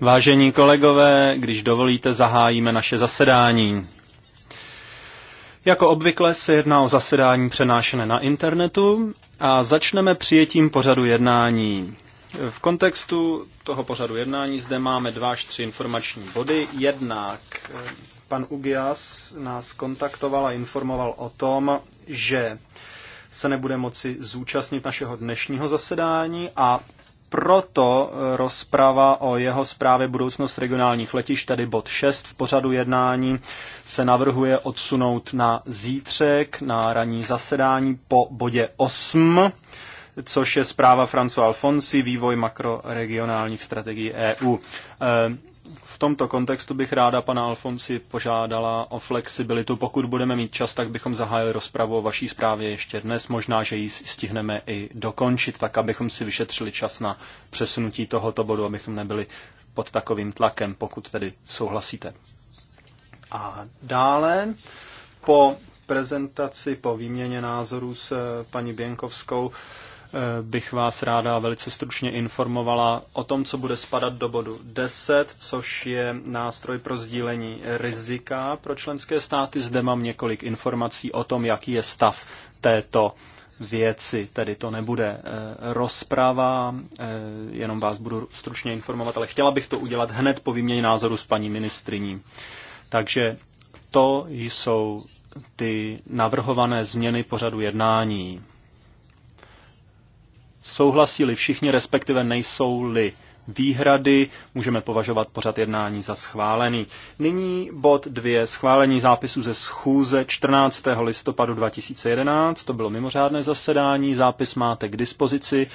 Vážení kolegové, když dovolíte, zahájíme naše zasedání. Jako obvykle se jedná o zasedání přenášené na internetu a začneme přijetím pořadu jednání. V kontextu toho pořadu jednání zde máme dva až tři informační body. Jednak eh, pan Ugias nás kontaktoval a informoval o tom, že se nebude moci zúčastnit našeho dnešního zasedání a proto eh, rozprava o jeho zprávě budoucnost regionálních letišť, tedy bod 6 v pořadu jednání, se navrhuje odsunout na zítřek, na ranní zasedání po bodě 8, což je zpráva Franco Alfonsi, vývoj makroregionálních strategií EU. Eh, v tomto kontextu bych ráda pana Alfonsi požádala o flexibilitu. Pokud budeme mít čas, tak bychom zahájili rozpravu o vaší zprávě ještě dnes. Možná, že ji stihneme i dokončit, tak abychom si vyšetřili čas na přesunutí tohoto bodu, abychom nebyli pod takovým tlakem, pokud tedy souhlasíte. A dále po prezentaci, po výměně názorů s paní Běnkovskou, Eh, bych vás ráda velice stručně informovala o tom, co bude spadat do bodu 10, což je nástroj pro sdílení rizika pro členské státy. Zde mám několik informací o tom, jaký je stav této věci, tedy to nebude eh, rozprava, eh, jenom vás budu stručně informovat, ale chtěla bych to udělat hned po výměně názoru s paní ministriní. Takže to jsou ty navrhované změny pořadu jednání. Souhlasí-li všichni, respektive nejsou-li výhrady, můžeme považovat pořad jednání za schválený. Nyní bod 2. Schválení zápisu ze schůze 14. listopadu 2011. To bylo mimořádné zasedání, zápis máte k dispozici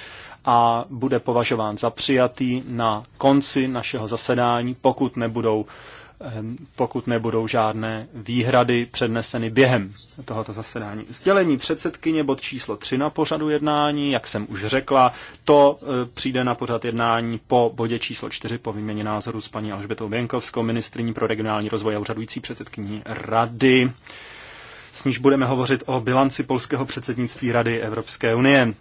a bude považován za přijatý na konci našeho zasedání, pokud nebudou Ehm, pokud nebudou žádné výhrady předneseny během tohoto zasedání. Sdělení předsedkyně bod číslo 3 na pořadu jednání, jak jsem už řekla, to e, přijde na pořad jednání po bodě číslo 4 po výměně názoru s paní Alžbetou Věnkovskou, ministriní pro regionální rozvoj a úřadující předsedkyní rady, s níž budeme hovořit o bilanci polského předsednictví Rady Evropské unie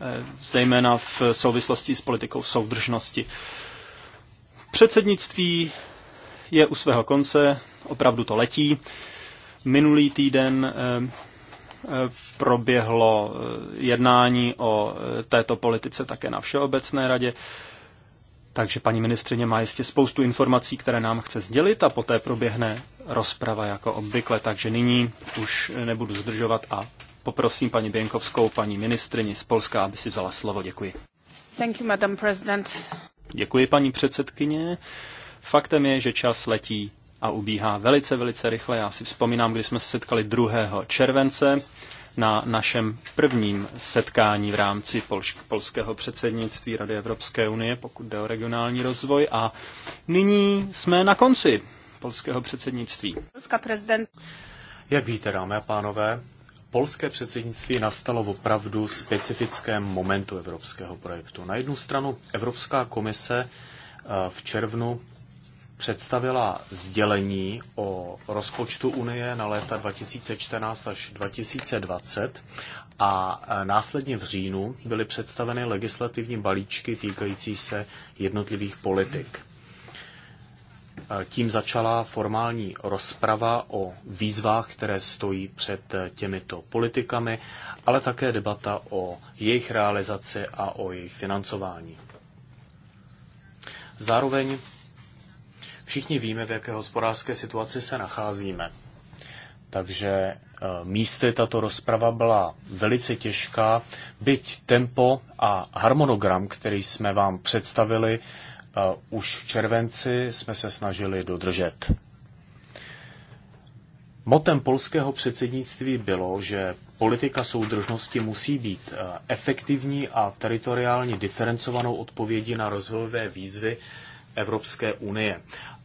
e, zejména v souvislosti s politikou soudržnosti. Předsednictví je u svého konce, opravdu to letí. Minulý týden eh, eh, proběhlo eh, jednání o této politice také na Všeobecné radě. Takže paní ministrině má jistě spoustu informací, které nám chce sdělit a poté proběhne rozprava jako obvykle. Takže nyní už nebudu zdržovat a poprosím paní Běnkovskou, paní ministrině z Polska, aby si vzala slovo. Děkuji. Thank you, Madam President. Děkuji, paní předsedkyně. Faktem je, že čas letí a ubíhá velice, velice rychle. Já si vzpomínám, když jsme se setkali 2. července na našem prvním setkání v rámci polského předsednictví Rady Evropské unie, pokud jde o regionální rozvoj. A nyní jsme na konci polského předsednictví. Polská prezident. Jak víte, dámy a pánové, polské předsednictví nastalo opravdu specifickém momentu evropského projektu. Na jednu stranu Evropská komise eh, v červnu představila sdělení o rozpočtu Unie na léta 2014 až 2020 a eh, následně v říjnu byly představeny legislativní balíčky týkající se jednotlivých politik tím začala formální rozprava o výzvách, které stojí před těmito politikami, ale také debata o jejich realizaci a o jejich financování. Zároveň všichni víme, v jaké hospodářské situaci se nacházíme. Takže e, místy tato rozprava byla velice těžká, byť tempo a harmonogram, který jsme vám představili, už v červenci jsme se snažili dodržet. Motem polského předsednictví bylo, že politika soudržnosti musí být eh, efektivní a teritoriálně diferencovanou odpovědí na rozvojové výzvy Evropské unie.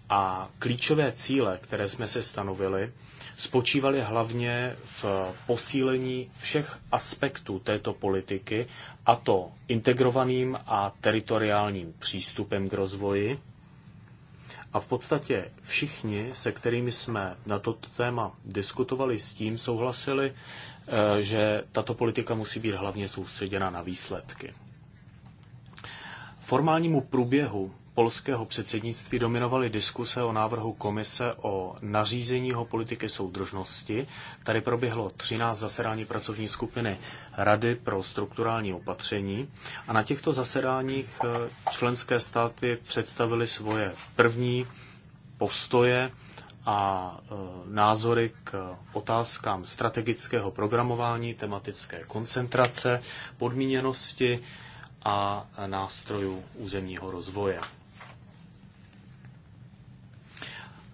A klíčové cíle, které jsme se stanovili, spočívaly hlavně v posílení všech aspektů této politiky a to integrovaným a teritoriálním přístupem k rozvoji. A v podstatě všichni, se kterými jsme na toto téma diskutovali, s tím souhlasili, eh, že tato politika musí být hlavně soustředěna na výsledky. Formálnímu průběhu polského předsednictví dominovaly diskuse o návrhu komise o nařízení o politiky soudržnosti. Tady proběhlo 13 zasedání pracovní skupiny Rady pro strukturální opatření a na těchto zasedáních eh, členské státy představily svoje první postoje a eh, názory k otázkám strategického programování, tematické koncentrace, podmíněnosti a nástrojů územního rozvoje.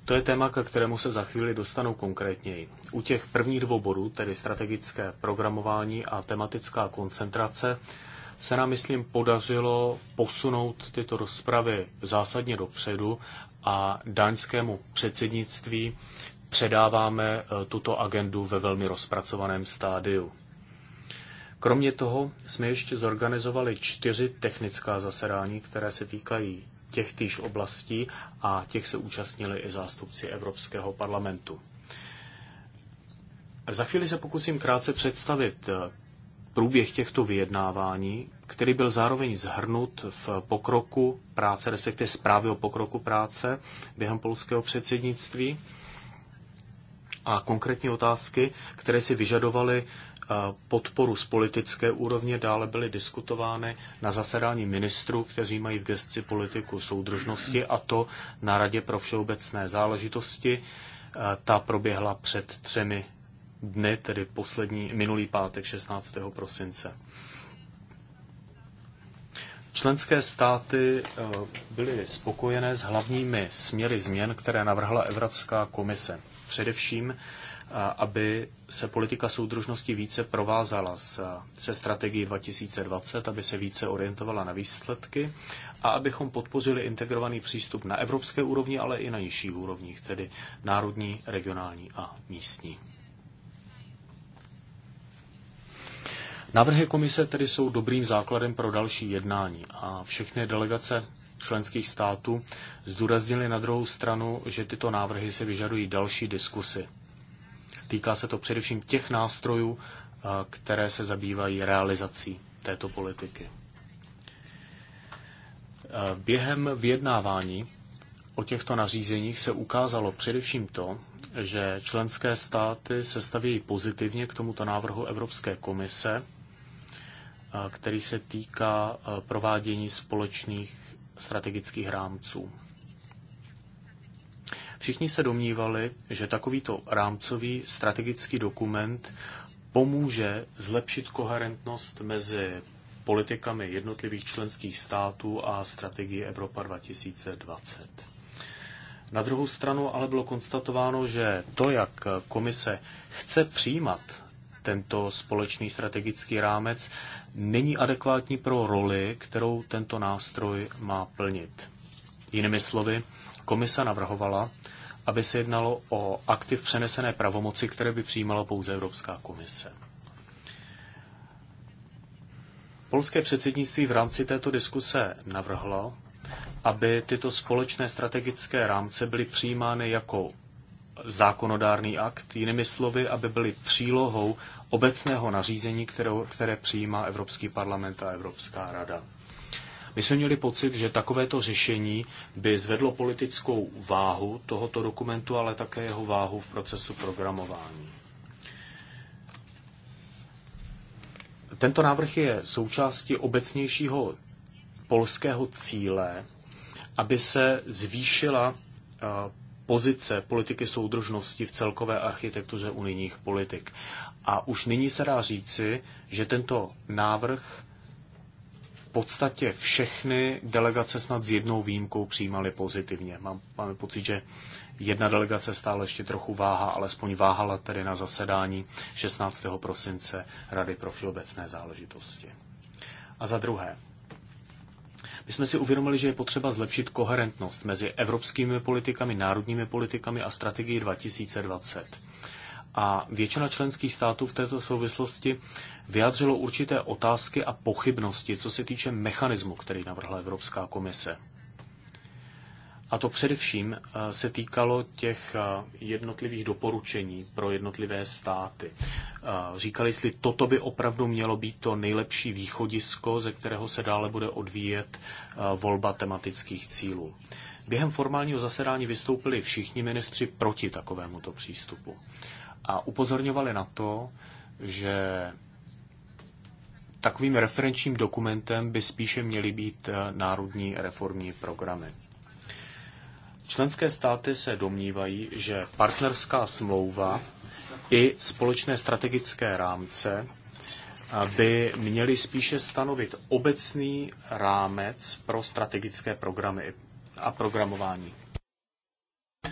To je téma, ke kterému se za chvíli dostanu konkrétněji. U těch prvních dvou bodů, tedy strategické programování a tematická koncentrace, se nám, myslím, podařilo posunout tyto rozpravy zásadně dopředu a daňskému předsednictví předáváme e, tuto agendu ve velmi rozpracovaném stádiu. Kromě toho jsme ještě zorganizovali čtyři technická zasedání, které se týkají těch týž oblastí a těch se účastnili i zástupci Evropského parlamentu. Za chvíli se pokusím krátce představit eh, průběh těchto vyjednávání, který byl zároveň zhrnut v pokroku práce, respektive zprávy o pokroku práce během polského předsednictví a konkrétní otázky, které si vyžadovaly podporu z politické úrovně dále byly diskutovány na zasedání ministrů, kteří mají v gestci politiku soudržnosti a to na Radě pro všeobecné záležitosti. Ta proběhla před třemi dny, tedy poslední, minulý pátek 16. prosince. Členské státy e, byly spokojené s hlavními směry změn, které navrhla Evropská komise. Především aby se politika soudržnosti více provázala se strategií 2020, aby se více orientovala na výsledky a abychom podpořili integrovaný přístup na evropské úrovni, ale i na nižších úrovních, tedy národní, regionální a místní. Návrhy komise tedy jsou dobrým základem pro další jednání a všechny delegace členských států zdůraznili na druhou stranu, že tyto návrhy se vyžadují další diskusy Týká se to především těch nástrojů, eh, které se zabývají realizací této politiky. Eh, během vyjednávání o těchto nařízeních se ukázalo především to, že členské státy se stavějí pozitivně k tomuto návrhu Evropské komise, eh, který se týká provádění společných strategických rámců. Všichni se domnívali, že takovýto rámcový strategický dokument pomůže zlepšit koherentnost mezi politikami jednotlivých členských států a strategii Evropa 2020. Na druhou stranu ale bylo konstatováno, že to, jak komise chce přijímat tento společný strategický rámec, není adekvátní pro roli, kterou tento nástroj má plnit. Jinými slovy, Komise navrhovala, aby se jednalo o aktiv přenesené pravomoci, které by přijímala pouze Evropská komise. Polské předsednictví v rámci této diskuse navrhlo, aby tyto společné strategické rámce byly přijímány jako zákonodárný akt, jinými slovy, aby byly přílohou obecného nařízení, které, které přijímá Evropský parlament a Evropská rada. My jsme měli pocit, že takovéto řešení by zvedlo politickou váhu tohoto dokumentu, ale také jeho váhu v procesu programování. Tento návrh je součástí obecnějšího polského cíle, aby se zvýšila eh, pozice politiky soudržnosti v celkové architektuře unijních politik. A už nyní se dá říci, že tento návrh podstatě všechny delegace snad s jednou výjimkou přijímaly pozitivně. Mám, máme pocit, že jedna delegace stále ještě trochu váha, alespoň váhala tedy na zasedání 16. prosince Rady pro všeobecné záležitosti. A za druhé, my jsme si uvědomili, že je potřeba zlepšit koherentnost mezi evropskými politikami, národními politikami a strategií 2020 a většina členských států v této souvislosti vyjádřilo určité otázky a pochybnosti, co se týče mechanismu, který navrhla Evropská komise. A to především eh, se týkalo těch eh, jednotlivých doporučení pro jednotlivé státy. Eh, říkali, jestli toto by opravdu mělo být to nejlepší východisko, ze kterého se dále bude odvíjet volba tematických cílů. Během formálního zasedání vystoupili všichni ministři proti takovémuto přístupu a upozorňovali na to, že takovým referenčním dokumentem by spíše měly být eh, národní reformní programy. Členské státy se domnívají, že partnerská smlouva i společné strategické rámce eh, by měly spíše stanovit obecný rámec pro strategické programy a programování. Eh,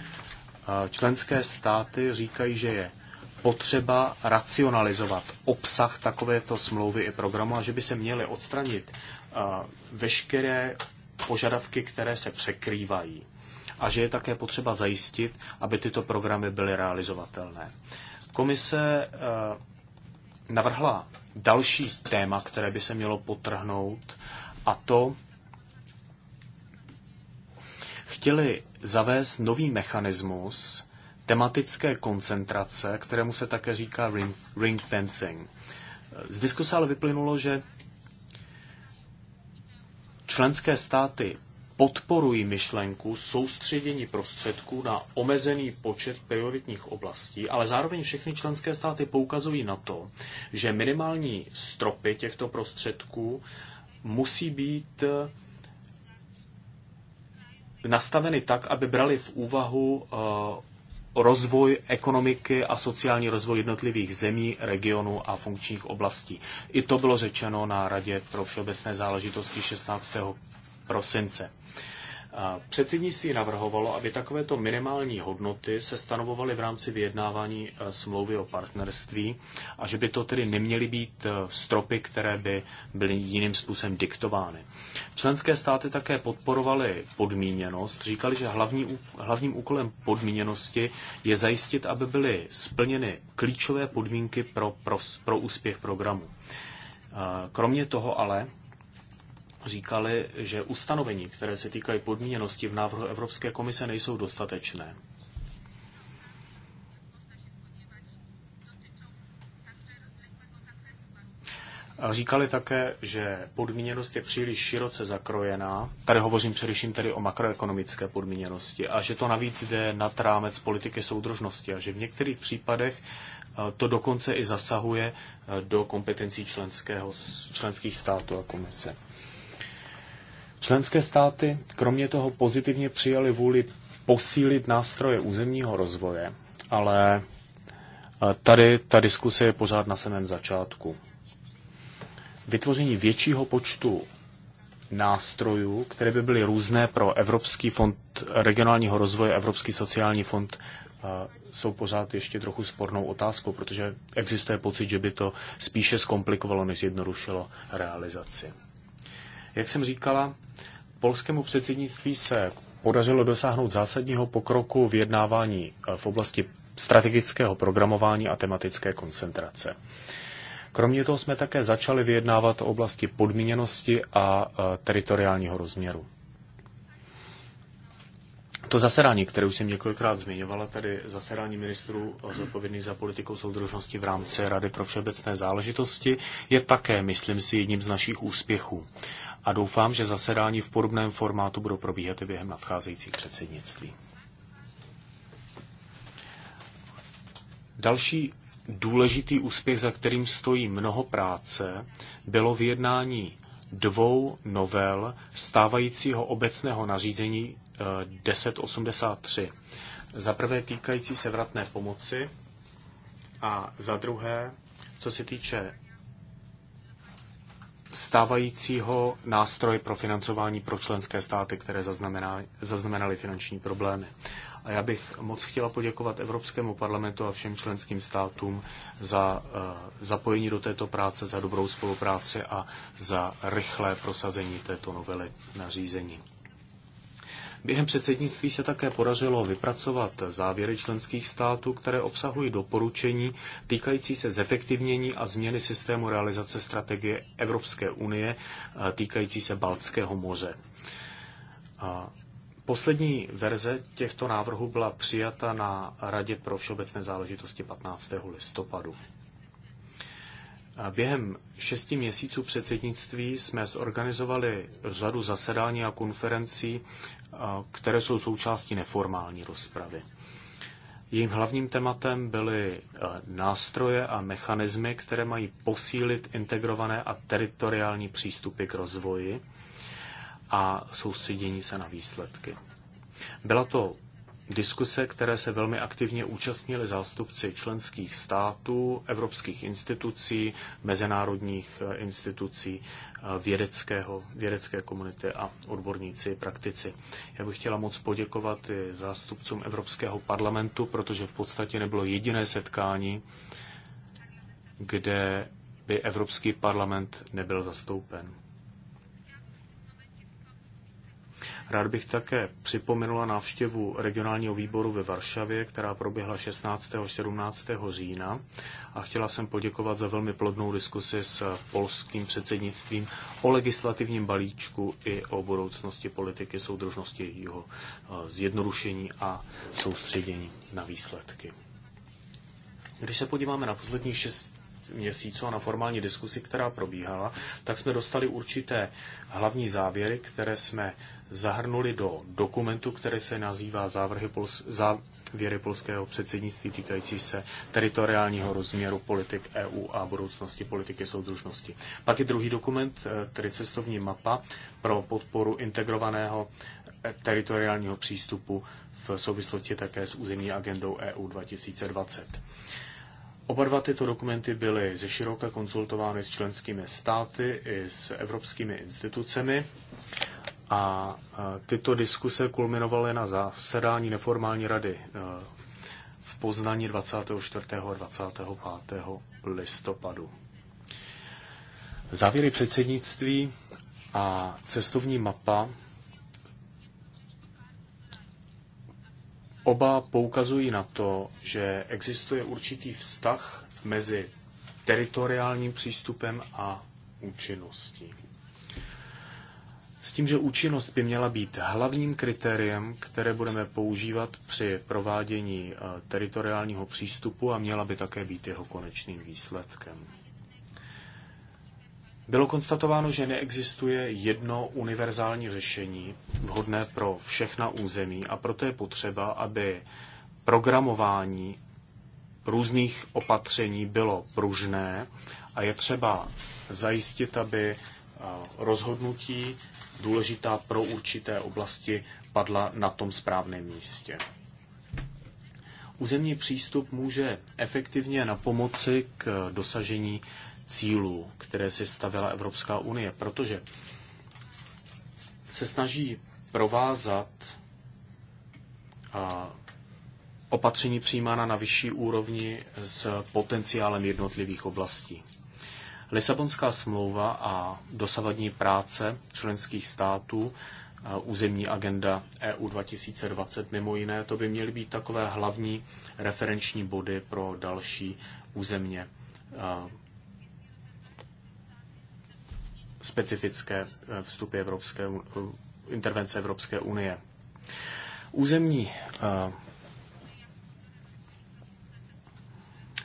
členské státy říkají, že je potřeba racionalizovat obsah takovéto smlouvy i programu a že by se měly odstranit eh, veškeré požadavky, které se překrývají. A že je také potřeba zajistit, aby tyto programy byly realizovatelné. Komise eh, navrhla další téma, které by se mělo potrhnout, a to chtěli zavést nový mechanismus, tematické koncentrace, kterému se také říká ring, ring fencing. Z diskuse ale vyplynulo, že členské státy podporují myšlenku soustředění prostředků na omezený počet prioritních oblastí, ale zároveň všechny členské státy poukazují na to, že minimální stropy těchto prostředků musí být eh, nastaveny tak, aby brali v úvahu eh, rozvoj ekonomiky a sociální rozvoj jednotlivých zemí, regionů a funkčních oblastí. I to bylo řečeno na Radě pro všeobecné záležitosti 16. prosince. Předsednictví navrhovalo, aby takovéto minimální hodnoty se stanovovaly v rámci vyjednávání e, smlouvy o partnerství a že by to tedy neměly být e, stropy, které by byly jiným způsobem diktovány. Členské státy také podporovaly podmíněnost, říkali, že hlavní, hlavním úkolem podmíněnosti je zajistit, aby byly splněny klíčové podmínky pro, pro, pro úspěch programu. E, kromě toho ale říkali, že ustanovení, které se týkají podmíněnosti v návrhu Evropské komise, nejsou dostatečné. A říkali také, že podmíněnost je příliš široce zakrojená, tady hovořím především tedy o makroekonomické podmíněnosti, a že to navíc jde nad rámec politiky soudržnosti a že v některých případech eh, to dokonce i zasahuje eh, do kompetencí členského, členských států a komise. Členské státy kromě toho pozitivně přijali vůli posílit nástroje územního rozvoje, ale e, tady ta diskuse je pořád na samém začátku. Vytvoření většího počtu nástrojů, které by byly různé pro Evropský fond regionálního rozvoje, Evropský sociální fond, e, jsou pořád ještě trochu spornou otázkou, protože existuje pocit, že by to spíše zkomplikovalo, než jednodušilo realizaci. Jak jsem říkala, polskému předsednictví se podařilo dosáhnout zásadního pokroku v jednávání eh, v oblasti strategického programování a tematické koncentrace. Kromě toho jsme také začali vyjednávat o oblasti podmíněnosti a eh, teritoriálního rozměru. To zasedání, které už jsem několikrát zmiňovala, tedy zasedání ministrů zodpovědných za politikou soudržnosti v rámci Rady pro všeobecné záležitosti, je také, myslím si, jedním z našich úspěchů. A doufám, že zasedání v podobném formátu budou probíhat i během nadcházejících předsednictví. Další důležitý úspěch, za kterým stojí mnoho práce, bylo vyjednání dvou novel stávajícího obecného nařízení 1083. Za prvé týkající se vratné pomoci a za druhé, co se týče stávajícího nástroje pro financování pro členské státy, které zaznamenaly finanční problémy. A já bych moc chtěla poděkovat Evropskému parlamentu a všem členským státům za eh, zapojení do této práce, za dobrou spolupráci a za rychlé prosazení této novely nařízení. Během předsednictví se také podařilo vypracovat závěry členských států, které obsahují doporučení týkající se zefektivnění a změny systému realizace strategie Evropské unie eh, týkající se Baltského moře. Poslední verze těchto návrhů byla přijata na Radě pro všeobecné záležitosti 15. listopadu. Během šesti měsíců předsednictví jsme zorganizovali řadu zasedání a konferencí které jsou součástí neformální rozpravy. Jejím hlavním tématem byly e, nástroje a mechanismy, které mají posílit integrované a teritoriální přístupy k rozvoji a soustředění se na výsledky. Byla to diskuse, které se velmi aktivně účastnili zástupci členských států, evropských institucí, mezinárodních eh, institucí, eh, vědeckého, vědecké komunity a odborníci, praktici. Já bych chtěla moc poděkovat i zástupcům Evropského parlamentu, protože v podstatě nebylo jediné setkání, kde by Evropský parlament nebyl zastoupen. Rád bych také připomenula návštěvu regionálního výboru ve Varšavě, která proběhla 16. a 17. října a chtěla jsem poděkovat za velmi plodnou diskusi s polským předsednictvím o legislativním balíčku i o budoucnosti politiky soudržnosti, jeho eh, zjednodušení a soustředění na výsledky. Když se podíváme na poslední šest měsíců a na formální diskusi, která probíhala, tak jsme dostali určité hlavní závěry, které jsme zahrnuli do dokumentu, který se nazývá závrhy Pols- závěry polského předsednictví týkající se teritoriálního rozměru politik EU a budoucnosti politiky soudružnosti. Pak je druhý dokument, eh, tedy cestovní mapa pro podporu integrovaného eh, teritoriálního přístupu v souvislosti také s územní agendou EU 2020. Oba dva tyto dokumenty byly ze široka konzultovány s členskými státy i s evropskými institucemi a tyto diskuse kulminovaly na zasedání neformální rady e, v poznání 24. a 25. listopadu. Závěry předsednictví a cestovní mapa Oba poukazují na to, že existuje určitý vztah mezi teritoriálním přístupem a účinností. S tím, že účinnost by měla být hlavním kritériem, které budeme používat při provádění eh, teritoriálního přístupu a měla by také být jeho konečným výsledkem. Bylo konstatováno, že neexistuje jedno univerzální řešení vhodné pro všechna území a proto je potřeba, aby programování různých opatření bylo pružné a je třeba zajistit, aby eh, rozhodnutí důležitá pro určité oblasti padla na tom správném místě. Územní přístup může efektivně na pomoci k dosažení cílů, které si stavila Evropská unie, protože se snaží provázat opatření přijímána na vyšší úrovni s potenciálem jednotlivých oblastí. Lisabonská smlouva a dosavadní práce členských států, územní agenda EU 2020 mimo jiné, to by měly být takové hlavní referenční body pro další územně specifické eh, vstupy Evropské, intervence Evropské unie. Územní eh,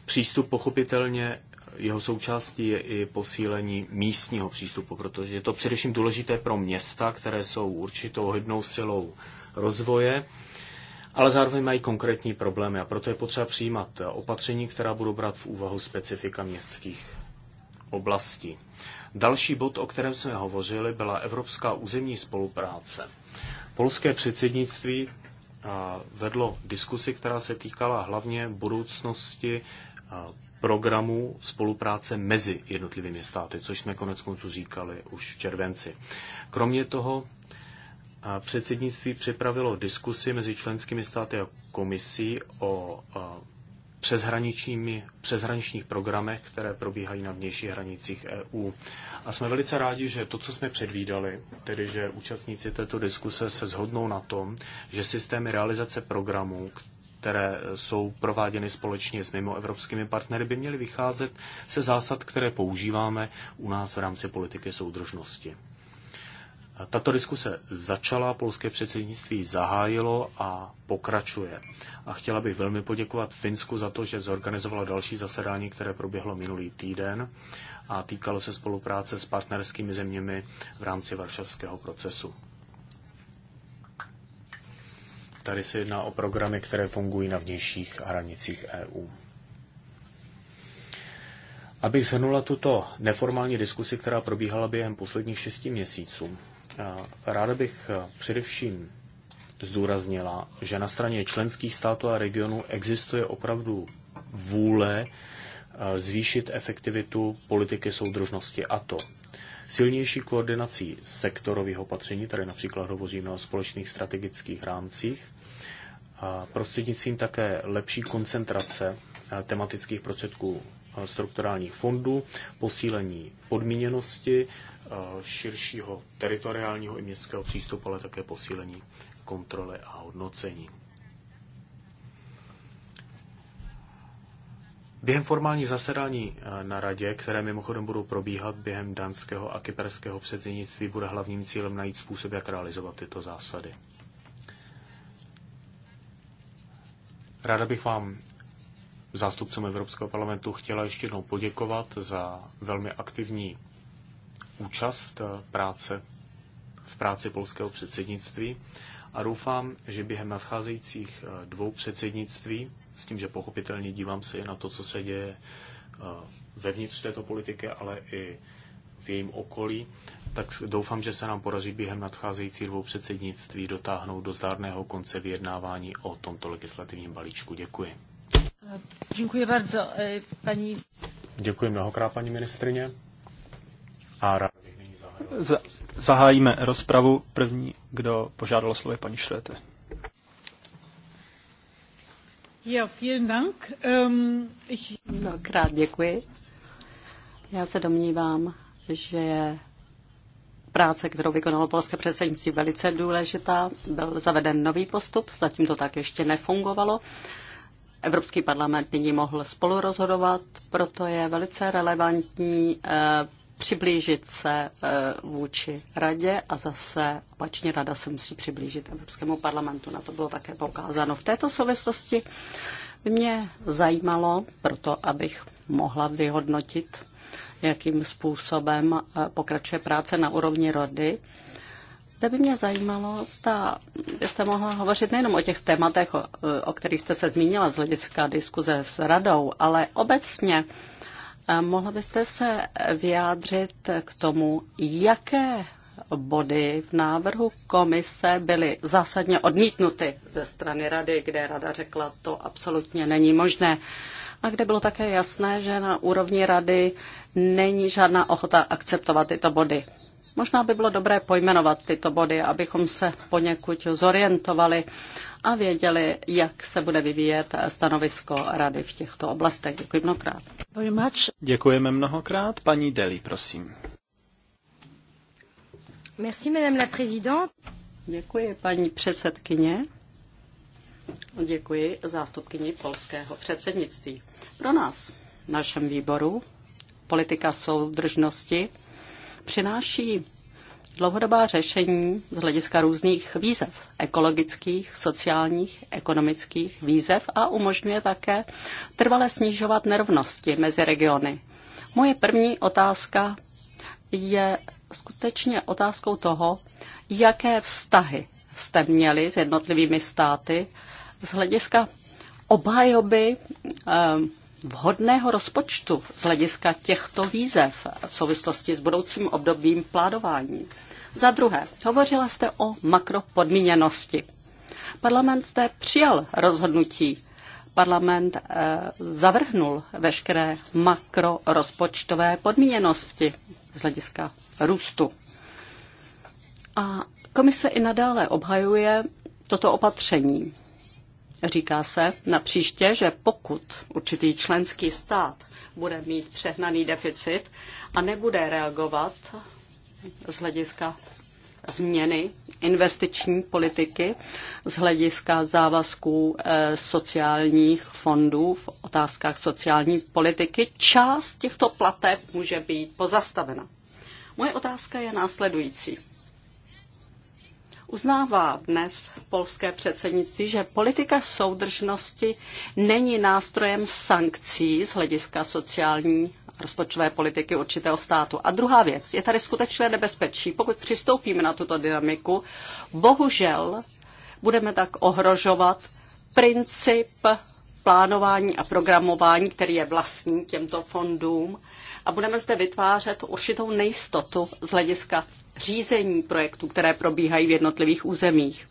přístup pochopitelně jeho součástí je i posílení místního přístupu, protože je to především důležité pro města, které jsou určitou hybnou silou rozvoje, ale zároveň mají konkrétní problémy a proto je potřeba přijímat opatření, která budou brát v úvahu specifika městských oblastí. Další bod, o kterém jsme hovořili, byla evropská územní spolupráce. Polské předsednictví vedlo diskusi, která se týkala hlavně budoucnosti programu spolupráce mezi jednotlivými státy, což jsme konec konců říkali už v červenci. Kromě toho předsednictví připravilo diskusi mezi členskými státy a komisí o přeshraničními přeshraničních programech, které probíhají na vnějších hranicích EU. A jsme velice rádi, že to, co jsme předvídali, tedy že účastníci této diskuse se shodnou na tom, že systémy realizace programů, které jsou prováděny společně s mimoevropskými partnery, by měly vycházet se zásad, které používáme u nás v rámci politiky soudržnosti. Tato diskuse začala, polské předsednictví zahájilo a pokračuje. A chtěla bych velmi poděkovat Finsku za to, že zorganizovala další zasedání, které proběhlo minulý týden a týkalo se spolupráce s partnerskými zeměmi v rámci varšavského procesu. Tady se jedná o programy, které fungují na vnějších hranicích EU. Abych shrnula tuto neformální diskusi, která probíhala během posledních šesti měsíců, Eh, ráda bych eh, především zdůraznila, že na straně členských států a regionů existuje opravdu vůle eh, zvýšit efektivitu politiky soudržnosti a to silnější koordinací sektorových opatření, tady například hovoříme o společných strategických rámcích, a prostřednictvím také lepší koncentrace tematických prostředků strukturálních fondů, posílení podmíněnosti, eh, širšího teritoriálního i městského přístupu, ale také posílení kontrole a hodnocení. Během formálních zasedání eh, na radě, které mimochodem budou probíhat během dánského a kyperského předsednictví, bude hlavním cílem najít způsob, jak realizovat tyto zásady. Ráda bych vám zástupcům Evropského parlamentu chtěla ještě jednou poděkovat za velmi aktivní účast eh, práce v práci polského předsednictví a doufám, že během nadcházejících eh, dvou předsednictví, s tím, že pochopitelně dívám se i na to, co se děje eh, vevnitř této politiky, ale i v jejím okolí, tak doufám, že se nám podaří během nadcházejících dvou předsednictví dotáhnout do zdárného konce vyjednávání o tomto legislativním balíčku. Děkuji. Děkuji bardzo, e, paní. Děkuji mnohokrát, paní ministrině. A rád bych nyní zahájil. Zahájíme rozpravu. První, kdo požádal slovo, je paní Šrete. Ja, vielen Dank. Um, ich... Mnohokrát děkuji. Já se domnívám, že práce, kterou vykonalo polské předsednictví, velice důležitá. Byl zaveden nový postup, zatím to tak ještě nefungovalo. Evropský parlament nyní mohl spolurozhodovat, proto je velice relevantní eh, přiblížit se eh, vůči radě a zase opačně rada se musí přiblížit Evropskému parlamentu. Na to bylo také poukázáno. V této souvislosti by mě zajímalo, proto abych mohla vyhodnotit, jakým způsobem eh, pokračuje práce na úrovni Rody. Zde by mě zajímalo, zda byste mohla hovořit nejenom o těch tématech, o, o kterých jste se zmínila z hlediska diskuze s radou, ale obecně eh, mohla byste se vyjádřit k tomu, jaké body v návrhu komise byly zásadně odmítnuty ze strany rady, kde rada řekla, to absolutně není možné a kde bylo také jasné, že na úrovni rady není žádná ochota akceptovat tyto body. Možná by bylo dobré pojmenovat tyto body, abychom se poněkud zorientovali a věděli, jak se bude vyvíjet stanovisko rady v těchto oblastech. Děkuji mnohokrát. Děkujeme mnohokrát. Paní Deli, prosím. Merci, madame la Děkuji, paní předsedkyně. Děkuji zástupkyni polského předsednictví. Pro nás, v našem výboru, politika soudržnosti, přináší dlouhodobá řešení z hlediska různých výzev, ekologických, sociálních, ekonomických výzev a umožňuje také trvale snižovat nerovnosti mezi regiony. Moje první otázka je skutečně otázkou toho, jaké vztahy jste měli s jednotlivými státy z hlediska obhajoby ehm, vhodného rozpočtu z hlediska těchto výzev v souvislosti s budoucím obdobím plánování. Za druhé, hovořila jste o makropodmíněnosti. Parlament zde přijal rozhodnutí. Parlament eh, zavrhnul veškeré makrorozpočtové podmíněnosti z hlediska růstu. A komise i nadále obhajuje toto opatření. Říká se na příště, že pokud určitý členský stát bude mít přehnaný deficit a nebude reagovat z hlediska změny investiční politiky, z hlediska závazků eh, sociálních fondů v otázkách sociální politiky, část těchto plateb může být pozastavena. Moje otázka je následující. Uznává dnes polské předsednictví, že politika soudržnosti není nástrojem sankcí z hlediska sociální rozpočtové politiky určitého státu. A druhá věc, je tady skutečné nebezpečí. Pokud přistoupíme na tuto dynamiku, bohužel budeme tak ohrožovat princip plánování a programování, který je vlastní těmto fondům a budeme zde vytvářet určitou nejistotu z hlediska řízení projektů, které probíhají v jednotlivých územích.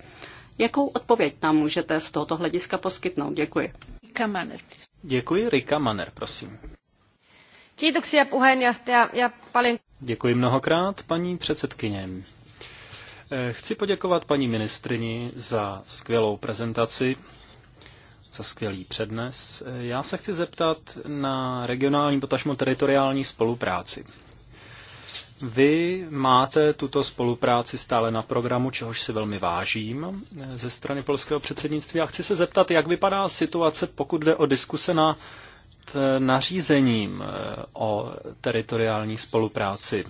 Jakou odpověď nám můžete z tohoto hlediska poskytnout? Děkuji. Rika Manner, Děkuji, Rika Manner, prosím. Kiitoksia puheenjohtaja ja paljon... Děkuji mnohokrát, paní předsedkyně. Eh, chci poděkovat paní ministrini za skvělou prezentaci za skvělý přednes. Já se chci zeptat na regionální potažmo teritoriální spolupráci. Vy máte tuto spolupráci stále na programu, čehož si velmi vážím eh, ze strany polského předsednictví. A chci se zeptat, jak vypadá situace, pokud jde o diskuse na eh, nařízením eh, o teritoriální spolupráci.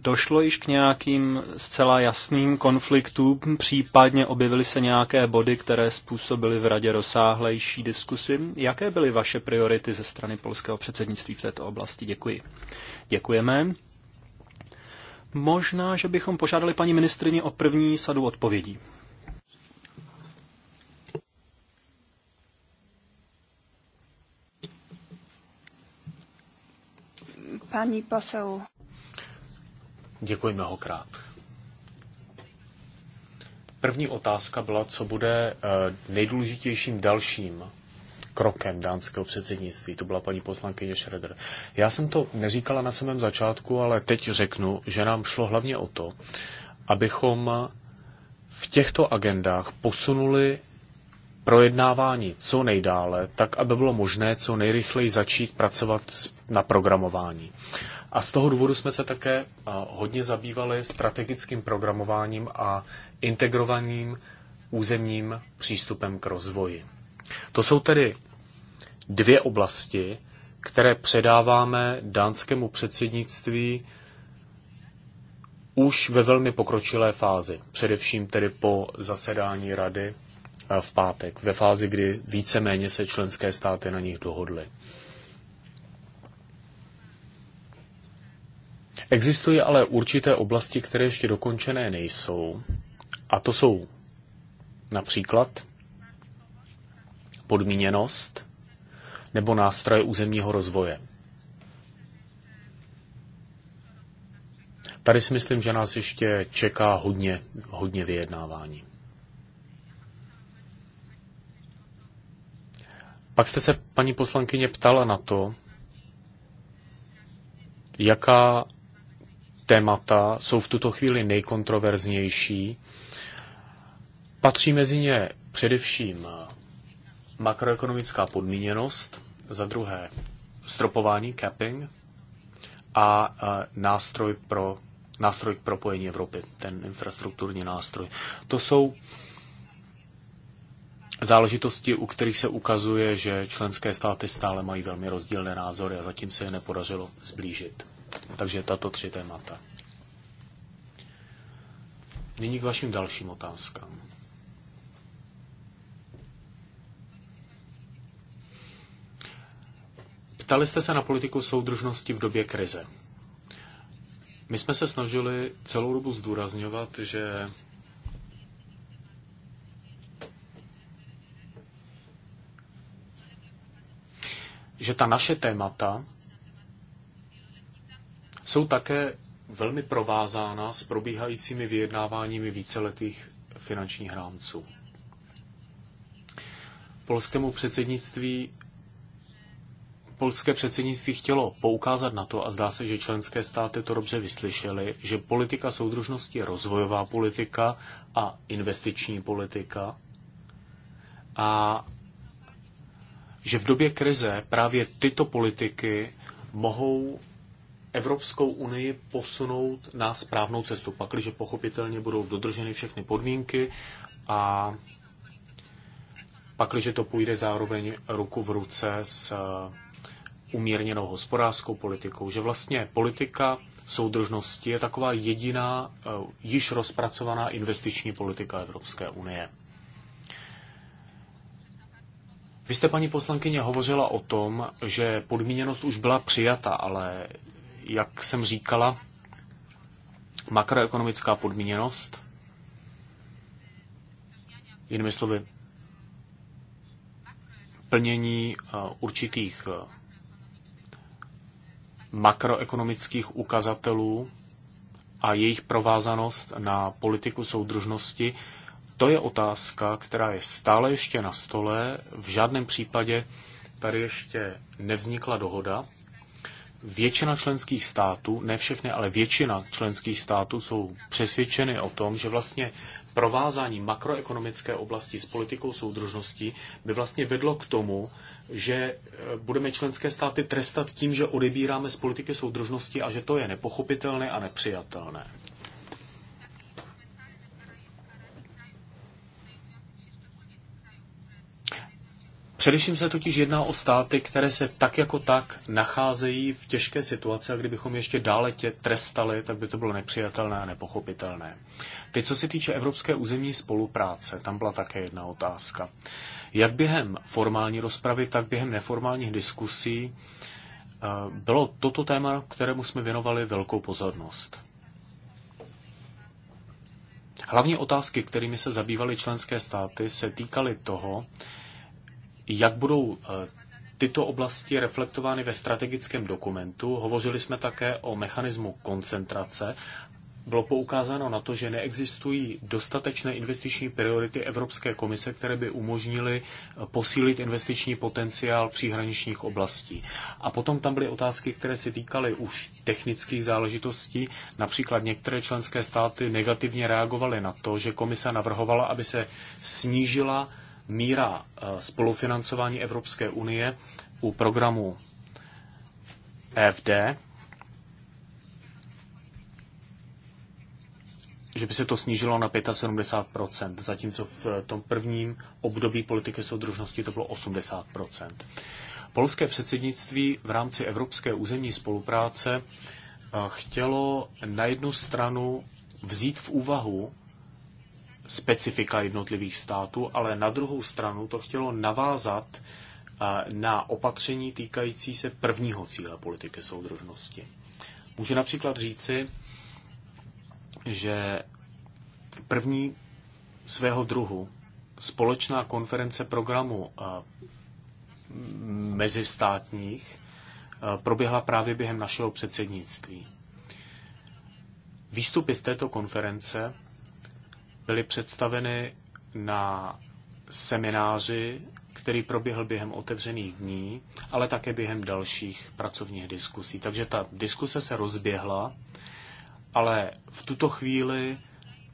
Došlo již k nějakým zcela jasným konfliktům, případně objevily se nějaké body, které způsobily v radě rozsáhlejší diskusy. Jaké byly vaše priority ze strany polského předsednictví v této oblasti? Děkuji. Děkujeme. Možná, že bychom požádali paní ministrině o první sadu odpovědí. Paní posel Děkuji mnohokrát. První otázka byla, co bude eh, nejdůležitějším dalším krokem dánského předsednictví. To byla paní poslankyně Schroeder. Já jsem to neříkala na samém začátku, ale teď řeknu, že nám šlo hlavně o to, abychom v těchto agendách posunuli projednávání co nejdále, tak aby bylo možné co nejrychleji začít pracovat na programování. A z toho důvodu jsme se také eh, hodně zabývali strategickým programováním a integrovaným územním přístupem k rozvoji. To jsou tedy dvě oblasti, které předáváme dánskému předsednictví už ve velmi pokročilé fázi, především tedy po zasedání rady eh, v pátek, ve fázi, kdy víceméně se členské státy na nich dohodly. Existují ale určité oblasti, které ještě dokončené nejsou, a to jsou například podmíněnost nebo nástroje územního rozvoje. Tady si myslím, že nás ještě čeká hodně, hodně vyjednávání. Pak jste se, paní poslankyně, ptala na to, jaká témata jsou v tuto chvíli nejkontroverznější. Patří mezi ně především makroekonomická podmíněnost, za druhé stropování, capping a e, nástroj pro nástroj k propojení Evropy, ten infrastrukturní nástroj. To jsou záležitosti, u kterých se ukazuje, že členské státy stále mají velmi rozdílné názory a zatím se je nepodařilo zblížit. Takže tato tři témata. Nyní k vašim dalším otázkám. Ptali jste se na politiku soudržnosti v době krize. My jsme se snažili celou dobu zdůrazňovat, že že ta naše témata jsou také velmi provázána s probíhajícími vyjednáváními víceletých finančních rámců. Polskému předsednictví polské předsednictví chtělo poukázat na to, a zdá se, že členské státy to dobře vyslyšely, že politika soudržnosti je rozvojová politika a investiční politika a že v době krize právě tyto politiky mohou Evropskou unii posunout na správnou cestu, pakliže pochopitelně budou dodrženy všechny podmínky a pakliže to půjde zároveň ruku v ruce s eh, umírněnou hospodářskou politikou, že vlastně politika soudržnosti je taková jediná eh, již rozpracovaná investiční politika Evropské unie. Vy jste, paní poslankyně, hovořila o tom, že podmíněnost už byla přijata, ale jak jsem říkala, makroekonomická podmíněnost, jinými slovy, plnění eh, určitých eh, makroekonomických ukazatelů a jejich provázanost na politiku soudržnosti, to je otázka, která je stále ještě na stole. V žádném případě tady ještě nevznikla dohoda většina členských států, ne všechny, ale většina členských států jsou přesvědčeny o tom, že vlastně provázání makroekonomické oblasti s politikou soudržnosti by vlastně vedlo k tomu, že eh, budeme členské státy trestat tím, že odebíráme z politiky soudržnosti a že to je nepochopitelné a nepřijatelné. Především se totiž jedná o státy, které se tak jako tak nacházejí v těžké situaci a kdybychom ještě dále tě trestali, tak by to bylo nepřijatelné a nepochopitelné. Teď, co se týče evropské územní spolupráce, tam byla také jedna otázka. Jak během formální rozpravy, tak během neformálních diskusí eh, bylo toto téma, kterému jsme věnovali velkou pozornost. Hlavní otázky, kterými se zabývaly členské státy, se týkaly toho, jak budou eh, tyto oblasti reflektovány ve strategickém dokumentu. Hovořili jsme také o mechanismu koncentrace. Bylo poukázáno na to, že neexistují dostatečné investiční priority Evropské komise, které by umožnily eh, posílit investiční potenciál příhraničních oblastí. A potom tam byly otázky, které se týkaly už technických záležitostí. Například některé členské státy negativně reagovaly na to, že komise navrhovala, aby se snížila míra eh, spolufinancování Evropské unie u programu FD, že by se to snížilo na 75%, zatímco v tom prvním období politiky soudržnosti to bylo 80%. Polské předsednictví v rámci Evropské územní spolupráce eh, chtělo na jednu stranu vzít v úvahu specifika jednotlivých států, ale na druhou stranu to chtělo navázat eh, na opatření týkající se prvního cíle politiky soudržnosti. Můžu například říci, že první svého druhu společná konference programu eh, mezistátních eh, proběhla právě během našeho předsednictví. Výstupy z této konference byly představeny na semináři, který proběhl během otevřených dní, ale také během dalších pracovních diskusí. Takže ta diskuse se rozběhla, ale v tuto chvíli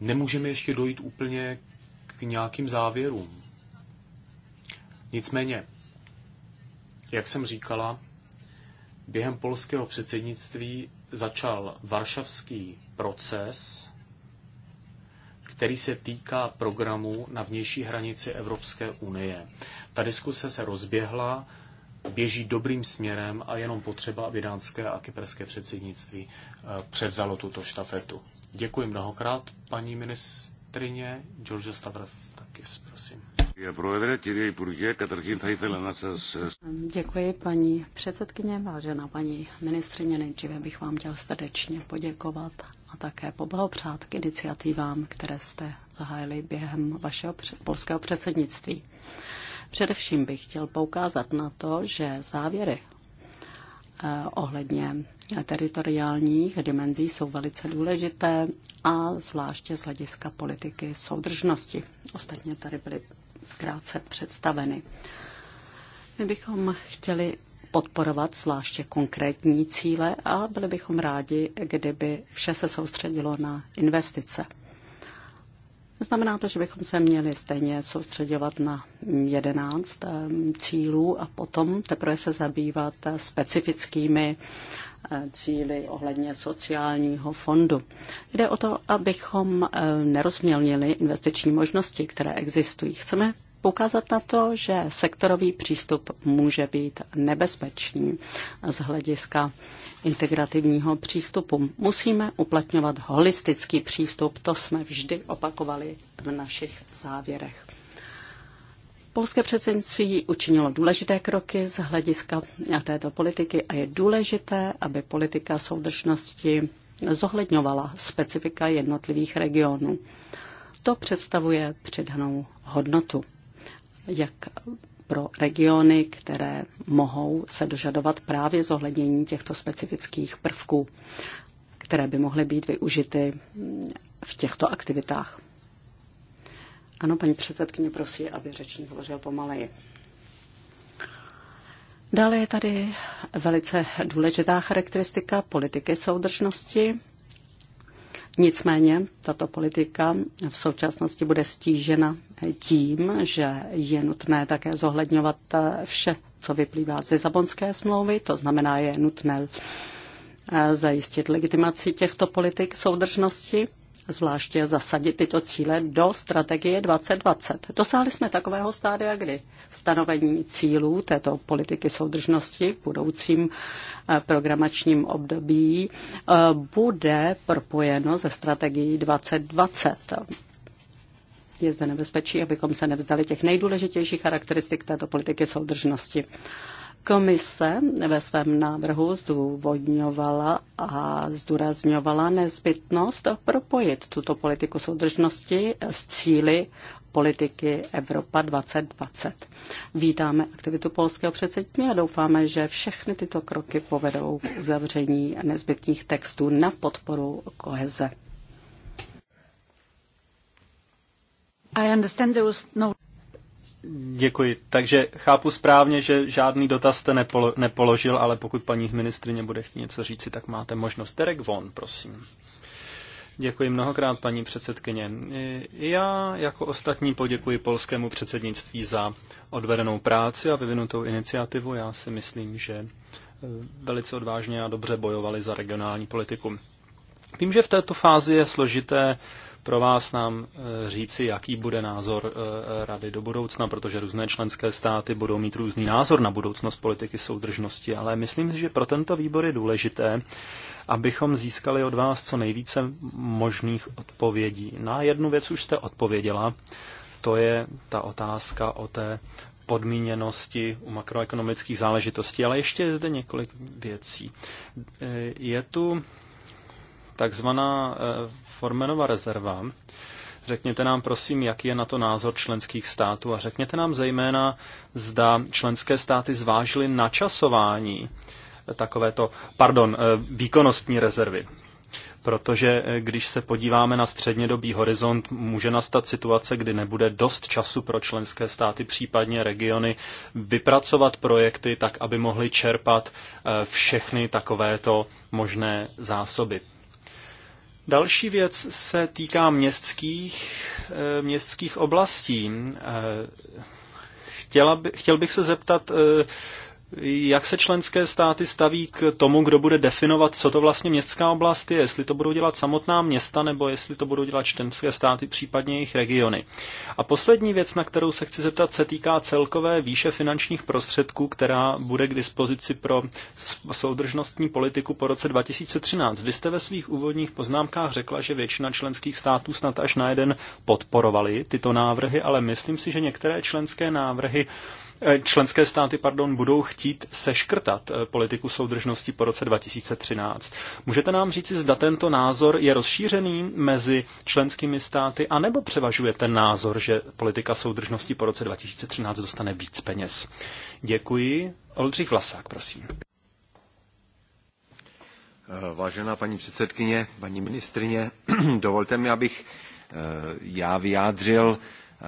nemůžeme ještě dojít úplně k nějakým závěrům. Nicméně, jak jsem říkala, během polského předsednictví začal varšavský proces, který se týká programu na vnější hranici Evropské unie. Ta diskuse se rozběhla, běží dobrým směrem a jenom potřeba, aby dánské a kyperské předsednictví eh, převzalo tuto štafetu. Děkuji mnohokrát, paní ministrině. George Stavras taky prosím. Děkuji, paní předsedkyně, vážená paní ministrině. Nejdříve bych vám chtěl srdečně poděkovat a také poblahopřát k iniciativám, které jste zahájili během vašeho polského předsednictví. Především bych chtěl poukázat na to, že závěry eh, ohledně teritoriálních dimenzí jsou velice důležité a zvláště z hlediska politiky soudržnosti. Ostatně tady byly krátce představeny. My bychom chtěli podporovat zvláště konkrétní cíle a byli bychom rádi, kdyby vše se soustředilo na investice. Znamená to, že bychom se měli stejně soustředovat na 11 cílů a potom teprve se zabývat specifickými eh, cíly ohledně sociálního fondu. Jde o to, abychom eh, nerozmělnili investiční možnosti, které existují. Chceme poukázat na to, že sektorový přístup může být nebezpečný z hlediska integrativního přístupu. Musíme uplatňovat holistický přístup, to jsme vždy opakovali v našich závěrech. Polské předsednictví učinilo důležité kroky z hlediska této politiky a je důležité, aby politika soudržnosti zohledňovala specifika jednotlivých regionů. To představuje přidanou hodnotu jak pro regiony, které mohou se dožadovat právě zohlednění těchto specifických prvků, které by mohly být využity v těchto aktivitách. Ano, paní předsedkyně, prosí, aby řečník hovořil pomaleji. Dále je tady velice důležitá charakteristika politiky soudržnosti. Nicméně tato politika v současnosti bude stížena tím, že je nutné také zohledňovat vše, co vyplývá z Lisabonské smlouvy, to znamená, je nutné eh, zajistit legitimaci těchto politik soudržnosti, zvláště zasadit tyto cíle do strategie 2020. Dosáhli jsme takového stádia, kdy stanovení cílů této politiky soudržnosti v budoucím programačním období eh, bude propojeno ze strategií 2020 je zde nebezpečí, abychom se nevzdali těch nejdůležitějších charakteristik této politiky soudržnosti. Komise ve svém návrhu zdůvodňovala a zdůrazňovala nezbytnost propojit tuto politiku soudržnosti s cíly politiky Evropa 2020. Vítáme aktivitu polského předsednictví a doufáme, že všechny tyto kroky povedou k uzavření nezbytných textů na podporu koheze. I understand there was no... Děkuji. Takže chápu správně, že žádný dotaz jste nepolo- nepoložil, ale pokud paní ministrině bude chtít něco říci, tak máte možnost. Derek Von, prosím. Děkuji mnohokrát, paní předsedkyně. Já jako ostatní poděkuji polskému předsednictví za odvedenou práci a vyvinutou iniciativu. Já si myslím, že e, velice odvážně a dobře bojovali za regionální politiku. Vím, že v této fázi je složité pro vás nám e, říci, jaký bude názor e, Rady do budoucna, protože různé členské státy budou mít různý názor na budoucnost politiky soudržnosti, ale myslím si, že pro tento výbor je důležité, abychom získali od vás co nejvíce možných odpovědí. Na jednu věc už jste odpověděla, to je ta otázka o té podmíněnosti u makroekonomických záležitostí, ale ještě je zde několik věcí. E, je tu takzvaná e, Formenova rezerva. Řekněte nám prosím, jaký je na to názor členských států a řekněte nám zejména, zda členské státy zvážily načasování takovéto, pardon, eh, výkonnostní rezervy. Protože eh, když se podíváme na střednědobý horizont, může nastat situace, kdy nebude dost času pro členské státy, případně regiony, vypracovat projekty tak, aby mohly čerpat eh, všechny takovéto možné zásoby. Další věc se týká městských, městských oblastí. Chtěla by, chtěl bych se zeptat, jak se členské státy staví k tomu, kdo bude definovat, co to vlastně městská oblast je, jestli to budou dělat samotná města, nebo jestli to budou dělat členské státy, případně jejich regiony. A poslední věc, na kterou se chci zeptat, se týká celkové výše finančních prostředků, která bude k dispozici pro soudržnostní politiku po roce 2013. Vy jste ve svých úvodních poznámkách řekla, že většina členských států snad až na jeden podporovali tyto návrhy, ale myslím si, že některé členské návrhy Eh, členské státy pardon, budou chtít seškrtat eh, politiku soudržnosti po roce 2013. Můžete nám říci, zda tento názor je rozšířený mezi členskými státy, anebo převažuje ten názor, že politika soudržnosti po roce 2013 dostane víc peněz? Děkuji. Oldřich Vlasák, prosím. Eh, vážená paní předsedkyně, paní ministrině, dovolte mi, abych já vyjádřil Eh,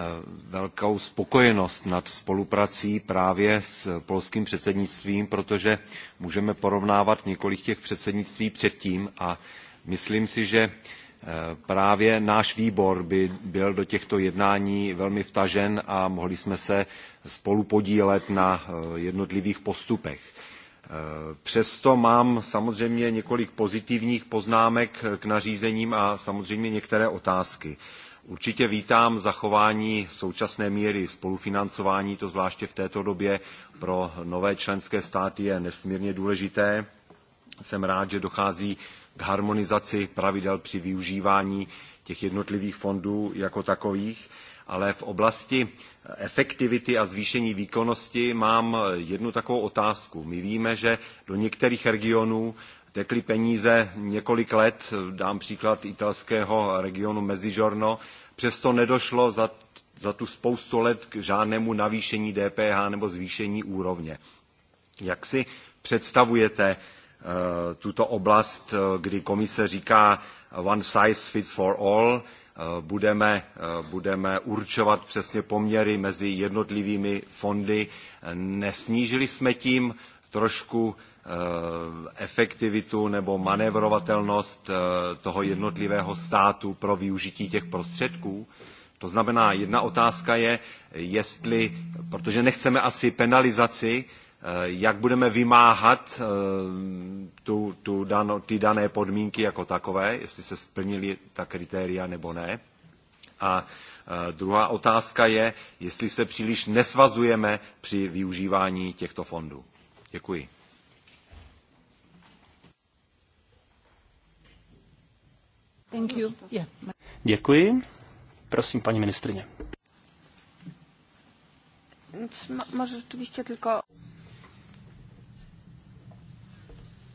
velkou spokojenost nad spoluprací právě s polským předsednictvím, protože můžeme porovnávat několik těch předsednictví předtím a myslím si, že eh, právě náš výbor by byl do těchto jednání velmi vtažen a mohli jsme se spolu podílet na eh, jednotlivých postupech. Přesto mám samozřejmě několik pozitivních poznámek k nařízením a samozřejmě některé otázky. Určitě vítám zachování současné míry spolufinancování, to zvláště v této době pro nové členské státy je nesmírně důležité. Jsem rád, že dochází k harmonizaci pravidel při využívání těch jednotlivých fondů jako takových, ale v oblasti efektivity a zvýšení výkonnosti mám jednu takovou otázku. My víme, že do některých regionů tekly peníze několik let, dám příklad italského regionu Mezzogiorno, přesto nedošlo za, za tu spoustu let k žádnému navýšení DPH nebo zvýšení úrovně. Jak si představujete eh, tuto oblast, eh, kdy komise říká one size fits for all, eh, budeme, budeme určovat přesně poměry mezi jednotlivými fondy. Nesnížili jsme tím trošku Eh, efektivitu nebo manévrovatelnost eh, toho jednotlivého státu pro využití těch prostředků. To znamená, jedna otázka je, jestli, protože nechceme asi penalizaci, eh, jak budeme vymáhat tu, tu dano, ty dané podmínky jako takové, jestli se splnili ta kritéria nebo ne. A druhá otázka je, jestli se příliš nesvazujeme při využívání těchto fondů. Děkuji. Děkuji. Prosím, paní ministrině. Może rzeczywiście tylko.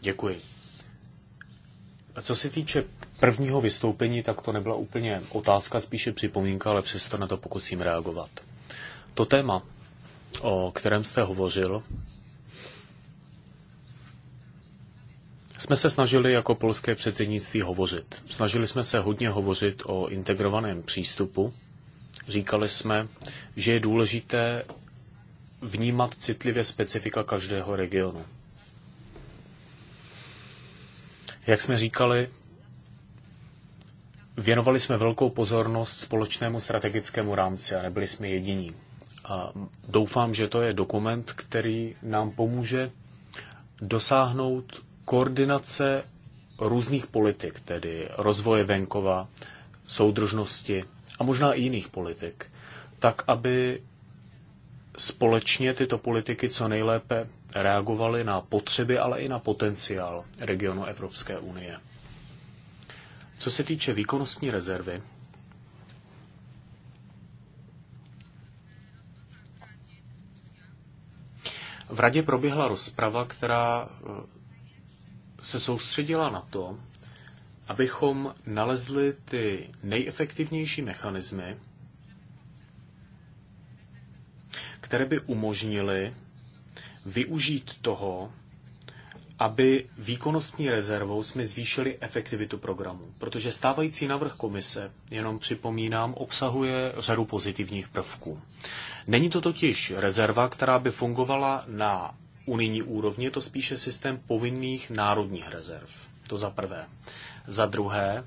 Děkuji. A co se týče prvního vystoupení, tak to nebyla úplně otázka, spíše připomínka, ale přesto na to pokusím reagovat. To téma, o kterém jste hovořil, jsme se snažili jako polské předsednictví hovořit. Snažili jsme se hodně hovořit o integrovaném přístupu. Říkali jsme, že je důležité vnímat citlivě specifika každého regionu. Jak jsme říkali, věnovali jsme velkou pozornost společnému strategickému rámci a nebyli jsme jediní. A doufám, že to je dokument, který nám pomůže dosáhnout koordinace různých politik, tedy rozvoje venkova, soudržnosti a možná i jiných politik, tak aby společně tyto politiky co nejlépe reagovaly na potřeby, ale i na potenciál regionu Evropské unie. Co se týče výkonnostní rezervy, v radě proběhla rozprava, která se soustředila na to, abychom nalezli ty nejefektivnější mechanismy, které by umožnily využít toho, aby výkonnostní rezervou jsme zvýšili efektivitu programu. Protože stávající návrh komise, jenom připomínám, obsahuje řadu pozitivních prvků. Není to totiž rezerva, která by fungovala na unijní úrovni, je to spíše systém povinných národních rezerv. To za prvé. Za druhé,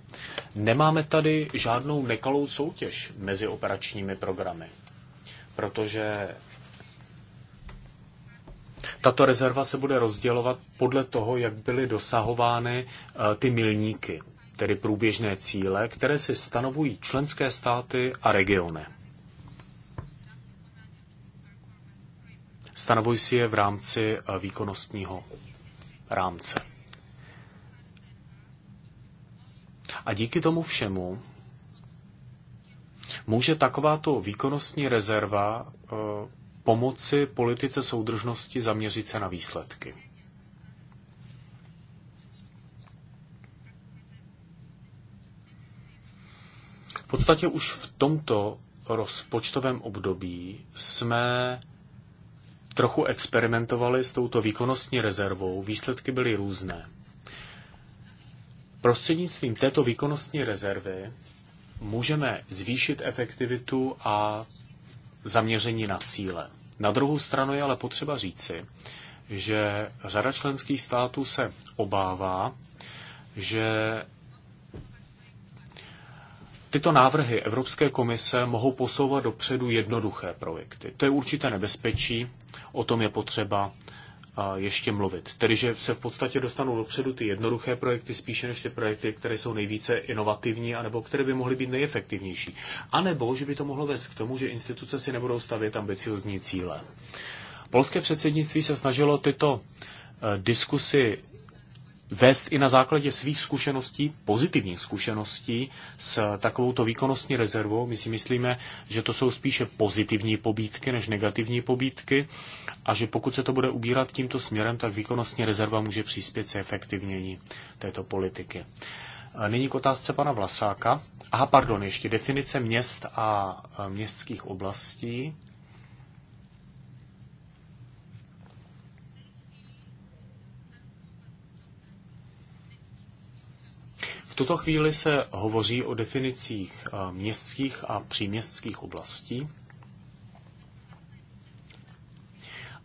nemáme tady žádnou nekalou soutěž mezi operačními programy, protože tato rezerva se bude rozdělovat podle toho, jak byly dosahovány eh, ty milníky, tedy průběžné cíle, které si stanovují členské státy a regiony. Stanovuj si je v rámci eh, výkonnostního rámce. A díky tomu všemu může takováto výkonnostní rezerva eh, pomoci politice soudržnosti zaměřit se na výsledky. V podstatě už v tomto rozpočtovém období jsme trochu experimentovali s touto výkonnostní rezervou, výsledky byly různé. Prostřednictvím této výkonnostní rezervy můžeme zvýšit efektivitu a zaměření na cíle. Na druhou stranu je ale potřeba říci, že řada členských států se obává, že tyto návrhy Evropské komise mohou posouvat dopředu jednoduché projekty. To je určité nebezpečí, o tom je potřeba ještě mluvit. Tedy, že se v podstatě dostanou dopředu ty jednoduché projekty spíše než ty projekty, které jsou nejvíce inovativní, anebo které by mohly být nejefektivnější. A nebo, že by to mohlo vést k tomu, že instituce si nebudou stavět ambiciozní cíle. Polské předsednictví se snažilo tyto e, diskusy vést i na základě svých zkušeností, pozitivních zkušeností s takovouto výkonnostní rezervou. My si myslíme, že to jsou spíše pozitivní pobídky než negativní pobídky a že pokud se to bude ubírat tímto směrem, tak výkonnostní rezerva může přispět se efektivnění této politiky. Nyní k otázce pana Vlasáka. Aha, pardon, ještě definice měst a e, městských oblastí. tuto chvíli se hovoří o definicích eh, městských a příměstských oblastí.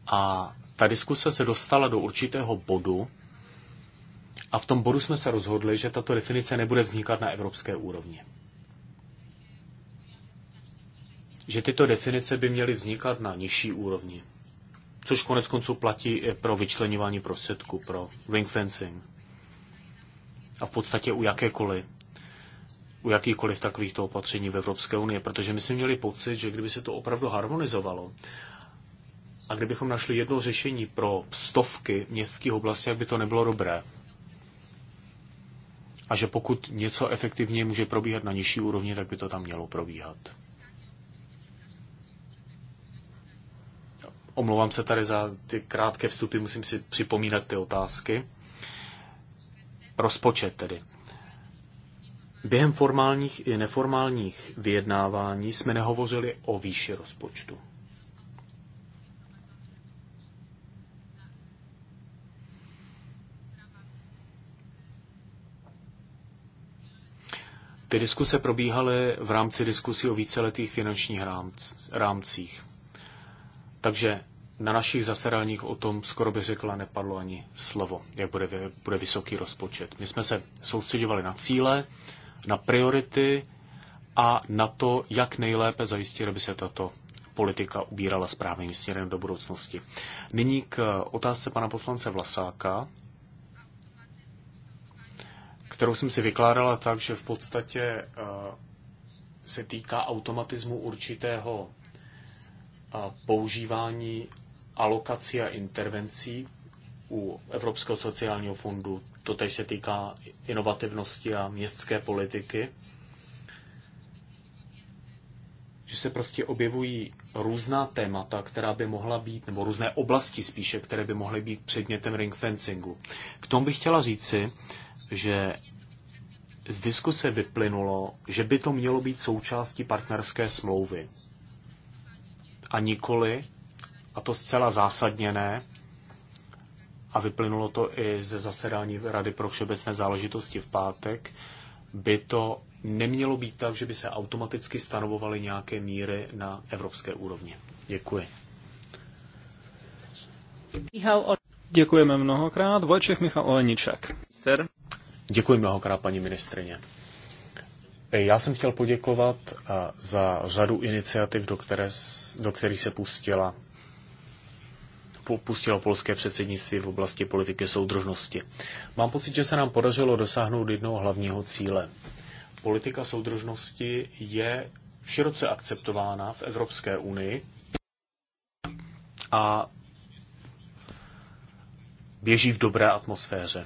A ta diskuse se dostala do určitého bodu, a v tom bodu jsme se rozhodli, že tato definice nebude vznikat na evropské úrovni. Že tyto definice by měly vznikat na nižší úrovni. Což konec konců platí i pro vyčlenování prostředků, pro ring fencing a v podstatě u jakékoliv u jakýchkoliv takovýchto opatření v Evropské unii, protože my jsme měli pocit, že kdyby se to opravdu harmonizovalo a kdybychom našli jedno řešení pro stovky městských oblastí, jak by to nebylo dobré. A že pokud něco efektivně může probíhat na nižší úrovni, tak by to tam mělo probíhat. Omlouvám se tady za ty krátké vstupy, musím si připomínat ty otázky rozpočet tedy. Během formálních i neformálních vyjednávání jsme nehovořili o výši rozpočtu. Ty diskuse probíhaly v rámci diskusí o víceletých finančních rámcích. Takže na našich zasedáních o tom skoro by řekla nepadlo ani slovo, jak bude, bude vysoký rozpočet. My jsme se soustředovali na cíle, na priority a na to, jak nejlépe zajistit, aby se tato politika ubírala správným směrem do budoucnosti. Nyní k otázce pana poslance Vlasáka, kterou jsem si vykládala tak, že v podstatě eh, se týká automatismu určitého eh, používání alokací a intervencí u Evropského sociálního fondu. To tež se týká inovativnosti a městské politiky. Že se prostě objevují různá témata, která by mohla být, nebo různé oblasti spíše, které by mohly být předmětem ring fencingu. K tomu bych chtěla říci, že z diskuse vyplynulo, že by to mělo být součástí partnerské smlouvy a nikoli a to zcela zásadně ne. A vyplynulo to i ze zasedání Rady pro všeobecné záležitosti v pátek, by to nemělo být tak, že by se automaticky stanovovaly nějaké míry na evropské úrovni. Děkuji. Děkujeme mnohokrát. Vojček Michal Oleniček. Děkuji mnohokrát, paní ministrině. Já jsem chtěl poděkovat eh, za řadu iniciativ, do, které, do kterých se pustila opustilo polské předsednictví v oblasti politiky soudržnosti. Mám pocit, že se nám podařilo dosáhnout jednoho hlavního cíle. Politika soudržnosti je široce akceptována v Evropské unii a běží v dobré atmosféře.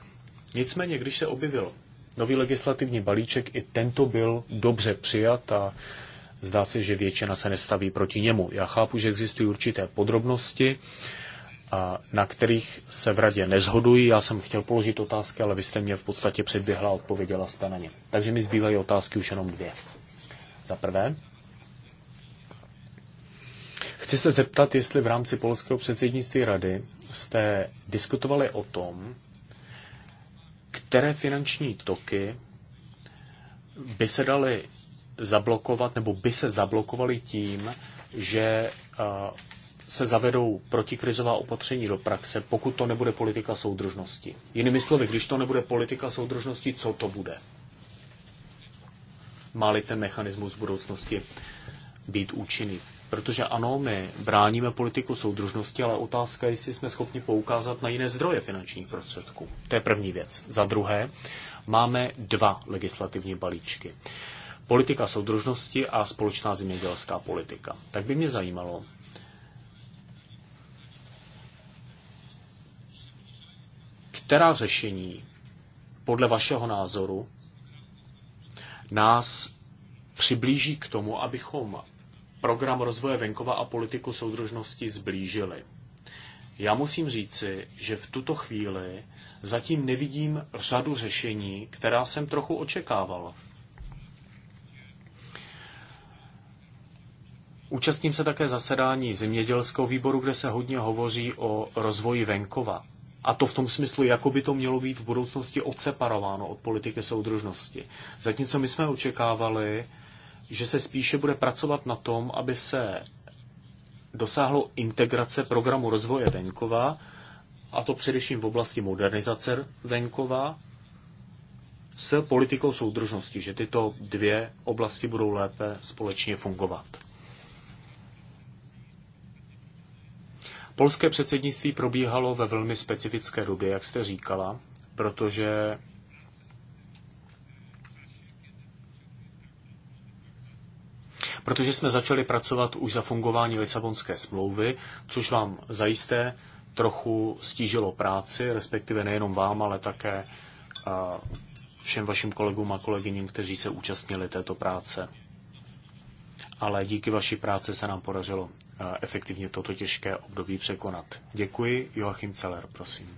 Nicméně, když se objevil nový legislativní balíček, i tento byl dobře přijat a zdá se, že většina se nestaví proti němu. Já chápu, že existují určité podrobnosti, na kterých se v radě nezhodují. Já jsem chtěl položit otázky, ale vy jste mě v podstatě předběhla a odpověděla jste na ně. Takže mi zbývají otázky už jenom dvě. Za prvé, chci se zeptat, jestli v rámci polského předsednictví rady jste diskutovali o tom, které finanční toky by se daly zablokovat nebo by se zablokovaly tím, že eh, se zavedou protikrizová opatření do praxe, pokud to nebude politika soudržnosti. Jinými slovy, když to nebude politika soudržnosti, co to bude? Máli ten mechanismus v budoucnosti být účinný. Protože ano, my bráníme politiku soudržnosti, ale otázka je, jestli jsme schopni poukázat na jiné zdroje finančních prostředků. To je první věc. Za druhé, máme dva legislativní balíčky. Politika soudržnosti a společná zemědělská politika. Tak by mě zajímalo, která řešení podle vašeho názoru nás přiblíží k tomu, abychom program rozvoje venkova a politiku soudržnosti zblížili. Já musím říci, že v tuto chvíli zatím nevidím řadu řešení, která jsem trochu očekával. Účastním se také zasedání zemědělského výboru, kde se hodně hovoří o rozvoji venkova. A to v tom smyslu, jako by to mělo být v budoucnosti odseparováno od politiky soudržnosti. Zatímco my jsme očekávali, že se spíše bude pracovat na tom, aby se dosáhlo integrace programu rozvoje venkova, a to především v oblasti modernizace venkova, s politikou soudržnosti, že tyto dvě oblasti budou lépe společně fungovat. Polské předsednictví probíhalo ve velmi specifické době, jak jste říkala, protože protože jsme začali pracovat už za fungování Lisabonské smlouvy, což vám zajisté trochu stížilo práci, respektive nejenom vám, ale také eh, všem vašim kolegům a kolegyním, kteří se účastnili této práce ale díky vaší práci se nám podařilo eh, efektivně toto těžké období překonat. Děkuji. Joachim Celer, prosím.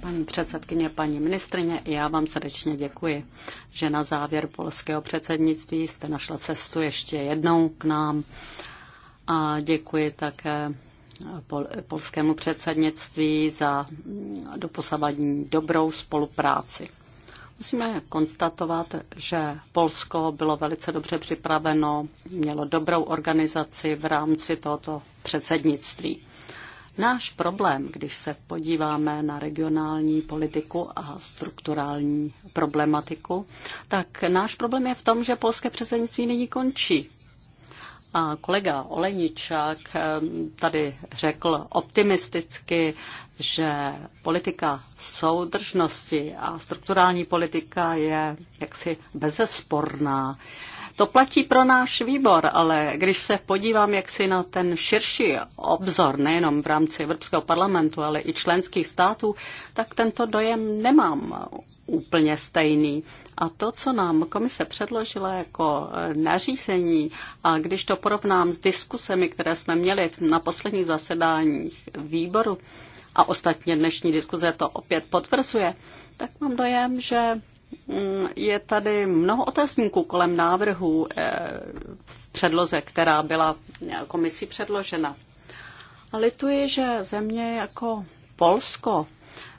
Paní předsedkyně, paní ministrině, já vám srdečně děkuji, že na závěr polského předsednictví jste našla cestu ještě jednou k nám a děkuji také pol, polskému předsednictví za mm, doposavadní dobrou spolupráci. Musíme konstatovat, že Polsko bylo velice dobře připraveno, mělo dobrou organizaci v rámci tohoto předsednictví. Náš problém, když se podíváme na regionální politiku a strukturální problematiku, tak náš problém je v tom, že polské předsednictví nyní končí. A kolega Olejničák eh, tady řekl optimisticky, že politika soudržnosti a strukturální politika je jaksi bezesporná. To platí pro náš výbor, ale když se podívám jaksi na ten širší obzor, nejenom v rámci Evropského parlamentu, ale i členských států, tak tento dojem nemám úplně stejný. A to, co nám komise předložila jako nařízení, a když to porovnám s diskusemi, které jsme měli na posledních zasedáních výboru, a ostatně dnešní diskuze to opět potvrzuje, tak mám dojem, že mm, je tady mnoho otazníků kolem návrhu v eh, předloze, která byla eh, komisí předložena. A lituji, že země jako Polsko,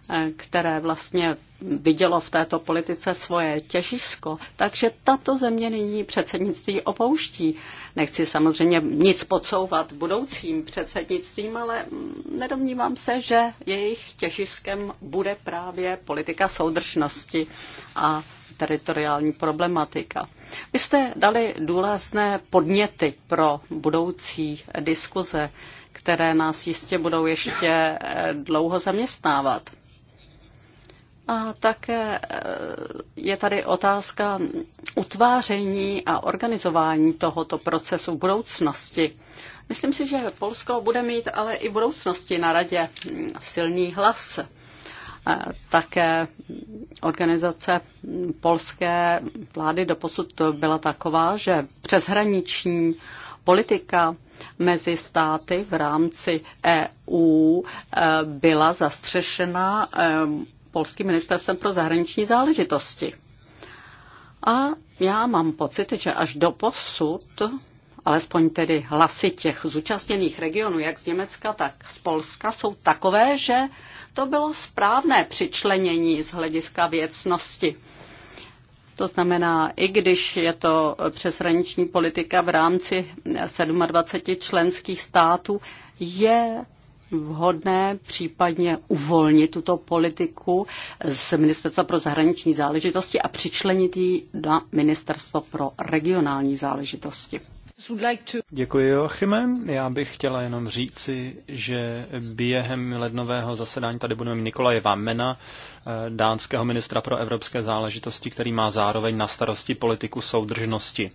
eh, které vlastně vidělo v této politice svoje těžisko, takže tato země nyní předsednictví opouští. Nechci samozřejmě nic podsouvat budoucím předsednictvím, ale nedomnívám se, že jejich těžiskem bude právě politika soudržnosti a teritoriální problematika. Vy jste dali důrazné podněty pro budoucí diskuze, které nás jistě budou ještě dlouho zaměstnávat. A také eh, je tady otázka utváření a organizování tohoto procesu v budoucnosti. Myslím si, že Polsko bude mít ale i v budoucnosti na radě mm, silný hlas. Eh, také organizace polské vlády doposud byla taková, že přeshraniční politika mezi státy v rámci EU eh, byla zastřešena polským ministerstvem pro zahraniční záležitosti. A já mám pocit, že až do posud, alespoň tedy hlasy těch zúčastněných regionů, jak z Německa, tak z Polska, jsou takové, že to bylo správné přičlenění z hlediska věcnosti. To znamená, i když je to přeshraniční politika v rámci 27 členských států, je vhodné případně uvolnit tuto politiku z Ministerstva pro zahraniční záležitosti a přičlenit ji na Ministerstvo pro regionální záležitosti. Děkuji, Joachime. Já bych chtěla jenom říci, že během lednového zasedání tady budeme mít Nikolaje Vamena, eh, dánského ministra pro evropské záležitosti, který má zároveň na starosti politiku soudržnosti.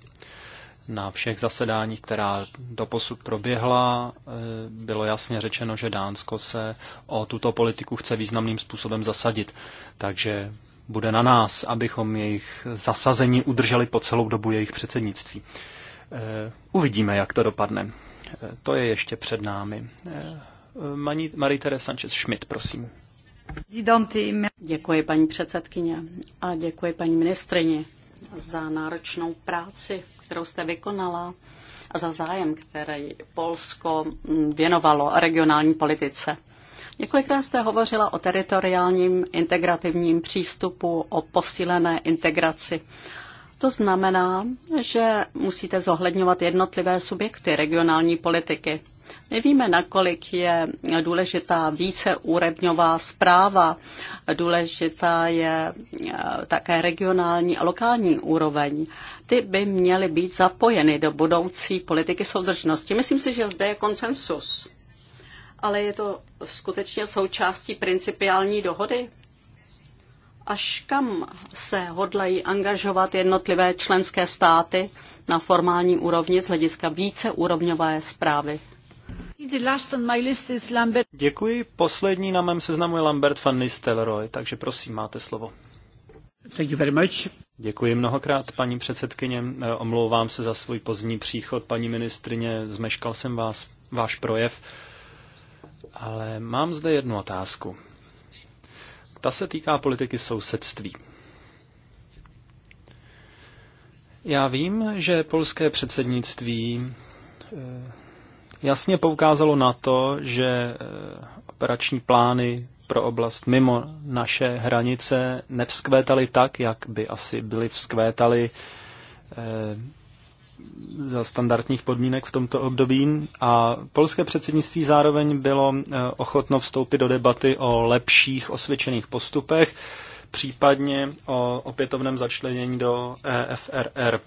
Na všech zasedáních, která doposud proběhla, eh, bylo jasně řečeno, že Dánsko se o tuto politiku chce významným způsobem zasadit. Takže bude na nás, abychom jejich zasazení udrželi po celou dobu jejich předsednictví. Eh, uvidíme, jak to dopadne. Eh, to je ještě před námi. Marie-Therese Sanchez-Schmidt, prosím. Děkuji, paní předsedkyně, a děkuji, paní ministrině za náročnou práci, kterou jste vykonala a za zájem, který Polsko věnovalo regionální politice. Několikrát jste hovořila o teritoriálním integrativním přístupu, o posílené integraci. To znamená, že musíte zohledňovat jednotlivé subjekty regionální politiky. My víme, nakolik je důležitá víceúrovňová zpráva, důležitá je eh, také regionální a lokální úroveň. Ty by měly být zapojeny do budoucí politiky soudržnosti. Myslím si, že zde je konsensus. Ale je to skutečně součástí principiální dohody? Až kam se hodlají angažovat jednotlivé členské státy na formální úrovni z hlediska víceúrovňové zprávy? Děkuji. Poslední na mém seznamu je Lambert van Nistelrooy, takže prosím, máte slovo. Thank you very much. Děkuji mnohokrát, paní předsedkyně. Eh, omlouvám se za svůj pozdní příchod, paní ministrině. Zmeškal jsem vás, váš projev. Ale mám zde jednu otázku. Ta se týká politiky sousedství. Já vím, že polské předsednictví eh, jasně poukázalo na to, že eh, operační plány pro oblast mimo naše hranice nevzkvétaly tak, jak by asi byly vzkvétaly eh, za standardních podmínek v tomto období a polské předsednictví zároveň bylo eh, ochotno vstoupit do debaty o lepších osvědčených postupech, případně o opětovném začlenění do EFRR,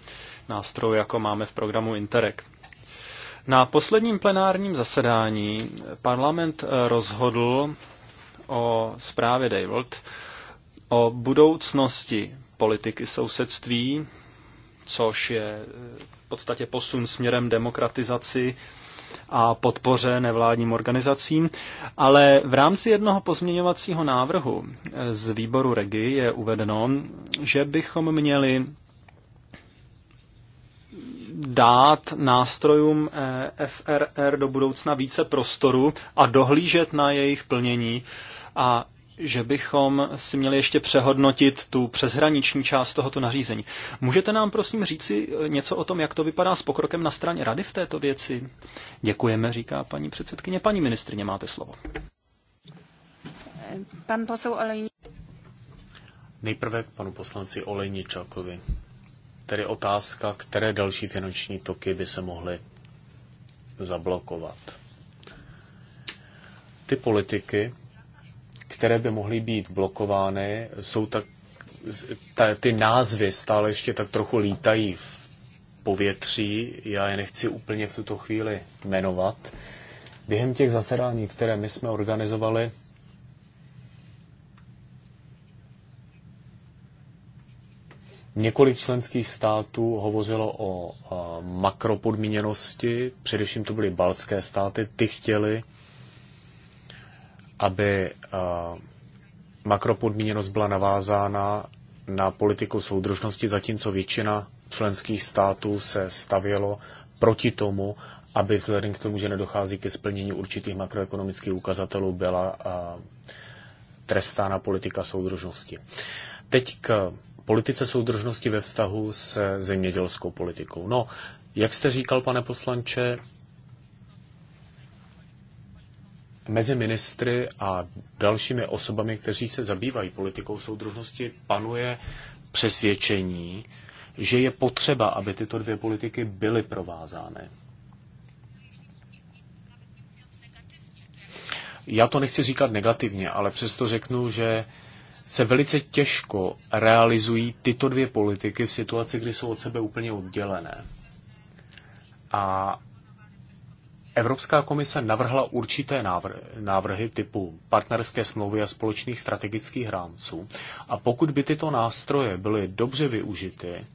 nástrojů, jako máme v programu Interreg. Na posledním plenárním zasedání parlament eh, rozhodl o zprávě Davold o budoucnosti politiky sousedství, což je eh, v podstatě posun směrem demokratizaci a podpoře nevládním organizacím, ale v rámci jednoho pozměňovacího návrhu eh, z výboru REGI je uvedeno, že bychom měli dát nástrojům eh, FRR do budoucna více prostoru a dohlížet na jejich plnění a že bychom si měli ještě přehodnotit tu přeshraniční část tohoto nařízení. Můžete nám prosím říci eh, něco o tom, jak to vypadá s pokrokem na straně rady v této věci? Děkujeme, říká paní předsedkyně. Paní ministrině, máte slovo. Pan posou Olejní. Nejprve k panu poslanci Olejničákovi tedy otázka, které další finanční toky by se mohly zablokovat. Ty politiky, které by mohly být blokovány, jsou tak, ta, ty názvy stále ještě tak trochu lítají v povětří. Já je nechci úplně v tuto chvíli jmenovat. Během těch zasedání, které my jsme organizovali, Několik členských států hovořilo o makropodmíněnosti, především to byly baltské státy, ty chtěly, aby e, makropodmíněnost byla navázána na politiku soudržnosti, zatímco většina členských států se stavělo proti tomu, aby vzhledem k tomu, že nedochází ke splnění určitých makroekonomických ukazatelů, byla e, trestána politika soudržnosti. Teď k politice soudržnosti ve vztahu s zemědělskou politikou. No, jak jste říkal, pane poslanče, mezi ministry a dalšími osobami, kteří se zabývají politikou soudržnosti, panuje přesvědčení, že je potřeba, aby tyto dvě politiky byly provázány. Já to nechci říkat negativně, ale přesto řeknu, že se velice těžko realizují tyto dvě politiky v situaci, kdy jsou od sebe úplně oddělené. A Evropská komise navrhla určité návrhy typu partnerské smlouvy a společných strategických rámců. A pokud by tyto nástroje byly dobře využity,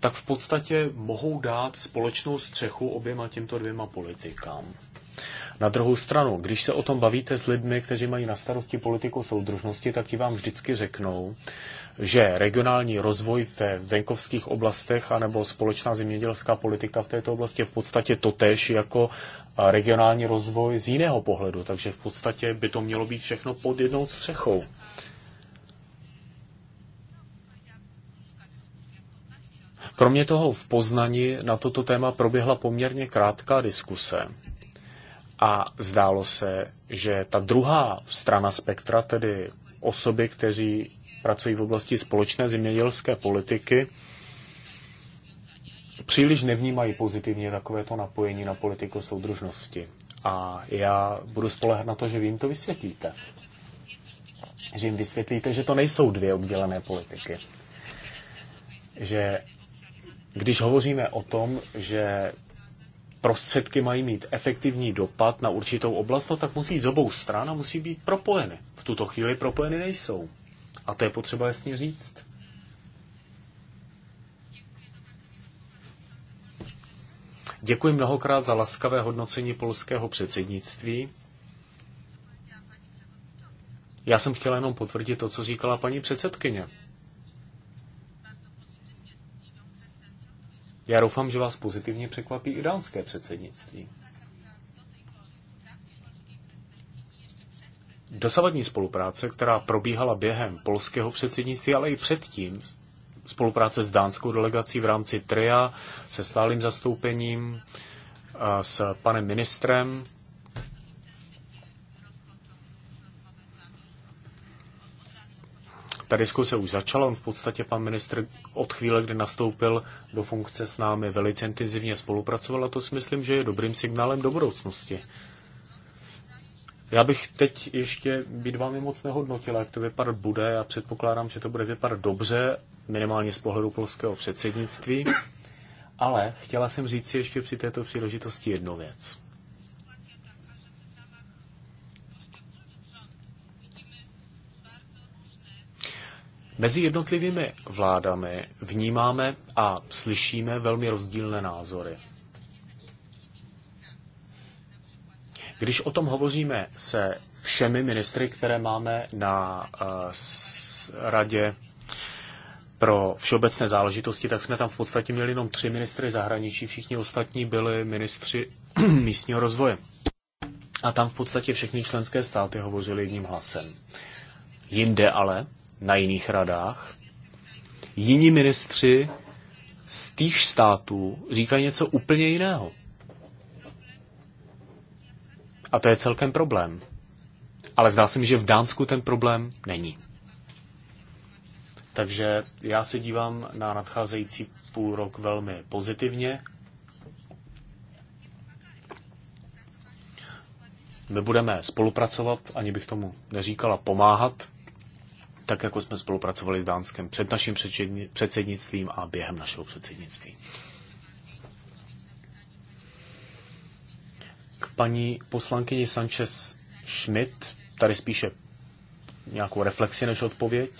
tak v podstatě mohou dát společnou střechu oběma těmto dvěma politikám. Na druhou stranu, když se o tom bavíte s lidmi, kteří mají na starosti politiku soudržnosti, tak ti vám vždycky řeknou, že regionální rozvoj ve venkovských oblastech anebo společná zemědělská politika v této oblasti je v podstatě totéž jako regionální rozvoj z jiného pohledu, takže v podstatě by to mělo být všechno pod jednou střechou. Kromě toho v Poznani na toto téma proběhla poměrně krátká diskuse. A zdálo se, že ta druhá strana spektra, tedy osoby, kteří pracují v oblasti společné zemědělské politiky, příliš nevnímají pozitivně takovéto napojení na politiku soudržnosti. A já budu spolehat na to, že vy jim to vysvětlíte. Že jim vysvětlíte, že to nejsou dvě oddělené politiky. Že když hovoříme o tom, že prostředky mají mít efektivní dopad na určitou oblast, no tak musí jít z obou stran a musí být propojeny. V tuto chvíli propojeny nejsou. A to je potřeba jasně říct. Děkuji mnohokrát za laskavé hodnocení polského předsednictví. Já jsem chtěla jenom potvrdit to, co říkala paní předsedkyně. Já doufám, že vás pozitivně překvapí iránské předsednictví. Dosavadní spolupráce, která probíhala během polského předsednictví, ale i předtím, spolupráce s dánskou delegací v rámci TRIA, se stálým zastoupením, s panem ministrem, Ta diskuse už začala, on v podstatě pan ministr od chvíle, kdy nastoupil do funkce s námi, velice intenzivně spolupracoval a to si myslím, že je dobrým signálem do budoucnosti. Já bych teď ještě být vámi moc nehodnotil, jak to vypadat bude. Já předpokládám, že to bude vypadat dobře, minimálně z pohledu polského předsednictví. Ale chtěla jsem říct si ještě při této příležitosti jednu věc. Mezi jednotlivými vládami vnímáme a slyšíme velmi rozdílné názory. Když o tom hovoříme se všemi ministry, které máme na eh, radě pro všeobecné záležitosti, tak jsme tam v podstatě měli jenom tři ministry zahraničí, všichni ostatní byli ministři místního rozvoje. A tam v podstatě všechny členské státy hovořili jedním hlasem. Jinde ale na jiných radách. Jiní ministři z těch států říkají něco úplně jiného. A to je celkem problém. Ale zdá se mi, že v Dánsku ten problém není. Takže já se dívám na nadcházející půl rok velmi pozitivně. My budeme spolupracovat, ani bych tomu neříkala pomáhat tak jako jsme spolupracovali s Dánskem před naším předsednictvím a během našeho předsednictví. K paní poslankyni Sanchez Schmidt, tady spíše nějakou reflexi než odpověď.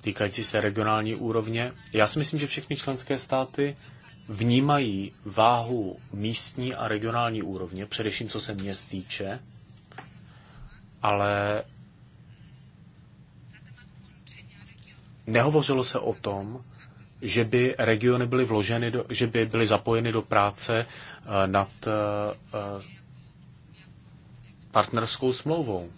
týkající se regionální úrovně. Já si myslím, že všechny členské státy vnímají váhu místní a regionální úrovně, především co se měst týče, ale nehovořilo se o tom, že by regiony byly vloženy, do, že by byly zapojeny do práce eh, nad eh, eh, partnerskou smlouvou.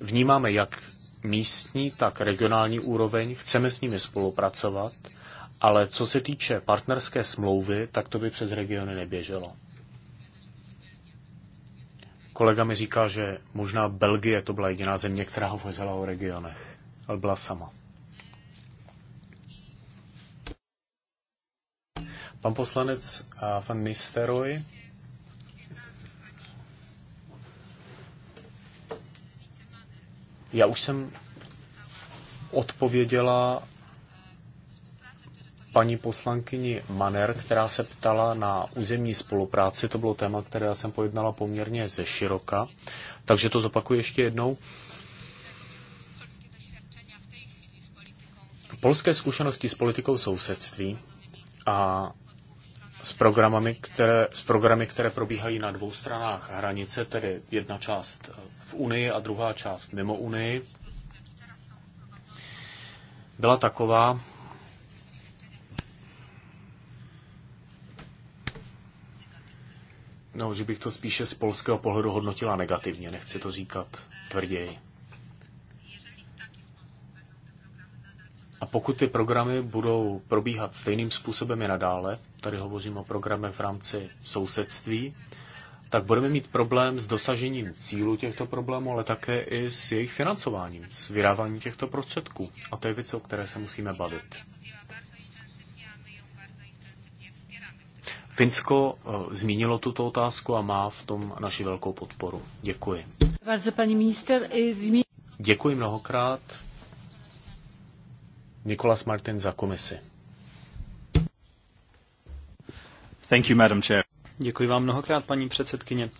Vnímáme, jak místní, tak regionální úroveň, chceme s nimi spolupracovat, ale co se týče partnerské smlouvy, tak to by přes regiony neběželo. Kolega mi říká, že možná Belgie to byla jediná země, která hovořila o regionech, ale byla sama. Pan poslanec eh, Van Nisteroy. Já už jsem odpověděla paní poslankyni Maner, která se ptala na územní spolupráci. To bylo téma, které já jsem pojednala poměrně ze široka. Takže to zopakuju ještě jednou. Polské zkušenosti s politikou sousedství a s programy, které, s programy, které probíhají na dvou stranách hranice, tedy jedna část Unii a druhá část mimo Unii, byla taková, no, že bych to spíše z polského pohledu hodnotila negativně, nechci to říkat tvrději. A pokud ty programy budou probíhat stejným způsobem i nadále, tady hovořím o programech v rámci sousedství, tak budeme mít problém s dosažením cílu těchto problémů, ale také i s jejich financováním, s vyráváním těchto prostředků. A to je věc, o které se musíme bavit. Finsko eh, zmínilo tuto otázku a má v tom naši velkou podporu. Děkuji. Děkuji mnohokrát. Nikolas Martin za komisi. Thank you, Madam Chair. Děkuji vám mnohokrát, paní předsedkyně.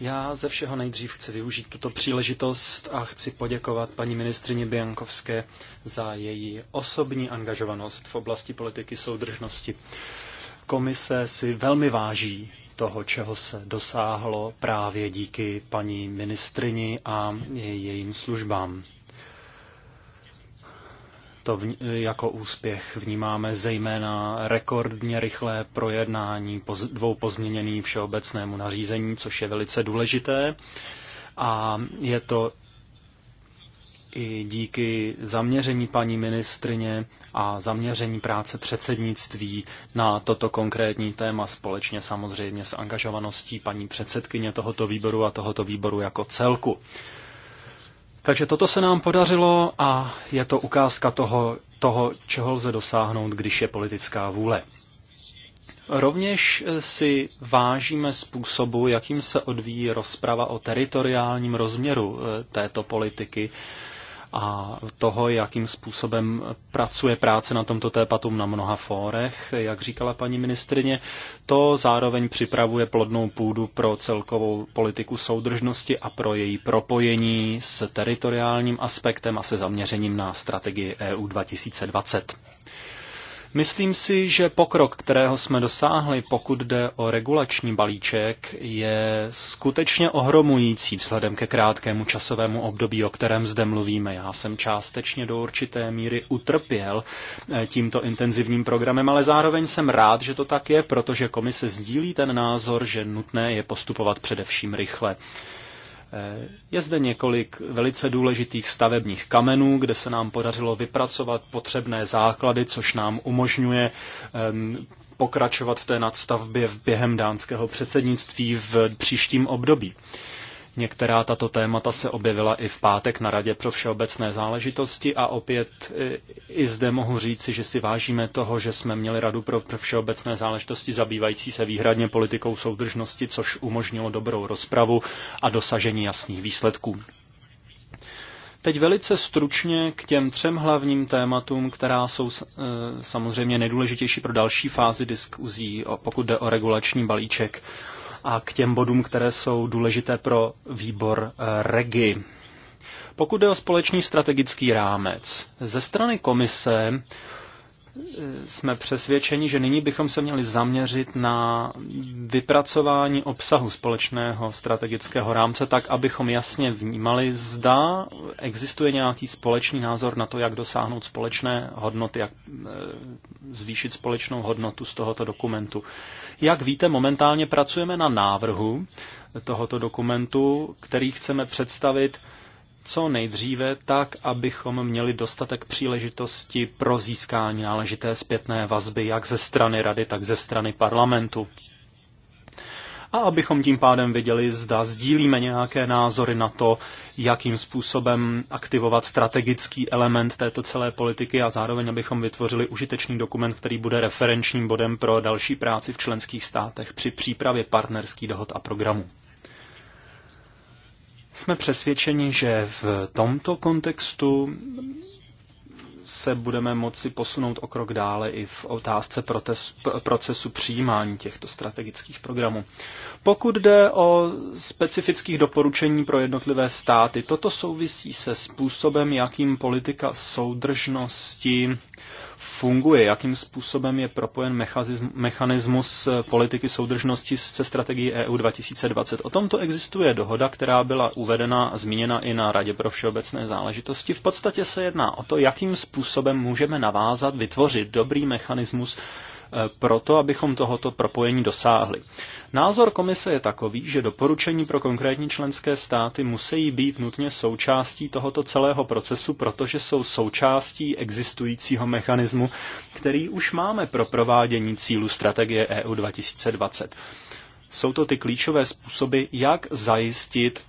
Já ze všeho nejdřív chci využít tuto příležitost a chci poděkovat paní ministrině Biankovské za její osobní angažovanost v oblasti politiky soudržnosti. Komise si velmi váží toho, čeho se dosáhlo právě díky paní ministrini a jejím službám to v, jako úspěch vnímáme zejména rekordně rychlé projednání poz, dvou pozměněný všeobecnému nařízení, což je velice důležité. A je to i díky zaměření paní ministrině a zaměření práce předsednictví na toto konkrétní téma společně samozřejmě s angažovaností paní předsedkyně tohoto výboru a tohoto výboru jako celku. Takže toto se nám podařilo a je to ukázka toho, toho, čeho lze dosáhnout, když je politická vůle. Rovněž si vážíme způsobu, jakým se odvíjí rozprava o teritoriálním rozměru eh, této politiky a toho, jakým způsobem pracuje práce na tomto tématu na mnoha fórech, jak říkala paní ministrině. To zároveň připravuje plodnou půdu pro celkovou politiku soudržnosti a pro její propojení s teritoriálním aspektem a se zaměřením na strategii EU 2020. Myslím si, že pokrok, kterého jsme dosáhli, pokud jde o regulační balíček, je skutečně ohromující vzhledem ke krátkému časovému období, o kterém zde mluvíme. Já jsem částečně do určité míry utrpěl eh, tímto intenzivním programem, ale zároveň jsem rád, že to tak je, protože komise sdílí ten názor, že nutné je postupovat především rychle. Je zde několik velice důležitých stavebních kamenů, kde se nám podařilo vypracovat potřebné základy, což nám umožňuje pokračovat v té nadstavbě během dánského předsednictví v příštím období. Některá tato témata se objevila i v pátek na Radě pro všeobecné záležitosti a opět e, i zde mohu říci, že si vážíme toho, že jsme měli Radu pro všeobecné záležitosti zabývající se výhradně politikou soudržnosti, což umožnilo dobrou rozpravu a dosažení jasných výsledků. Teď velice stručně k těm třem hlavním tématům, která jsou e, samozřejmě nejdůležitější pro další fázi diskuzí, pokud jde o regulační balíček a k těm bodům, které jsou důležité pro výbor eh, REGI. Pokud jde o společný strategický rámec, ze strany komise eh, jsme přesvědčeni, že nyní bychom se měli zaměřit na vypracování obsahu společného strategického rámce, tak abychom jasně vnímali, zda existuje nějaký společný názor na to, jak dosáhnout společné hodnoty, jak eh, zvýšit společnou hodnotu z tohoto dokumentu. Jak víte, momentálně pracujeme na návrhu tohoto dokumentu, který chceme představit co nejdříve, tak abychom měli dostatek příležitosti pro získání náležité zpětné vazby jak ze strany rady, tak ze strany parlamentu a abychom tím pádem viděli, zda sdílíme nějaké názory na to, jakým způsobem aktivovat strategický element této celé politiky a zároveň abychom vytvořili užitečný dokument, který bude referenčním bodem pro další práci v členských státech při přípravě partnerských dohod a programů. Jsme přesvědčeni, že v tomto kontextu se budeme moci posunout o krok dále i v otázce procesu přijímání těchto strategických programů. Pokud jde o specifických doporučení pro jednotlivé státy, toto souvisí se způsobem, jakým politika soudržnosti funguje, jakým způsobem je propojen mechanismus eh, politiky soudržnosti se strategií EU 2020. O tomto existuje dohoda, která byla uvedena a zmíněna i na Radě pro všeobecné záležitosti. V podstatě se jedná o to, jakým způsobem můžeme navázat, vytvořit dobrý mechanismus eh, pro to, abychom tohoto propojení dosáhli. Názor komise je takový, že doporučení pro konkrétní členské státy musí být nutně součástí tohoto celého procesu, protože jsou součástí existujícího mechanismu, který už máme pro provádění cílu strategie EU 2020. Jsou to ty klíčové způsoby, jak zajistit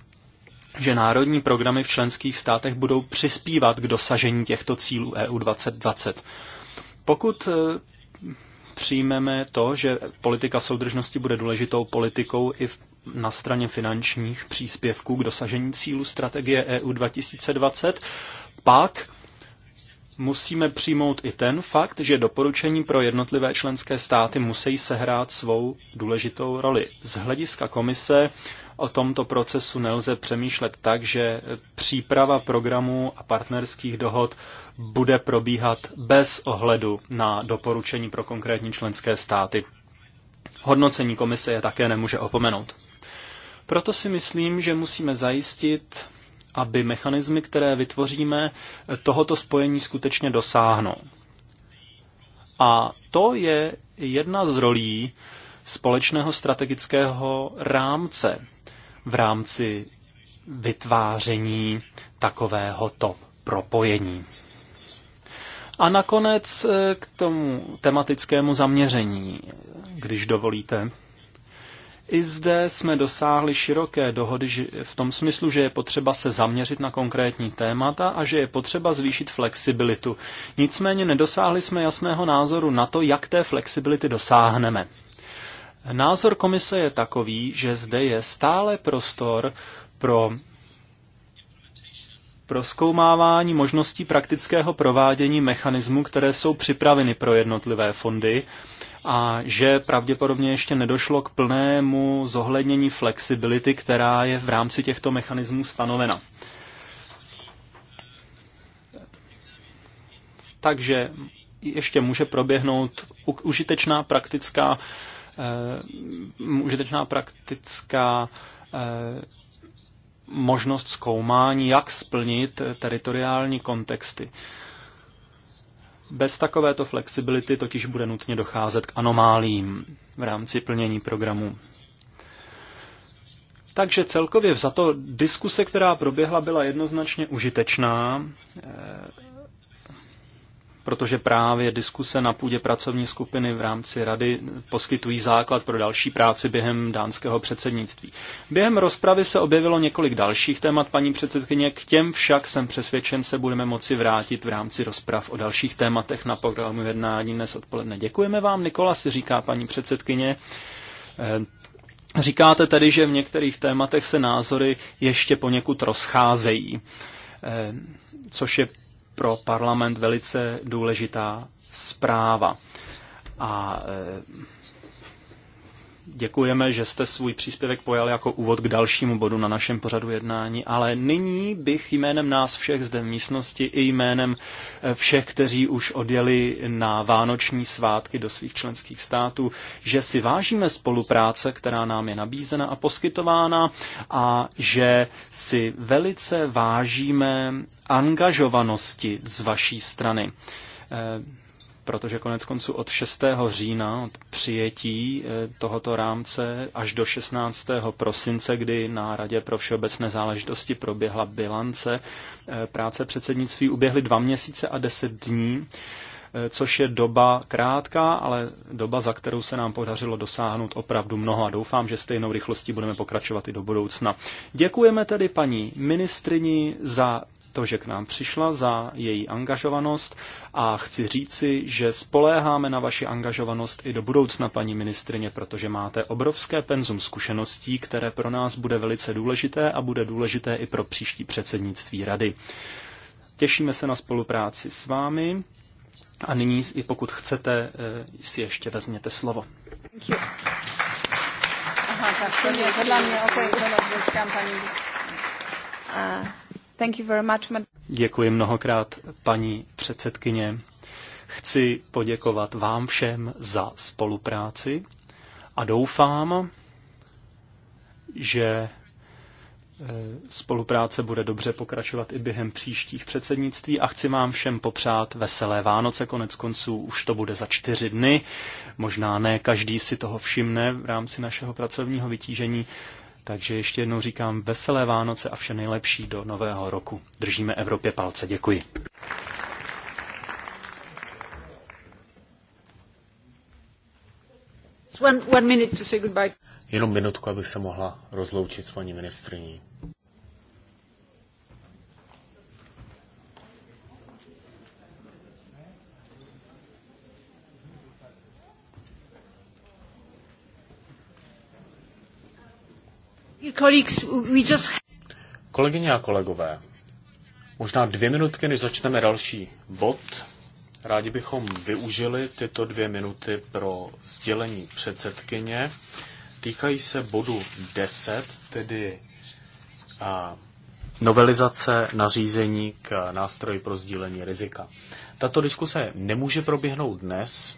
že národní programy v členských státech budou přispívat k dosažení těchto cílů EU 2020. Pokud eh, přijmeme to, že politika soudržnosti bude důležitou politikou i v na straně finančních příspěvků k dosažení cílu strategie EU 2020, pak musíme přijmout i ten fakt, že doporučení pro jednotlivé členské státy musí sehrát svou důležitou roli. Z hlediska komise o tomto procesu nelze přemýšlet tak, že příprava programů a partnerských dohod bude probíhat bez ohledu na doporučení pro konkrétní členské státy. Hodnocení komise je také nemůže opomenout. Proto si myslím, že musíme zajistit, aby mechanismy, které vytvoříme, tohoto spojení skutečně dosáhnou. A to je jedna z rolí společného strategického rámce, v rámci vytváření takovéhoto propojení. A nakonec eh, k tomu tematickému zaměření, když dovolíte. I zde jsme dosáhli široké dohody v tom smyslu, že je potřeba se zaměřit na konkrétní témata a že je potřeba zvýšit flexibilitu. Nicméně nedosáhli jsme jasného názoru na to, jak té flexibility dosáhneme. Názor komise je takový, že zde je stále prostor pro proskoumávání možností praktického provádění mechanismů, které jsou připraveny pro jednotlivé fondy a že pravděpodobně ještě nedošlo k plnému zohlednění flexibility, která je v rámci těchto mechanismů stanovena. Takže ještě může proběhnout užitečná praktická Eh, užitečná praktická eh, možnost zkoumání, jak splnit teritoriální kontexty. Bez takovéto flexibility totiž bude nutně docházet k anomálím v rámci plnění programu. Takže celkově za to diskuse, která proběhla, byla jednoznačně užitečná. Eh, protože právě diskuse na půdě pracovní skupiny v rámci rady poskytují základ pro další práci během dánského předsednictví. Během rozpravy se objevilo několik dalších témat, paní předsedkyně, k těm však jsem přesvědčen se budeme moci vrátit v rámci rozprav o dalších tématech na programu jednání dnes odpoledne. Děkujeme vám, Nikola, si říká paní předsedkyně. Eh, říkáte tedy, že v některých tématech se názory ještě poněkud rozcházejí, eh, což je pro parlament velice důležitá zpráva. A eh, Děkujeme, že jste svůj příspěvek pojal jako úvod k dalšímu bodu na našem pořadu jednání, ale nyní bych jménem nás všech zde v místnosti i jménem eh, všech, kteří už odjeli na vánoční svátky do svých členských států, že si vážíme spolupráce, která nám je nabízena a poskytována a že si velice vážíme angažovanosti z vaší strany eh, protože konec konců od 6. října, od přijetí eh, tohoto rámce až do 16. prosince, kdy na Radě pro všeobecné záležitosti proběhla bilance eh, práce předsednictví, uběhly dva měsíce a deset dní, eh, což je doba krátká, ale doba, za kterou se nám podařilo dosáhnout opravdu mnoho a doufám, že stejnou rychlostí budeme pokračovat i do budoucna. Děkujeme tedy paní ministrini za to, že k nám přišla, za její angažovanost a chci říci, že spoléháme na vaši angažovanost i do budoucna, paní ministrině, protože máte obrovské penzum zkušeností, které pro nás bude velice důležité a bude důležité i pro příští předsednictví rady. Těšíme se na spolupráci s vámi a nyní, i pokud chcete, eh, si ještě vezměte slovo. Aha, tak to je, podle mě, okay, Děkuji mnohokrát, paní předsedkyně. Chci poděkovat vám všem za spolupráci a doufám, že eh, spolupráce bude dobře pokračovat i během příštích předsednictví a chci vám všem popřát veselé Vánoce, konec konců už to bude za čtyři dny, možná ne každý si toho všimne v rámci našeho pracovního vytížení, takže ještě jednou říkám veselé Vánoce a vše nejlepší do nového roku. Držíme Evropě palce. Děkuji. Jenom minutku, abych se mohla rozloučit s paní ministriní. Kolegyně a kolegové, možná dvě minutky, než začneme další bod. Rádi bychom využili tyto dvě minuty pro sdělení předsedkyně. Týkají se bodu 10, tedy a, novelizace nařízení k nástroji pro sdílení rizika. Tato diskuse nemůže proběhnout dnes,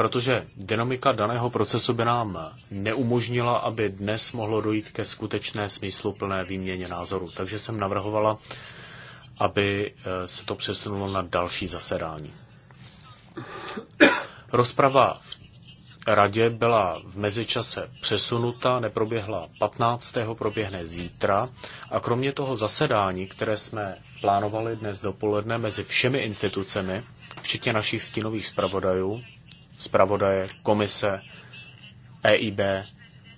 protože dynamika daného procesu by nám neumožnila, aby dnes mohlo dojít ke skutečné smysluplné výměně názoru. Takže jsem navrhovala, aby eh, se to přesunulo na další zasedání. Rozprava v radě byla v mezičase přesunuta, neproběhla 15. proběhne zítra a kromě toho zasedání, které jsme plánovali dnes dopoledne mezi všemi institucemi, včetně našich stínových zpravodajů, zpravodaje, komise, EIB,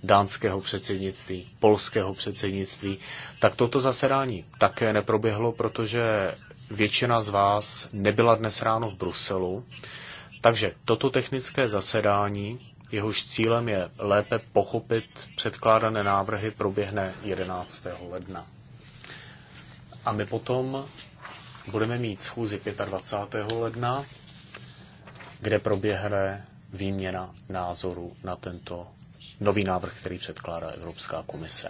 dánského předsednictví, polského předsednictví, tak toto zasedání také neproběhlo, protože většina z vás nebyla dnes ráno v Bruselu. Takže toto technické zasedání, jehož cílem je lépe pochopit předkládané návrhy, proběhne 11. ledna. A my potom budeme mít schůzi 25. ledna, kde proběhne výměna názorů na tento nový návrh, který předkládá Evropská komise.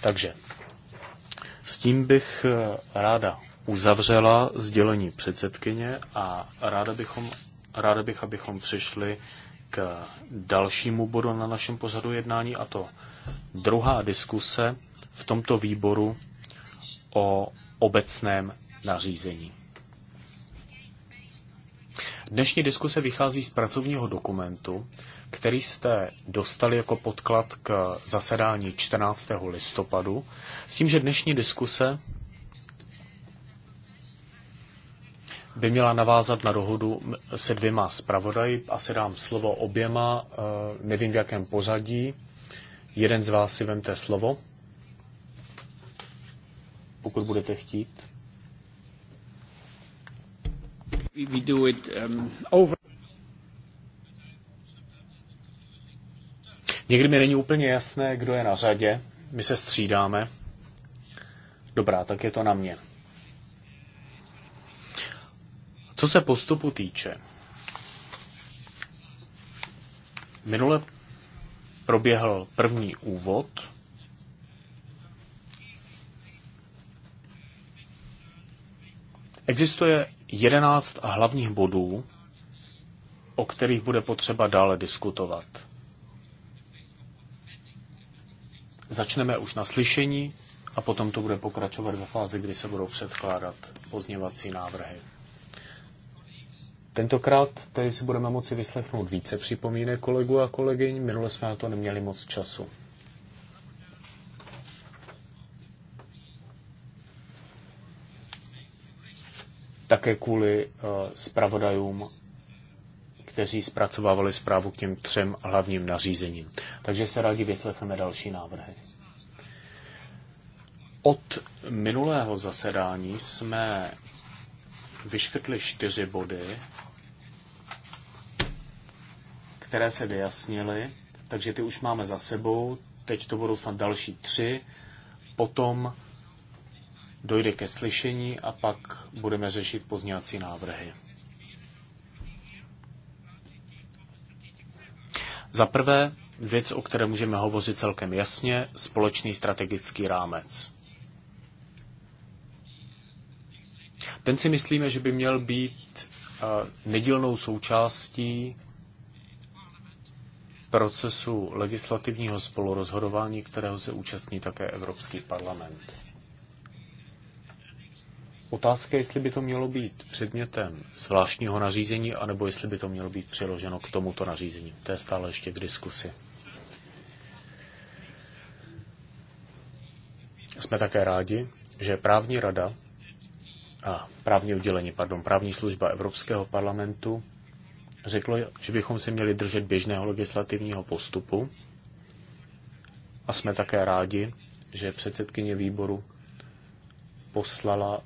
Takže s tím bych eh, ráda uzavřela sdělení předsedkyně a ráda, bychom, ráda bych, abychom přišli k dalšímu bodu na našem pořadu jednání, a to druhá diskuse v tomto výboru o obecném nařízení. Dnešní diskuse vychází z pracovního dokumentu, který jste dostali jako podklad k zasedání 14. listopadu, s tím, že dnešní diskuse by měla navázat na dohodu se dvěma zpravodaji. Asi dám slovo oběma, eh, nevím v jakém pořadí. Jeden z vás si vemte slovo, pokud budete chtít. We do it, um, over. Někdy mi není úplně jasné, kdo je na řadě. My se střídáme. Dobrá, tak je to na mě. Co se postupu týče, minule proběhl první úvod. Existuje jedenáct hlavních bodů, o kterých bude potřeba dále diskutovat. Začneme už na slyšení a potom to bude pokračovat ve fázi, kdy se budou předkládat pozněvací návrhy. Tentokrát tedy si budeme moci vyslechnout více připomínek kolegů a kolegyň. Minule jsme na to neměli moc času. také kvůli eh, zpravodajům, kteří zpracovávali zprávu k těm třem hlavním nařízením. Takže se rádi vyslechneme další návrhy. Od minulého zasedání jsme vyškrtli čtyři body, které se vyjasnily, takže ty už máme za sebou. Teď to budou snad další tři. Potom dojde ke slyšení a pak budeme řešit pozněvací návrhy. Za prvé, věc, o které můžeme hovořit celkem jasně, společný strategický rámec. Ten si myslíme, že by měl být eh, nedílnou součástí procesu legislativního spolurozhodování, kterého se účastní také Evropský parlament. Otázka, jestli by to mělo být předmětem zvláštního nařízení, anebo jestli by to mělo být přiloženo k tomuto nařízení. To je stále ještě k diskusi. Jsme také rádi, že právní rada a právní oddělení, pardon, právní služba Evropského parlamentu řeklo, že bychom se měli držet běžného legislativního postupu a jsme také rádi, že předsedkyně výboru poslala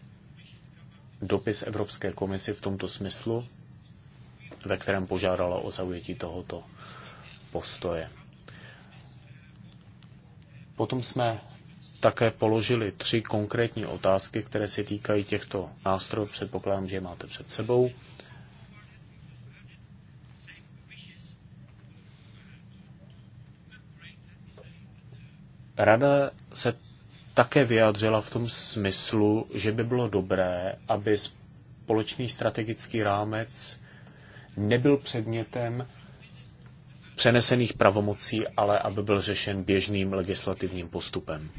dopis Evropské komisi v tomto smyslu, ve kterém požádala o zaujetí tohoto postoje. Potom jsme také položili tři konkrétní otázky, které se týkají těchto nástrojů. Předpokládám, že je máte před sebou. Rada se také vyjádřila v tom smyslu, že by bylo dobré, aby společný strategický rámec nebyl předmětem přenesených pravomocí, ale aby byl řešen běžným legislativním postupem.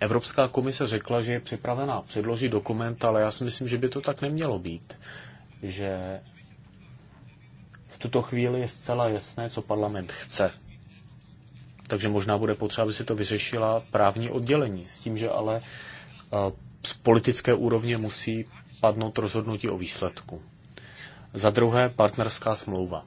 Evropská komise řekla, že je připravená předložit dokument, ale já si myslím, že by to tak nemělo být, že v tuto chvíli je zcela jasné, co parlament chce takže možná bude potřeba, aby si to vyřešila právní oddělení, s tím, že ale eh, z politické úrovně musí padnout rozhodnutí o výsledku. Za druhé, partnerská smlouva.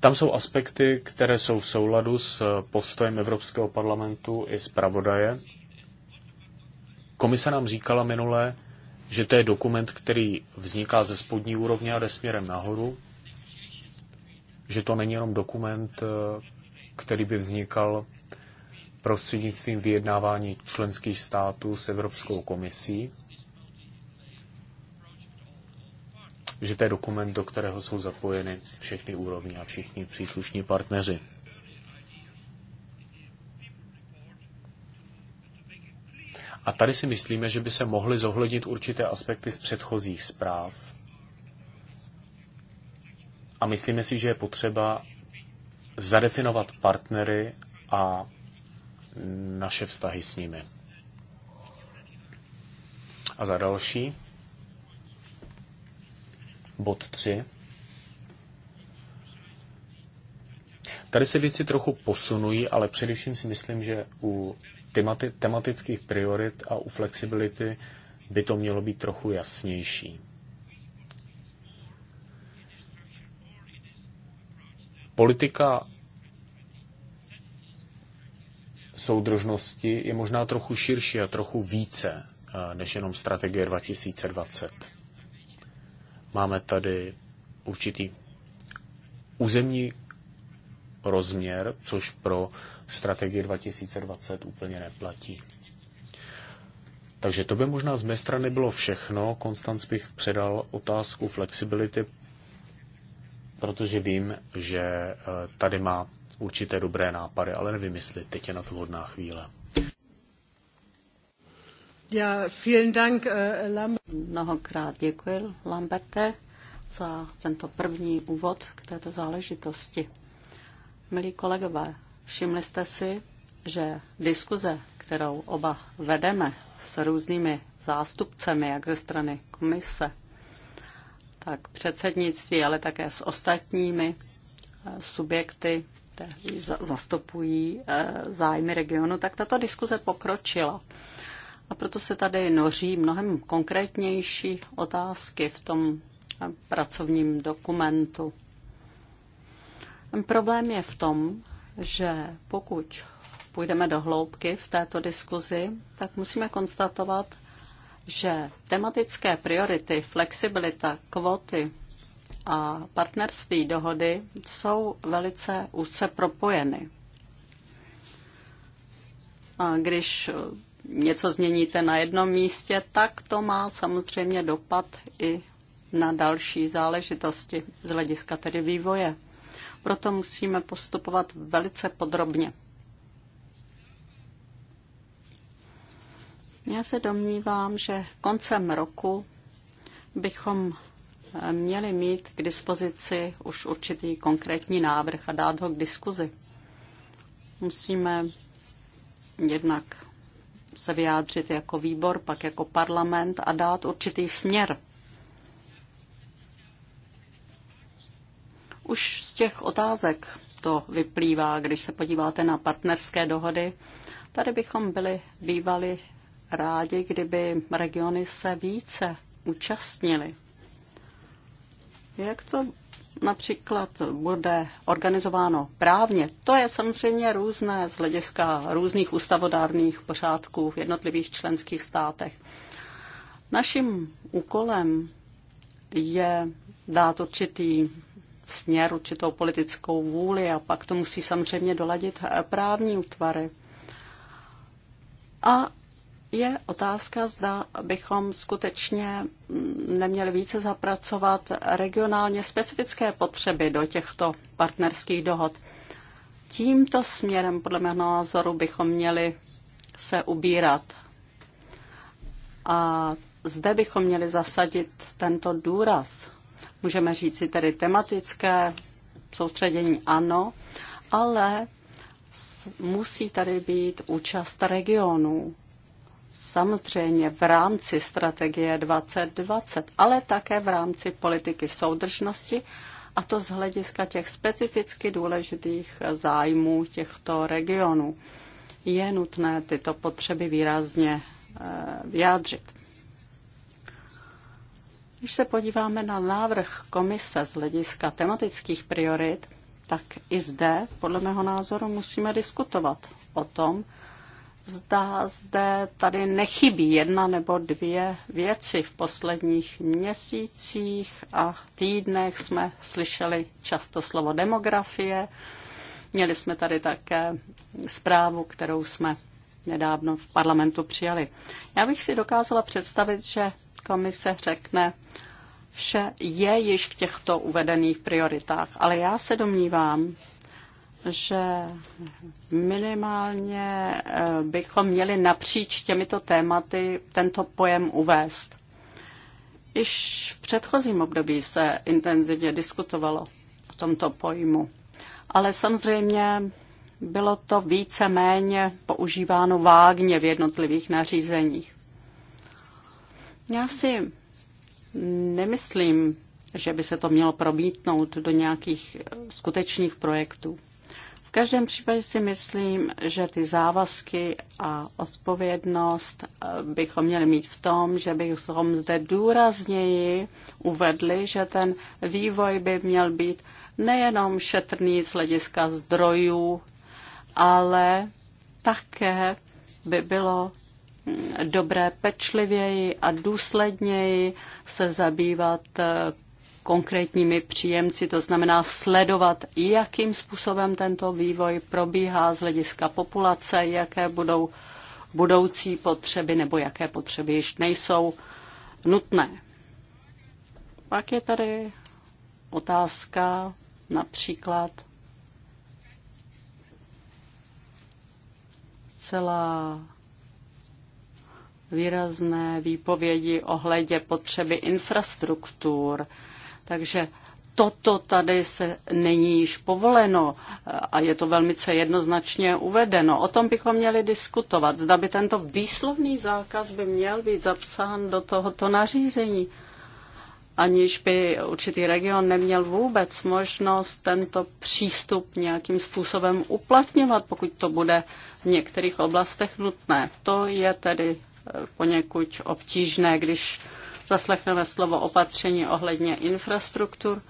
Tam jsou aspekty, které jsou v souladu s eh, postojem Evropského parlamentu i zpravodaje. Komise nám říkala minule, že to je dokument, který vzniká ze spodní úrovně a jde směrem nahoru, že to není jenom dokument, eh, který by vznikal prostřednictvím vyjednávání členských států s Evropskou komisí, že to je dokument, do kterého jsou zapojeny všechny úrovně a všichni příslušní partneři. A tady si myslíme, že by se mohly zohlednit určité aspekty z předchozích zpráv. A myslíme si, že je potřeba zadefinovat partnery a naše vztahy s nimi. A za další, bod 3. Tady se věci trochu posunují, ale především si myslím, že u temati- tematických priorit a u flexibility by to mělo být trochu jasnější. Politika soudržnosti je možná trochu širší a trochu více eh, než jenom strategie 2020. Máme tady určitý územní rozměr, což pro strategii 2020 úplně neplatí. Takže to by možná z mé strany bylo všechno. Konstanc bych předal otázku flexibility, protože vím, že eh, tady má určité dobré nápady, ale nevím, jestli teď je na to hodná chvíle. Ja, vielen Dank, eh, Lambert. Mnohokrát děkuji, Lamberte, za tento první úvod k této záležitosti. Milí kolegové, všimli jste si, že diskuze, kterou oba vedeme s různými zástupcemi, jak ze strany komise, tak předsednictví, ale také s ostatními eh, subjekty, které zastupují eh, zájmy regionu, tak tato diskuze pokročila. A proto se tady noří mnohem konkrétnější otázky v tom eh, pracovním dokumentu. Ten problém je v tom, že pokud půjdeme do hloubky v této diskuzi, tak musíme konstatovat, že tematické priority, flexibilita, kvoty a partnerství dohody jsou velice úzce propojeny. A když něco změníte na jednom místě, tak to má samozřejmě dopad i na další záležitosti z hlediska tedy vývoje. Proto musíme postupovat velice podrobně. Já se domnívám, že koncem roku bychom eh, měli mít k dispozici už určitý konkrétní návrh a dát ho k diskuzi. Musíme jednak se vyjádřit jako výbor, pak jako parlament a dát určitý směr Už z těch otázek to vyplývá, když se podíváte na partnerské dohody. Tady bychom byli bývali rádi, kdyby regiony se více účastnily. Jak to například bude organizováno právně, to je samozřejmě různé z hlediska různých ústavodárných pořádků v jednotlivých členských státech. Naším úkolem je dát určitý směr, určitou politickou vůli a pak to musí samozřejmě doladit právní útvary. A je otázka, zda bychom skutečně neměli více zapracovat regionálně specifické potřeby do těchto partnerských dohod. Tímto směrem, podle mého názoru, bychom měli se ubírat. A zde bychom měli zasadit tento důraz. Můžeme říci tedy tematické soustředění ano, ale musí tady být účast regionů. Samozřejmě v rámci strategie 2020, ale také v rámci politiky soudržnosti a to z hlediska těch specificky důležitých zájmů těchto regionů. Je nutné tyto potřeby výrazně eh, vyjádřit. Když se podíváme na návrh komise z hlediska tematických priorit, tak i zde, podle mého názoru, musíme diskutovat o tom, zda zde tady nechybí jedna nebo dvě věci. V posledních měsících a týdnech jsme slyšeli často slovo demografie. Měli jsme tady také zprávu, kterou jsme nedávno v parlamentu přijali. Já bych si dokázala představit, že komise řekne, vše je již v těchto uvedených prioritách, ale já se domnívám, že minimálně eh, bychom měli napříč těmito tématy tento pojem uvést. Již v předchozím období se intenzivně diskutovalo o tomto pojmu, ale samozřejmě bylo to více méně používáno vágně v jednotlivých nařízeních. Já si nemyslím, že by se to mělo promítnout do nějakých skutečných projektů. V každém případě si myslím, že ty závazky a odpovědnost eh, bychom měli mít v tom, že bychom zde důrazněji uvedli, že ten vývoj by měl být nejenom šetrný z hlediska zdrojů, ale také by bylo dobré pečlivěji a důsledněji se zabývat eh, konkrétními příjemci, to znamená sledovat, jakým způsobem tento vývoj probíhá z hlediska populace, jaké budou budoucí potřeby nebo jaké potřeby již nejsou nutné. Pak je tady otázka například celá výrazné výpovědi ohledě potřeby infrastruktur. Takže toto tady se není již povoleno a je to velmi jednoznačně uvedeno. O tom bychom měli diskutovat. Zda by tento výslovný zákaz by měl být zapsán do tohoto nařízení, aniž by určitý region neměl vůbec možnost tento přístup nějakým způsobem uplatňovat, pokud to bude v některých oblastech nutné. To je tedy poněkud obtížné, když zaslechneme slovo opatření ohledně infrastruktur.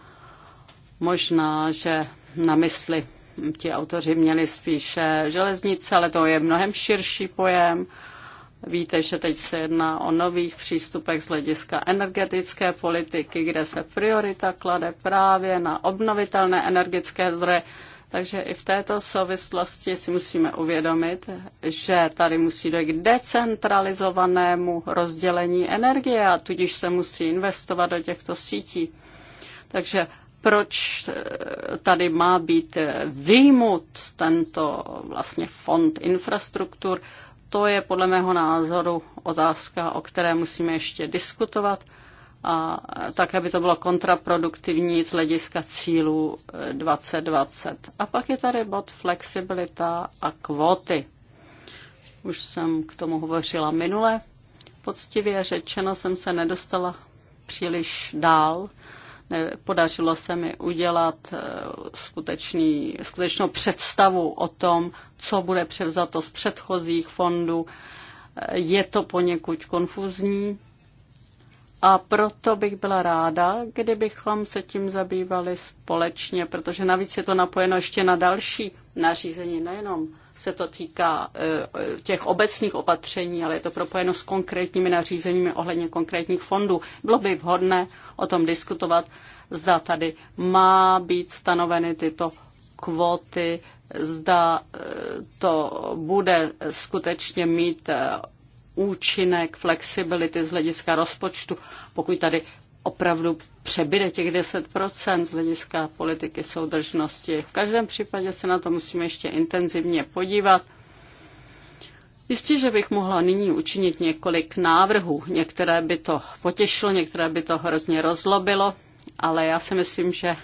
Možná, že na mysli ti autoři měli spíše železnice, ale to je mnohem širší pojem. Víte, že teď se jedná o nových přístupech z hlediska energetické politiky, kde se priorita klade právě na obnovitelné energetické zdroje, takže i v této souvislosti si musíme uvědomit, že tady musí dojít k decentralizovanému rozdělení energie a tudíž se musí investovat do těchto sítí. Takže proč eh, tady má být eh, výmut tento vlastně fond infrastruktur, to je podle mého názoru otázka, o které musíme ještě diskutovat a tak aby to bylo kontraproduktivní z hlediska cílů 2020. Eh, a pak je tady bod flexibilita a kvóty. Už jsem k tomu hovořila minule. Poctivě řečeno jsem se nedostala příliš dál. Podařilo se mi udělat eh, skutečný, skutečnou představu o tom, co bude převzato z předchozích fondů. Eh, je to poněkud konfuzní, a proto bych byla ráda, kdybychom se tím zabývali společně, protože navíc je to napojeno ještě na další nařízení. Nejenom se to týká e, e, těch obecných opatření, ale je to propojeno s konkrétními nařízeními ohledně konkrétních fondů. Bylo by vhodné o tom diskutovat, zda tady má být stanoveny tyto kvóty, zda e, to bude skutečně mít účinek flexibility z hlediska rozpočtu, pokud tady opravdu přebyde těch 10% z hlediska politiky soudržnosti. V každém případě se na to musíme ještě intenzivně podívat. Jistě, že bych mohla nyní učinit několik návrhů. Některé by to potěšilo, některé by to hrozně rozlobilo, ale já si myslím, že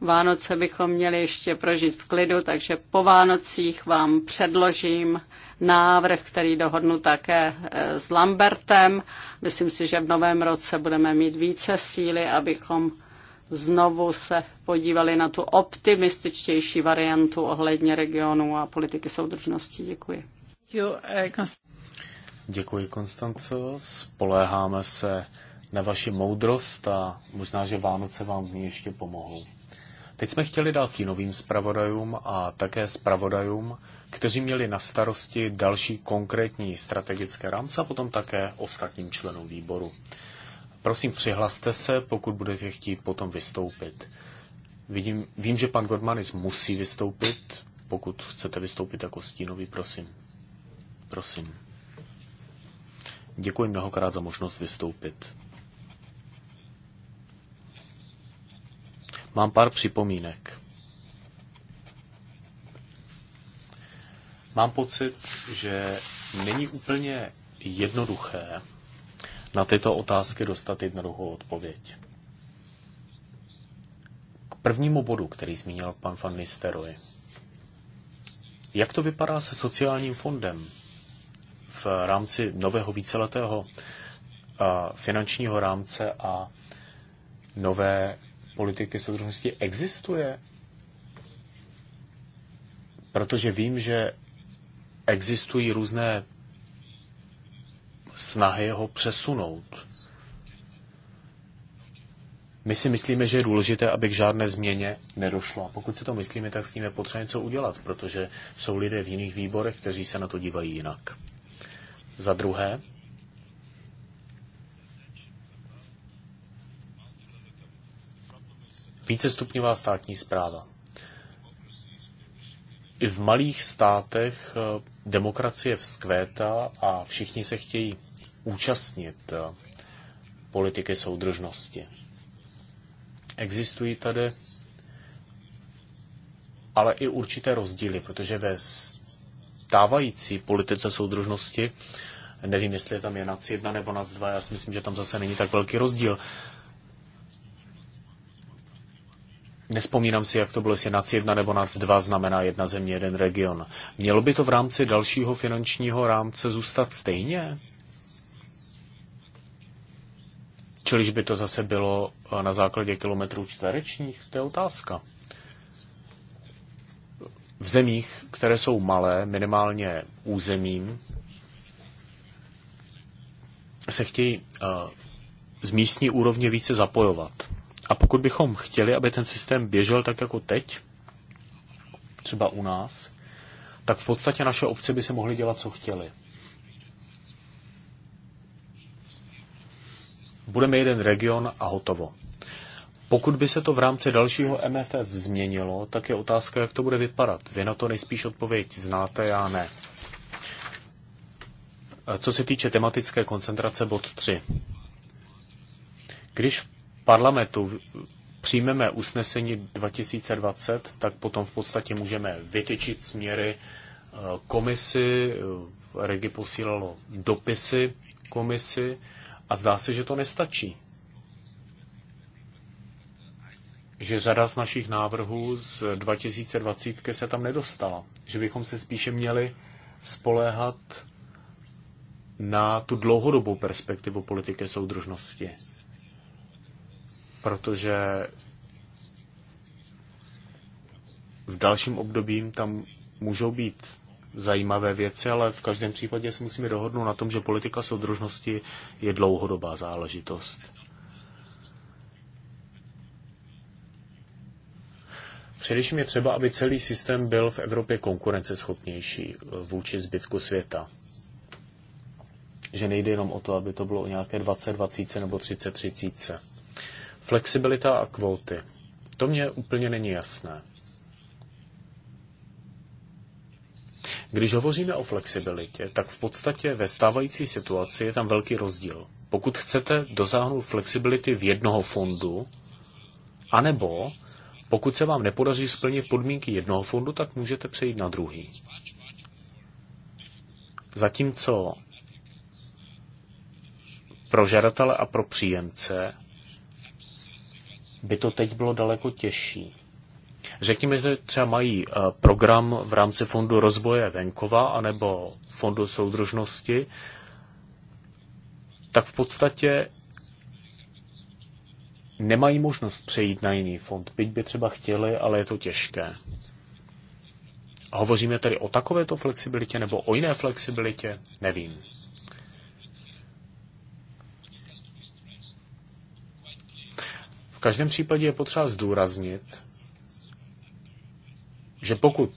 Vánoce bychom měli ještě prožít v klidu, takže po Vánocích vám předložím návrh, který dohodnu také eh, s Lambertem. Myslím si, že v novém roce budeme mít více síly, abychom znovu se podívali na tu optimističtější variantu ohledně regionu a politiky soudržnosti. Děkuji. Děkuji, Konstanco. Spoléháme se na vaši moudrost a možná, že Vánoce vám v ní ještě pomohou. Teď jsme chtěli dát novým zpravodajům a také zpravodajům kteří měli na starosti další konkrétní strategické rámce a potom také ostatním členům výboru. Prosím, přihlaste se, pokud budete chtít potom vystoupit. Vidím, vím, že pan Godmanis musí vystoupit. Pokud chcete vystoupit jako stínový, prosím. Prosím. Děkuji mnohokrát za možnost vystoupit. Mám pár připomínek. Mám pocit, že není úplně jednoduché na tyto otázky dostat jednoduchou odpověď. K prvnímu bodu, který zmínil pan van Nisteroy. Jak to vypadá se sociálním fondem v rámci nového víceletého finančního rámce a nové politiky soudržnosti existuje? Protože vím, že existují různé snahy ho přesunout. My si myslíme, že je důležité, aby k žádné změně nedošlo. A pokud si to myslíme, tak s tím je potřeba něco udělat, protože jsou lidé v jiných výborech, kteří se na to dívají jinak. Za druhé, vícestupňová státní zpráva. I v malých státech eh, demokracie vzkvétá a všichni se chtějí účastnit eh, politiky soudržnosti. Existují tady ale i určité rozdíly, protože ve stávající politice soudržnosti, nevím, jestli je tam je NAC jedna nebo NAC dva, já si myslím, že tam zase není tak velký rozdíl, Nespomínám si, jak to bylo, jestli NAC 1 nebo NAC 2 znamená jedna země, jeden region. Mělo by to v rámci dalšího finančního rámce zůstat stejně? Čiliž by to zase bylo eh, na základě kilometrů čtverečních? To je otázka. V zemích, které jsou malé, minimálně územím, se chtějí eh, z místní úrovně více zapojovat. A pokud bychom chtěli, aby ten systém běžel tak jako teď, třeba u nás, tak v podstatě naše obce by se mohly dělat, co chtěly. Budeme jeden region a hotovo. Pokud by se to v rámci dalšího MFF změnilo, tak je otázka, jak to bude vypadat. Vy na to nejspíš odpověď znáte, já ne. Co se týče tematické koncentrace bod 3. Když v parlamentu přijmeme usnesení 2020, tak potom v podstatě můžeme vytyčit směry eh, komisi, eh, Regi posílalo dopisy komisi a zdá se, že to nestačí. Že řada z našich návrhů z 2020 se tam nedostala. Že bychom se spíše měli spoléhat na tu dlouhodobou perspektivu politiky soudržnosti protože v dalším období tam můžou být zajímavé věci, ale v každém případě se musíme dohodnout na tom, že politika soudržnosti je dlouhodobá záležitost. Především je třeba, aby celý systém byl v Evropě konkurenceschopnější eh, vůči zbytku světa. Že nejde jenom o to, aby to bylo nějaké 20, 20 nebo 30, 30. Flexibilita a kvóty. To mě úplně není jasné. Když hovoříme o flexibilitě, tak v podstatě ve stávající situaci je tam velký rozdíl. Pokud chcete dosáhnout flexibility v jednoho fondu, anebo pokud se vám nepodaří splnit podmínky jednoho fondu, tak můžete přejít na druhý. Zatímco pro žadatele a pro příjemce by to teď bylo daleko těžší. Řekněme, že třeba mají eh, program v rámci Fondu rozvoje venkova anebo Fondu soudržnosti, tak v podstatě nemají možnost přejít na jiný fond. Byť by třeba chtěli, ale je to těžké. A hovoříme tedy o takovéto flexibilitě nebo o jiné flexibilitě? Nevím. V každém případě je potřeba zdůraznit, že pokud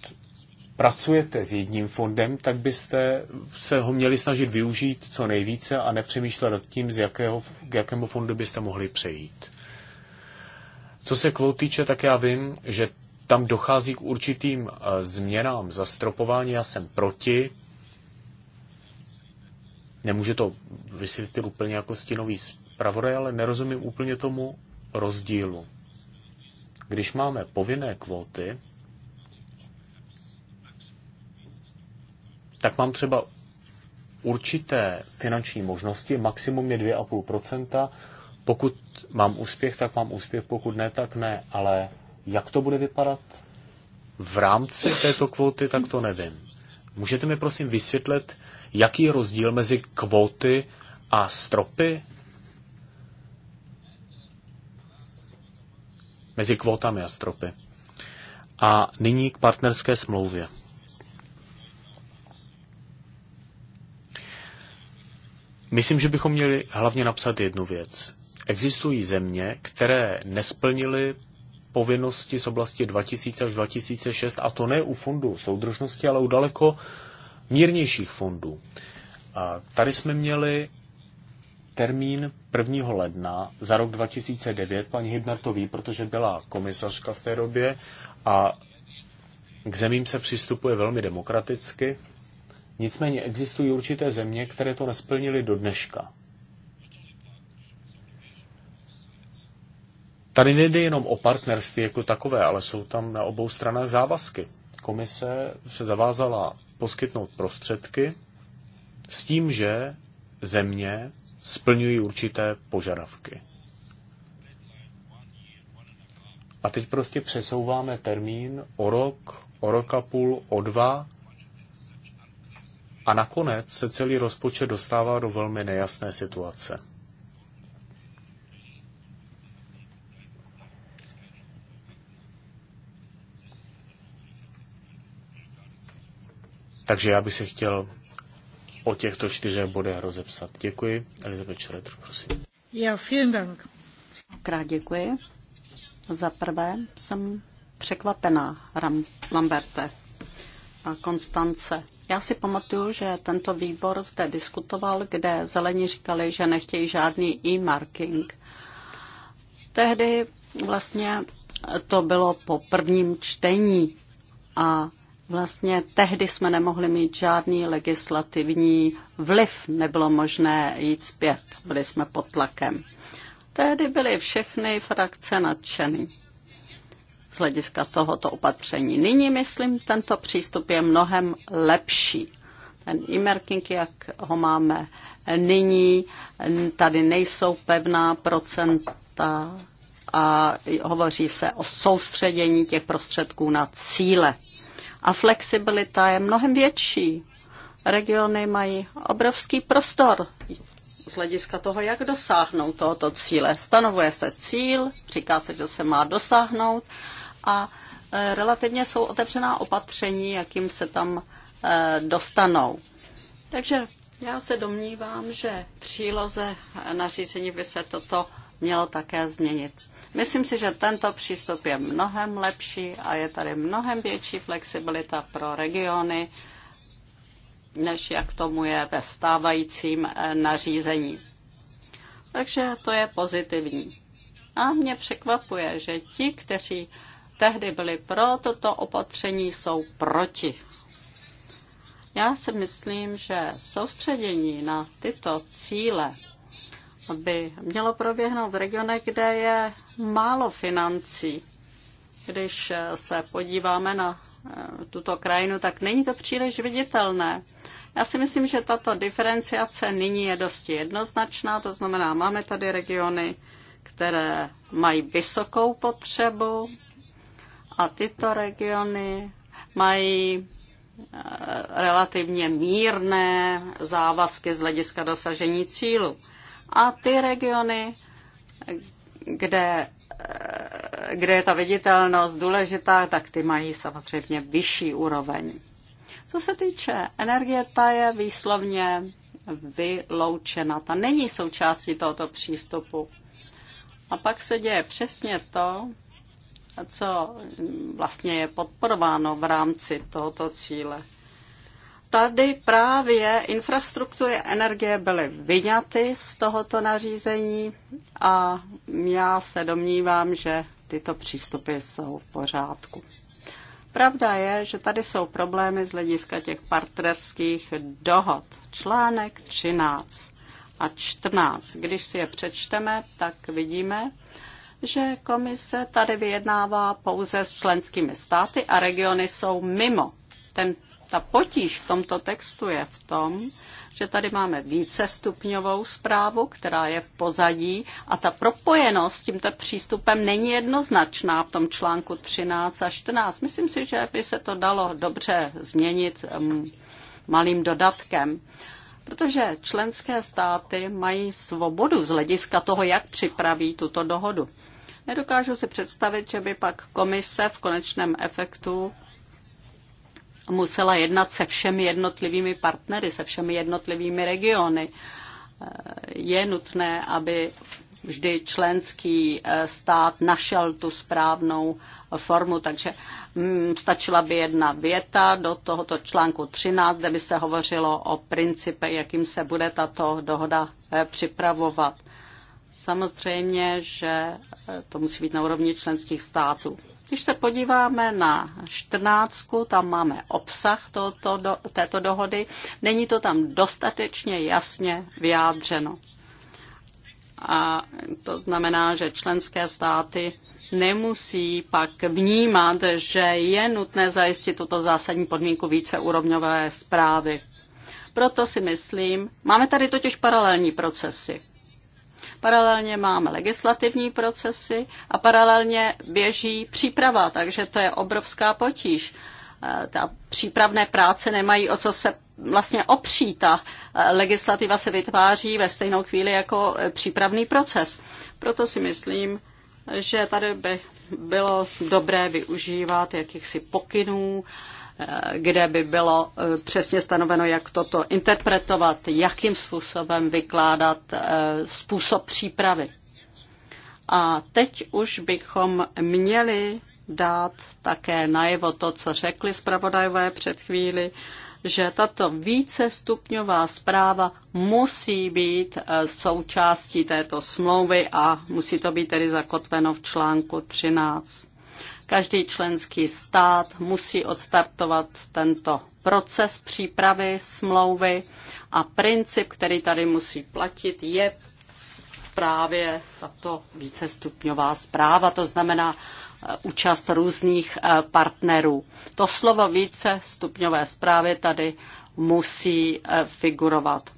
pracujete s jedním fondem, tak byste se ho měli snažit využít co nejvíce a nepřemýšlet nad tím, z jakého, k jakému fondu byste mohli přejít. Co se kvót týče, tak já vím, že tam dochází k určitým eh, změnám zastropování. Já jsem proti. Nemůže to vysvětlit úplně jako stinový zpravodaj, ale nerozumím úplně tomu, rozdílu. Když máme povinné kvóty, tak mám třeba určité finanční možnosti, maximum je 2,5%. Pokud mám úspěch, tak mám úspěch, pokud ne, tak ne. Ale jak to bude vypadat v rámci této kvóty, tak to nevím. Můžete mi prosím vysvětlit, jaký je rozdíl mezi kvóty a stropy? mezi kvótami a stropy. A nyní k partnerské smlouvě. Myslím, že bychom měli hlavně napsat jednu věc. Existují země, které nesplnily povinnosti z oblasti 2000 až 2006, a to ne u fondů soudržnosti, ale u daleko mírnějších fondů. A tady jsme měli termín 1. ledna za rok 2009, paní Hybner to ví, protože byla komisařka v té době a k zemím se přistupuje velmi demokraticky. Nicméně existují určité země, které to nesplnily do dneška. Tady nejde jenom o partnerství jako takové, ale jsou tam na obou stranách závazky. Komise se zavázala poskytnout prostředky s tím, že země splňují určité požadavky. A teď prostě přesouváme termín o rok, o rok a půl, o dva a nakonec se celý rozpočet dostává do velmi nejasné situace. Takže já bych se chtěl o těchto čtyřech bodech rozepsat. Děkuji. Elizabeth Schroeder, prosím. Já, vielen Dank. Krát děkuji. Za prvé jsem překvapená, Ram, Lamberte a Konstance. Já si pamatuju, že tento výbor zde diskutoval, kde zelení říkali, že nechtějí žádný e-marking. Tehdy vlastně to bylo po prvním čtení a Vlastně tehdy jsme nemohli mít žádný legislativní vliv, nebylo možné jít zpět, byli jsme pod tlakem. Tehdy byly všechny frakce nadšeny z hlediska tohoto opatření. Nyní, myslím, tento přístup je mnohem lepší. Ten e-marking, jak ho máme nyní, tady nejsou pevná procenta a hovoří se o soustředění těch prostředků na cíle a flexibilita je mnohem větší. Regiony mají obrovský prostor z hlediska toho, jak dosáhnout tohoto cíle. Stanovuje se cíl, říká se, že se má dosáhnout a e, relativně jsou otevřená opatření, jakým se tam e, dostanou. Takže já se domnívám, že příloze nařízení by se toto mělo také změnit. Myslím si, že tento přístup je mnohem lepší a je tady mnohem větší flexibilita pro regiony, než jak tomu je ve stávajícím eh, nařízení. Takže to je pozitivní. A mě překvapuje, že ti, kteří tehdy byli pro toto opatření, jsou proti. Já si myslím, že soustředění na tyto cíle by mělo proběhnout v regionech, kde je málo financí. Když se podíváme na eh, tuto krajinu, tak není to příliš viditelné. Já si myslím, že tato diferenciace nyní je dosti jednoznačná, to znamená, máme tady regiony, které mají vysokou potřebu a tyto regiony mají eh, relativně mírné závazky z hlediska dosažení cílu. A ty regiony, kde, eh, kde je ta viditelnost důležitá, tak ty mají samozřejmě vyšší úroveň. Co se týče energie, ta je výslovně vyloučena. Ta není součástí tohoto přístupu. A pak se děje přesně to, co vlastně je podporováno v rámci tohoto cíle tady právě infrastruktury energie byly vyňaty z tohoto nařízení a já se domnívám, že tyto přístupy jsou v pořádku. Pravda je, že tady jsou problémy z hlediska těch partnerských dohod. Článek 13 a 14. Když si je přečteme, tak vidíme, že komise tady vyjednává pouze s členskými státy a regiony jsou mimo. Ten ta potíž v tomto textu je v tom, že tady máme vícestupňovou zprávu, která je v pozadí a ta propojenost s tímto přístupem není jednoznačná v tom článku 13 a 14. Myslím si, že by se to dalo dobře změnit um, malým dodatkem protože členské státy mají svobodu z hlediska toho, jak připraví tuto dohodu. Nedokážu si představit, že by pak komise v konečném efektu musela jednat se všemi jednotlivými partnery, se všemi jednotlivými regiony. Je nutné, aby vždy členský eh, stát našel tu správnou formu, takže mm, stačila by jedna věta do tohoto článku 13, kde by se hovořilo o principe, jakým se bude tato dohoda eh, připravovat. Samozřejmě, že eh, to musí být na úrovni členských států. Když se podíváme na 14, tam máme obsah tohoto, do, této dohody. Není to tam dostatečně jasně vyjádřeno. A to znamená, že členské státy nemusí pak vnímat, že je nutné zajistit tuto zásadní podmínku víceúrovňové zprávy. Proto si myslím, máme tady totiž paralelní procesy. Paralelně máme legislativní procesy a paralelně běží příprava, takže to je obrovská potíž. E, ta přípravné práce nemají o co se vlastně opřít. Ta e, legislativa se vytváří ve stejnou chvíli jako e, přípravný proces. Proto si myslím, že tady by bylo dobré využívat jakýchsi pokynů, kde by bylo eh, přesně stanoveno, jak toto interpretovat, jakým způsobem vykládat eh, způsob přípravy. A teď už bychom měli dát také najevo to, co řekli zpravodajové před chvíli, že tato vícestupňová zpráva musí být eh, součástí této smlouvy a musí to být tedy zakotveno v článku 13. Každý členský stát musí odstartovat tento proces přípravy smlouvy a princip, který tady musí platit, je právě tato vícestupňová zpráva, to znamená e, účast různých e, partnerů. To slovo vícestupňové zprávy tady musí e, figurovat.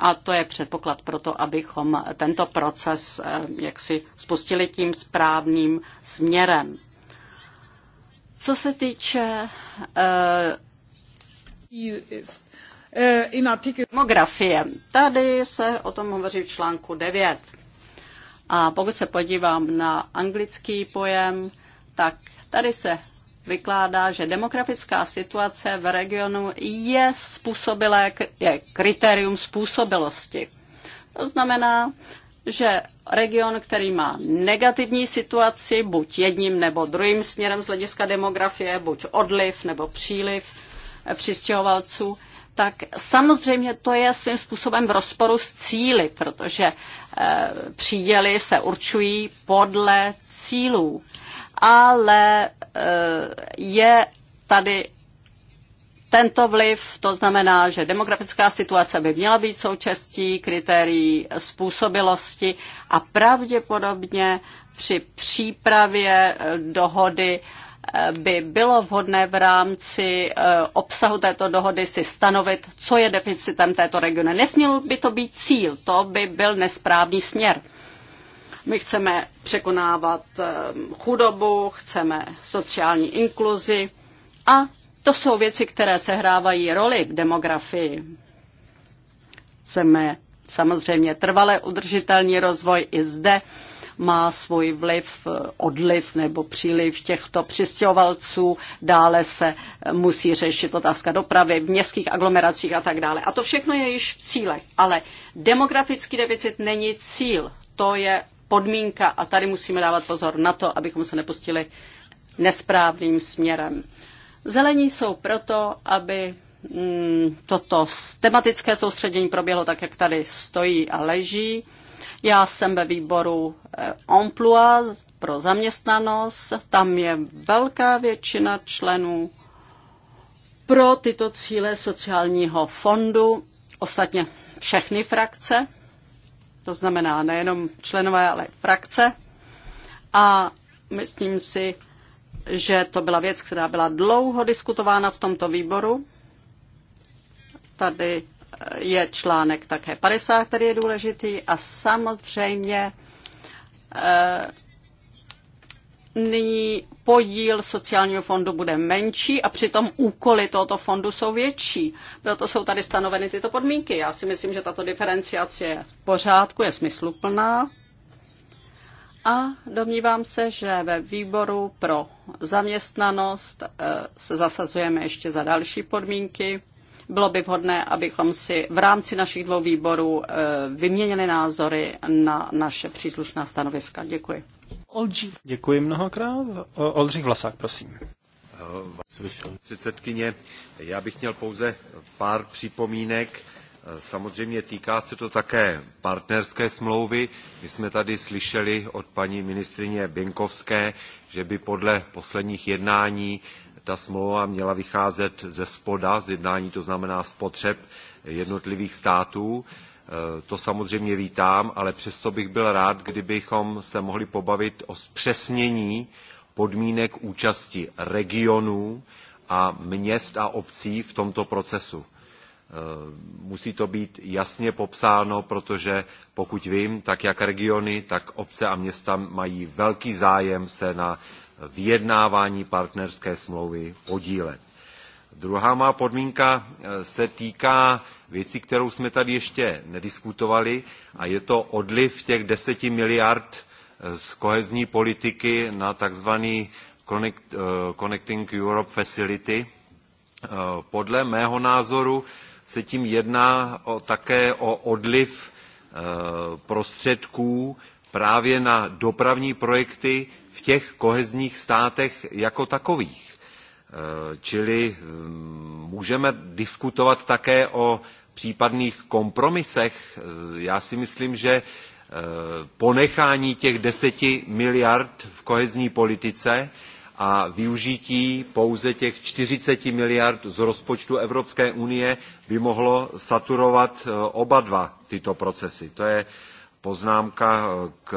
A to je předpoklad pro to, abychom tento proces eh, jaksi spustili tím správným směrem. Co se týče eh, demografie, tady se o tom hovoří v článku 9. A pokud se podívám na anglický pojem, tak tady se vykládá, že demografická situace v regionu je způsobilé, je kritérium způsobilosti. To znamená, že region, který má negativní situaci, buď jedním nebo druhým směrem z hlediska demografie, buď odliv nebo příliv přistěhovalců, tak samozřejmě to je svým způsobem v rozporu s cíly, protože e, příděly se určují podle cílů ale eh, je tady tento vliv, to znamená, že demografická situace by měla být součástí kritérií způsobilosti a pravděpodobně při přípravě eh, dohody eh, by bylo vhodné v rámci obsahu této dohody si stanovit, co je deficitem této regiony. Nesměl by to být cíl, to by byl nesprávný směr. My chceme překonávat eh, chudobu, chceme sociální inkluzi a to jsou věci, které sehrávají roli v demografii. Chceme samozřejmě trvale udržitelný rozvoj i zde má svůj vliv, eh, odliv nebo příliv těchto přistěhovalců. Dále se eh, musí řešit otázka dopravy v městských aglomeracích a tak dále. A to všechno je již v cílech. Ale demografický deficit není cíl. To je podmínka a tady musíme dávat pozor na to, abychom se nepustili nesprávným směrem. Zelení jsou proto, aby mm, toto tematické soustředění proběhlo tak, jak tady stojí a leží. Já jsem ve výboru eh, Emploi pro zaměstnanost, tam je velká většina členů pro tyto cíle sociálního fondu, ostatně všechny frakce to znamená nejenom členové, ale i frakce. A myslím si, že to byla věc, která byla dlouho diskutována v tomto výboru. Tady eh, je článek také 50, který je důležitý a samozřejmě eh, nyní podíl sociálního fondu bude menší a přitom úkoly tohoto fondu jsou větší. Proto jsou tady stanoveny tyto podmínky. Já si myslím, že tato diferenciace je v pořádku, je smysluplná. A domnívám se, že ve výboru pro zaměstnanost eh, se zasazujeme ještě za další podmínky. Bylo by vhodné, abychom si v rámci našich dvou výborů eh, vyměnili názory na naše příslušná stanoviska. Děkuji. Olží. Děkuji mnohokrát. Oldřich Vlasák, prosím. Předsedkyně, já bych měl pouze pár připomínek. Samozřejmě týká se to také partnerské smlouvy. My jsme tady slyšeli od paní ministrině Binkovské, že by podle posledních jednání ta smlouva měla vycházet ze spoda, z jednání to znamená z jednotlivých států. Eh, to samozřejmě vítám, ale přesto bych byl rád, kdybychom se mohli pobavit o zpřesnění podmínek účasti regionů a měst a obcí v tomto procesu. Eh, musí to být jasně popsáno, protože pokud vím, tak jak regiony, tak obce a města mají velký zájem se na vyjednávání partnerské smlouvy podílet. Druhá má podmínka eh, se týká věcí, kterou jsme tady ještě nediskutovali a je to odliv těch 10 miliard eh, z kohezní politiky na tzv. Connect, eh, Connecting Europe Facility. Podle mého názoru se tím jedná o, také o odliv prostředků právě na dopravní projekty v těch kohezních státech jako takových Čili mm, můžeme diskutovat také o případných kompromisech. Já si myslím, že e, ponechání těch deseti miliard v kohezní politice a využití pouze těch 40 miliard z rozpočtu Evropské unie by mohlo saturovat e, oba dva tyto procesy. To je poznámka e, k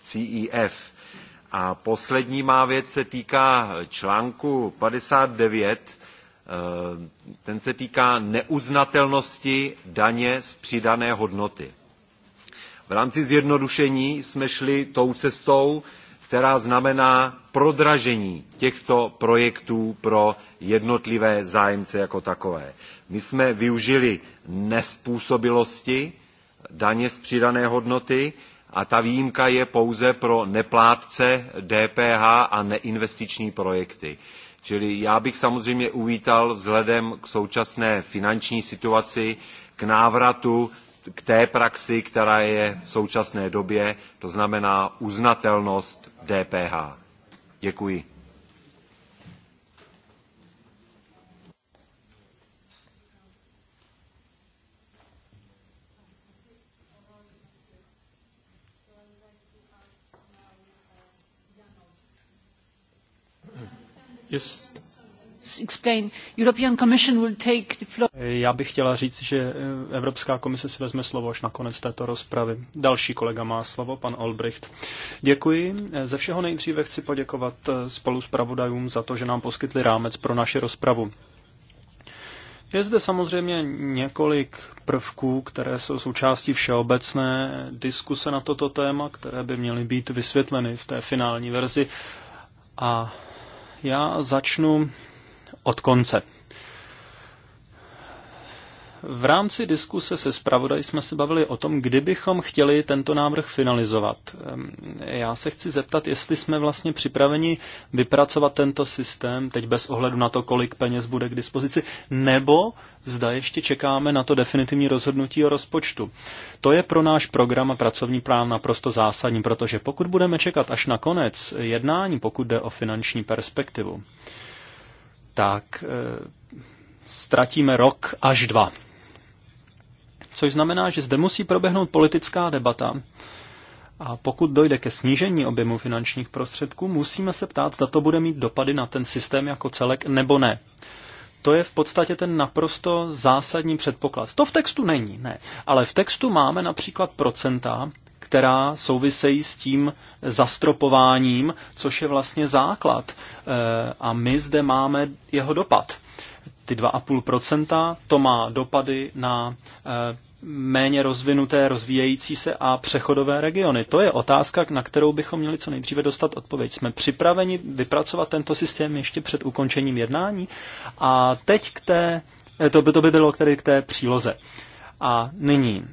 CEF. A poslední má věc se týká článku 59. Eh, ten se týká neuznatelnosti daně z přidané hodnoty. V rámci zjednodušení jsme šli tou cestou, která znamená prodražení těchto projektů pro jednotlivé zájemce jako takové. My jsme využili nespůsobilosti daně z přidané hodnoty, a ta výjimka je pouze pro neplátce DPH a neinvestiční projekty. Čili já bych samozřejmě uvítal vzhledem k současné finanční situaci k návratu k té praxi, která je v současné době, to znamená uznatelnost DPH. Děkuji. Eh, já bych chtěla říct, že eh, Evropská komise si vezme slovo až na konec této rozpravy. Další kolega má slovo, pan Olbricht. Děkuji. Eh, ze všeho nejdříve chci poděkovat spolu pravodajům za to, že nám poskytli rámec pro naši rozpravu. Je zde samozřejmě několik prvků, které jsou součástí všeobecné diskuse na toto téma, které by měly být vysvětleny v té finální verzi. A já začnu od konce. V rámci diskuse se zpravodaj jsme se bavili o tom, kdybychom chtěli tento návrh finalizovat. Já se chci zeptat, jestli jsme vlastně připraveni vypracovat tento systém, teď bez ohledu na to, kolik peněz bude k dispozici, nebo zda ještě čekáme na to definitivní rozhodnutí o rozpočtu. To je pro náš program a pracovní plán naprosto zásadní, protože pokud budeme čekat až na konec jednání, pokud jde o finanční perspektivu, tak eh, ztratíme rok až dva což znamená, že zde musí proběhnout politická debata. A pokud dojde ke snížení objemu finančních prostředků, musíme se ptát, zda to bude mít dopady na ten systém jako celek nebo ne. To je v podstatě ten naprosto zásadní předpoklad. To v textu není, ne. Ale v textu máme například procenta, která souvisejí s tím zastropováním, což je vlastně základ. Eh, a my zde máme jeho dopad. Ty 2,5%, to má dopady na eh, méně rozvinuté, rozvíjející se a přechodové regiony? To je otázka, na kterou bychom měli co nejdříve dostat odpověď. Jsme připraveni vypracovat tento systém ještě před ukončením jednání? A teď k té, eh, to by, to by bylo k té, k té příloze. A nyní,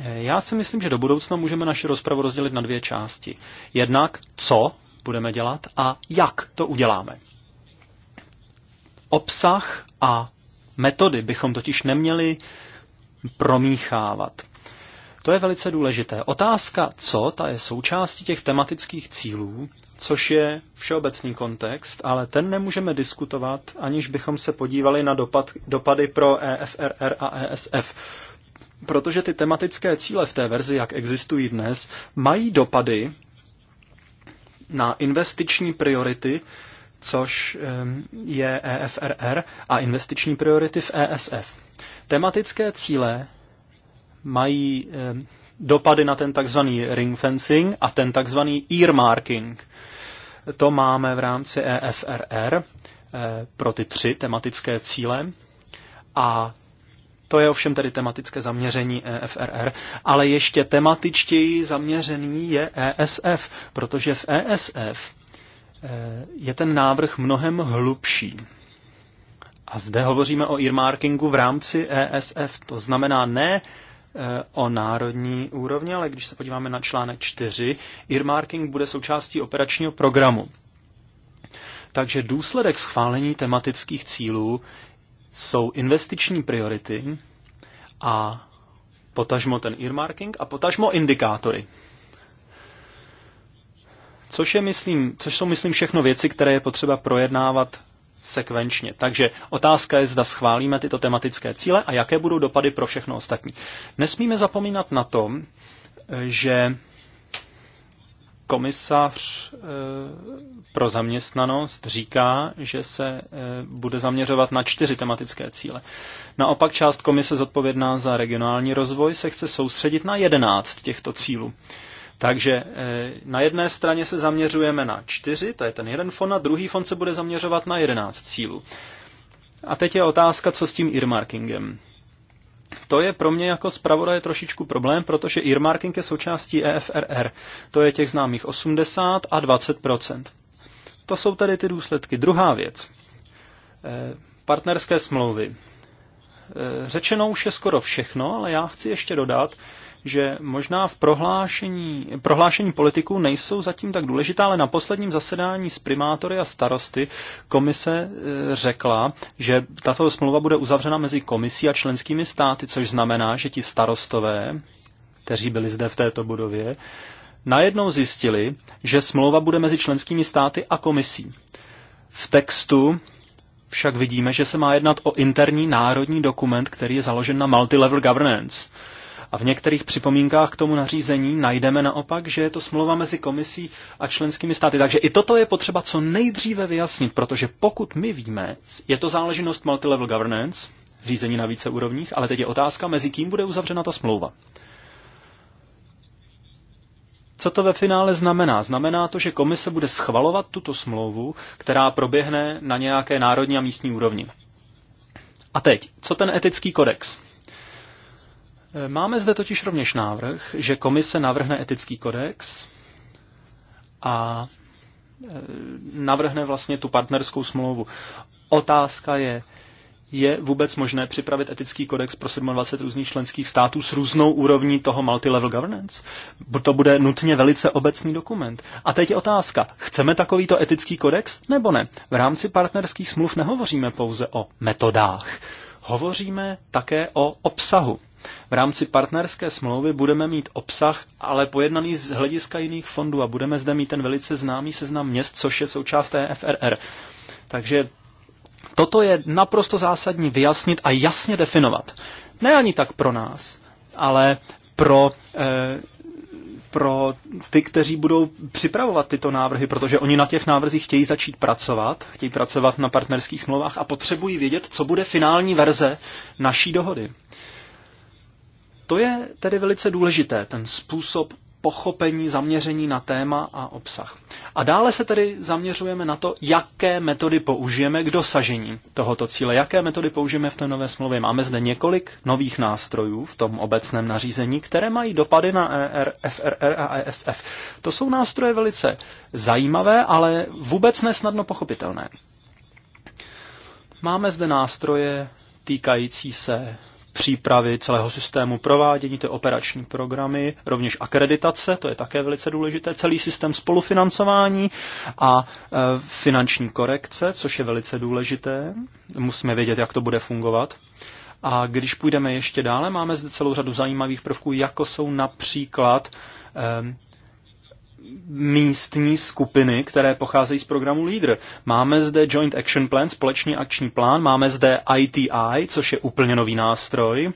eh, já si myslím, že do budoucna můžeme naši rozpravu rozdělit na dvě části. Jednak, co budeme dělat a jak to uděláme. Obsah a metody bychom totiž neměli promíchávat. To je velice důležité. Otázka, co, ta je součástí těch tematických cílů, což je všeobecný kontext, ale ten nemůžeme diskutovat, aniž bychom se podívali na dopad, dopady pro EFRR a ESF. Protože ty tematické cíle v té verzi, jak existují dnes, mají dopady na investiční priority, což je EFRR, a investiční priority v ESF. Tematické cíle mají eh, dopady na ten takzvaný ring fencing a ten takzvaný earmarking. To máme v rámci EFRR eh, pro ty tři tematické cíle a to je ovšem tedy tematické zaměření EFRR, ale ještě tematičtěji zaměřený je ESF, protože v ESF eh, je ten návrh mnohem hlubší. A zde hovoříme o earmarkingu v rámci ESF, to znamená ne e, o národní úrovni, ale když se podíváme na článek 4, earmarking bude součástí operačního programu. Takže důsledek schválení tematických cílů jsou investiční priority a potažmo ten earmarking a potažmo indikátory. Což, je, myslím, což jsou, myslím, všechno věci, které je potřeba projednávat sekvenčně. Takže otázka je, zda schválíme tyto tematické cíle a jaké budou dopady pro všechno ostatní. Nesmíme zapomínat na tom, že komisař eh, pro zaměstnanost říká, že se eh, bude zaměřovat na čtyři tematické cíle. Naopak část komise zodpovědná za regionální rozvoj se chce soustředit na jedenáct těchto cílů. Takže eh, na jedné straně se zaměřujeme na čtyři, to je ten jeden fond, a druhý fond se bude zaměřovat na jedenáct cílů. A teď je otázka, co s tím earmarkingem. To je pro mě jako zpravodaje trošičku problém, protože earmarking je součástí EFRR. To je těch známých 80 a 20 To jsou tedy ty důsledky. Druhá věc. Eh, partnerské smlouvy. Eh, řečeno už je skoro všechno, ale já chci ještě dodat, že možná v prohlášení, prohlášení politiků nejsou zatím tak důležitá, ale na posledním zasedání s primátory a starosty komise e, řekla, že tato smlouva bude uzavřena mezi komisí a členskými státy, což znamená, že ti starostové, kteří byli zde v této budově, najednou zjistili, že smlouva bude mezi členskými státy a komisí. V textu však vidíme, že se má jednat o interní národní dokument, který je založen na multilevel governance. A v některých připomínkách k tomu nařízení najdeme naopak, že je to smlouva mezi komisí a členskými státy. Takže i toto je potřeba co nejdříve vyjasnit, protože pokud my víme, je to záležitost multilevel governance, řízení na více úrovních, ale teď je otázka, mezi kým bude uzavřena ta smlouva. Co to ve finále znamená? Znamená to, že komise bude schvalovat tuto smlouvu, která proběhne na nějaké národní a místní úrovni. A teď, co ten etický kodex? Máme zde totiž rovněž návrh, že komise navrhne etický kodex a e, navrhne vlastně tu partnerskou smlouvu. Otázka je, je vůbec možné připravit etický kodex pro 27 různých členských států s různou úrovní toho multilevel governance? To bude nutně velice obecný dokument. A teď je otázka, chceme takovýto etický kodex nebo ne? V rámci partnerských smluv nehovoříme pouze o metodách, hovoříme také o obsahu. V rámci partnerské smlouvy budeme mít obsah, ale pojednaný z hlediska jiných fondů a budeme zde mít ten velice známý seznam měst, což je součást EFRR. Takže toto je naprosto zásadní vyjasnit a jasně definovat. Ne ani tak pro nás, ale pro, eh, pro ty, kteří budou připravovat tyto návrhy, protože oni na těch návrzích chtějí začít pracovat, chtějí pracovat na partnerských smlouvách a potřebují vědět, co bude finální verze naší dohody. Eh, to je tedy velice důležité, ten způsob pochopení, zaměření na téma a obsah. A dále se tedy zaměřujeme na to, jaké metody použijeme k dosažení tohoto cíle, jaké metody použijeme v té nové smlouvě. Máme zde několik nových nástrojů v tom obecném nařízení, které mají dopady na ER, FRR a ESF. To jsou nástroje velice zajímavé, ale vůbec nesnadno pochopitelné. Máme zde nástroje týkající se přípravy celého systému provádění, ty operační programy, rovněž akreditace, to je také velice důležité, celý systém spolufinancování a e, finanční korekce, což je velice důležité. Musíme vědět, jak to bude fungovat. A když půjdeme ještě dále, máme zde celou řadu zajímavých prvků, jako jsou například e, místní skupiny, které pocházejí z programu LEADER. Máme zde Joint Action Plan, společný akční plán, máme zde ITI, což je úplně nový nástroj,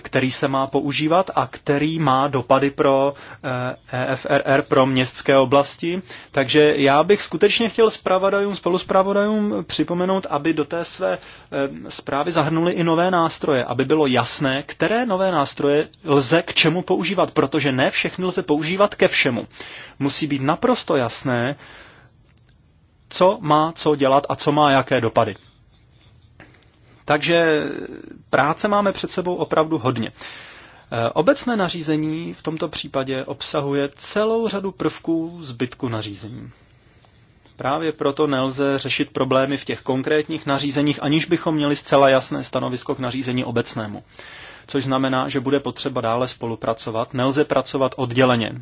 který se má používat a který má dopady pro EFRR, eh, e pro městské oblasti. Takže já bych skutečně chtěl spravodajům, spoluspravodajům připomenout, aby do té své eh, zprávy zahrnuli i nové nástroje, aby bylo jasné, které nové nástroje lze k čemu používat, protože ne všechny lze používat ke všemu. Musí být naprosto jasné, co má co dělat a co má jaké dopady. Takže práce máme před sebou opravdu hodně. Eh, obecné nařízení v tomto případě obsahuje celou řadu prvků zbytku nařízení. Právě proto nelze řešit problémy v těch konkrétních nařízeních, aniž bychom měli zcela jasné stanovisko k nařízení obecnému. Což znamená, že bude potřeba dále spolupracovat, nelze pracovat odděleně. Eh,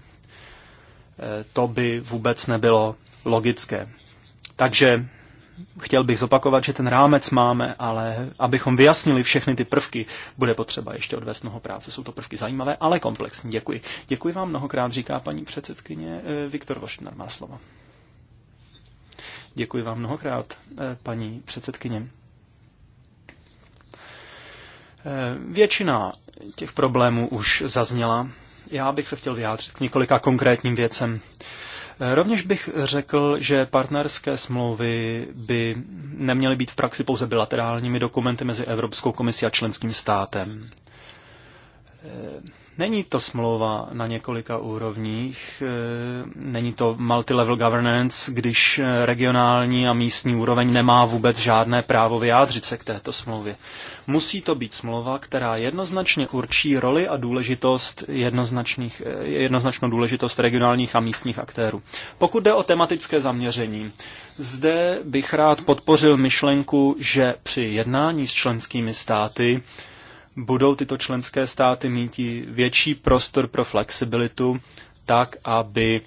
to by vůbec nebylo logické. Takže chtěl bych zopakovat, že ten rámec máme, ale abychom vyjasnili všechny ty prvky, bude potřeba ještě odvést mnoho práce. Jsou to prvky zajímavé, ale komplexní. Děkuji. Děkuji vám mnohokrát, říká paní předsedkyně. Eh, Viktor Vošnar má slovo. Děkuji vám mnohokrát, eh, paní předsedkyně. Eh, většina těch problémů už zazněla. Já bych se chtěl vyjádřit k několika konkrétním věcem. Rovněž bych řekl, že partnerské smlouvy by neměly být v praxi pouze bilaterálními dokumenty mezi Evropskou komisí a členským státem Není to smlouva na několika úrovních, eh, není to multilevel governance, když eh, regionální a místní úroveň nemá vůbec žádné právo vyjádřit se k této smlouvě. Musí to být smlouva, která jednoznačně určí roli a důležitost jednoznačných, eh, jednoznačnou důležitost regionálních a místních aktérů. Pokud jde o tematické zaměření, zde bych rád podpořil myšlenku, že při jednání s členskými státy budou tyto členské státy mít větší prostor pro flexibilitu, tak aby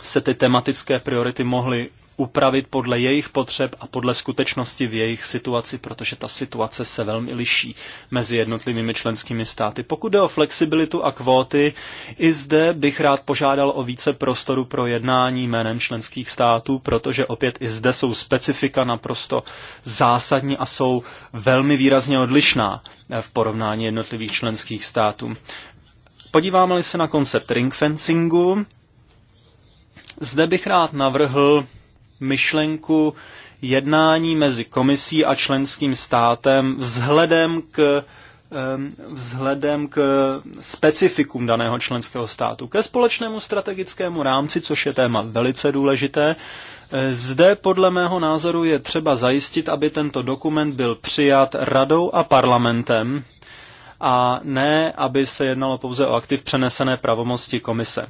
se ty tematické priority mohly upravit podle jejich potřeb a podle skutečnosti v jejich situaci, protože ta situace se velmi liší mezi jednotlivými členskými státy. Pokud jde o flexibilitu a kvóty, i zde bych rád požádal o více prostoru pro jednání jménem členských států, protože opět i zde jsou specifika naprosto zásadní a jsou velmi výrazně odlišná v porovnání jednotlivých členských států. Podíváme-li se na koncept ring fencingu, zde bych rád navrhl myšlenku jednání mezi komisí a členským státem vzhledem k vzhledem k specifikum daného členského státu, ke společnému strategickému rámci, což je téma velice důležité. E, zde podle mého názoru je třeba zajistit, aby tento dokument byl přijat radou a parlamentem a ne, aby se jednalo pouze o aktiv přenesené pravomosti komise.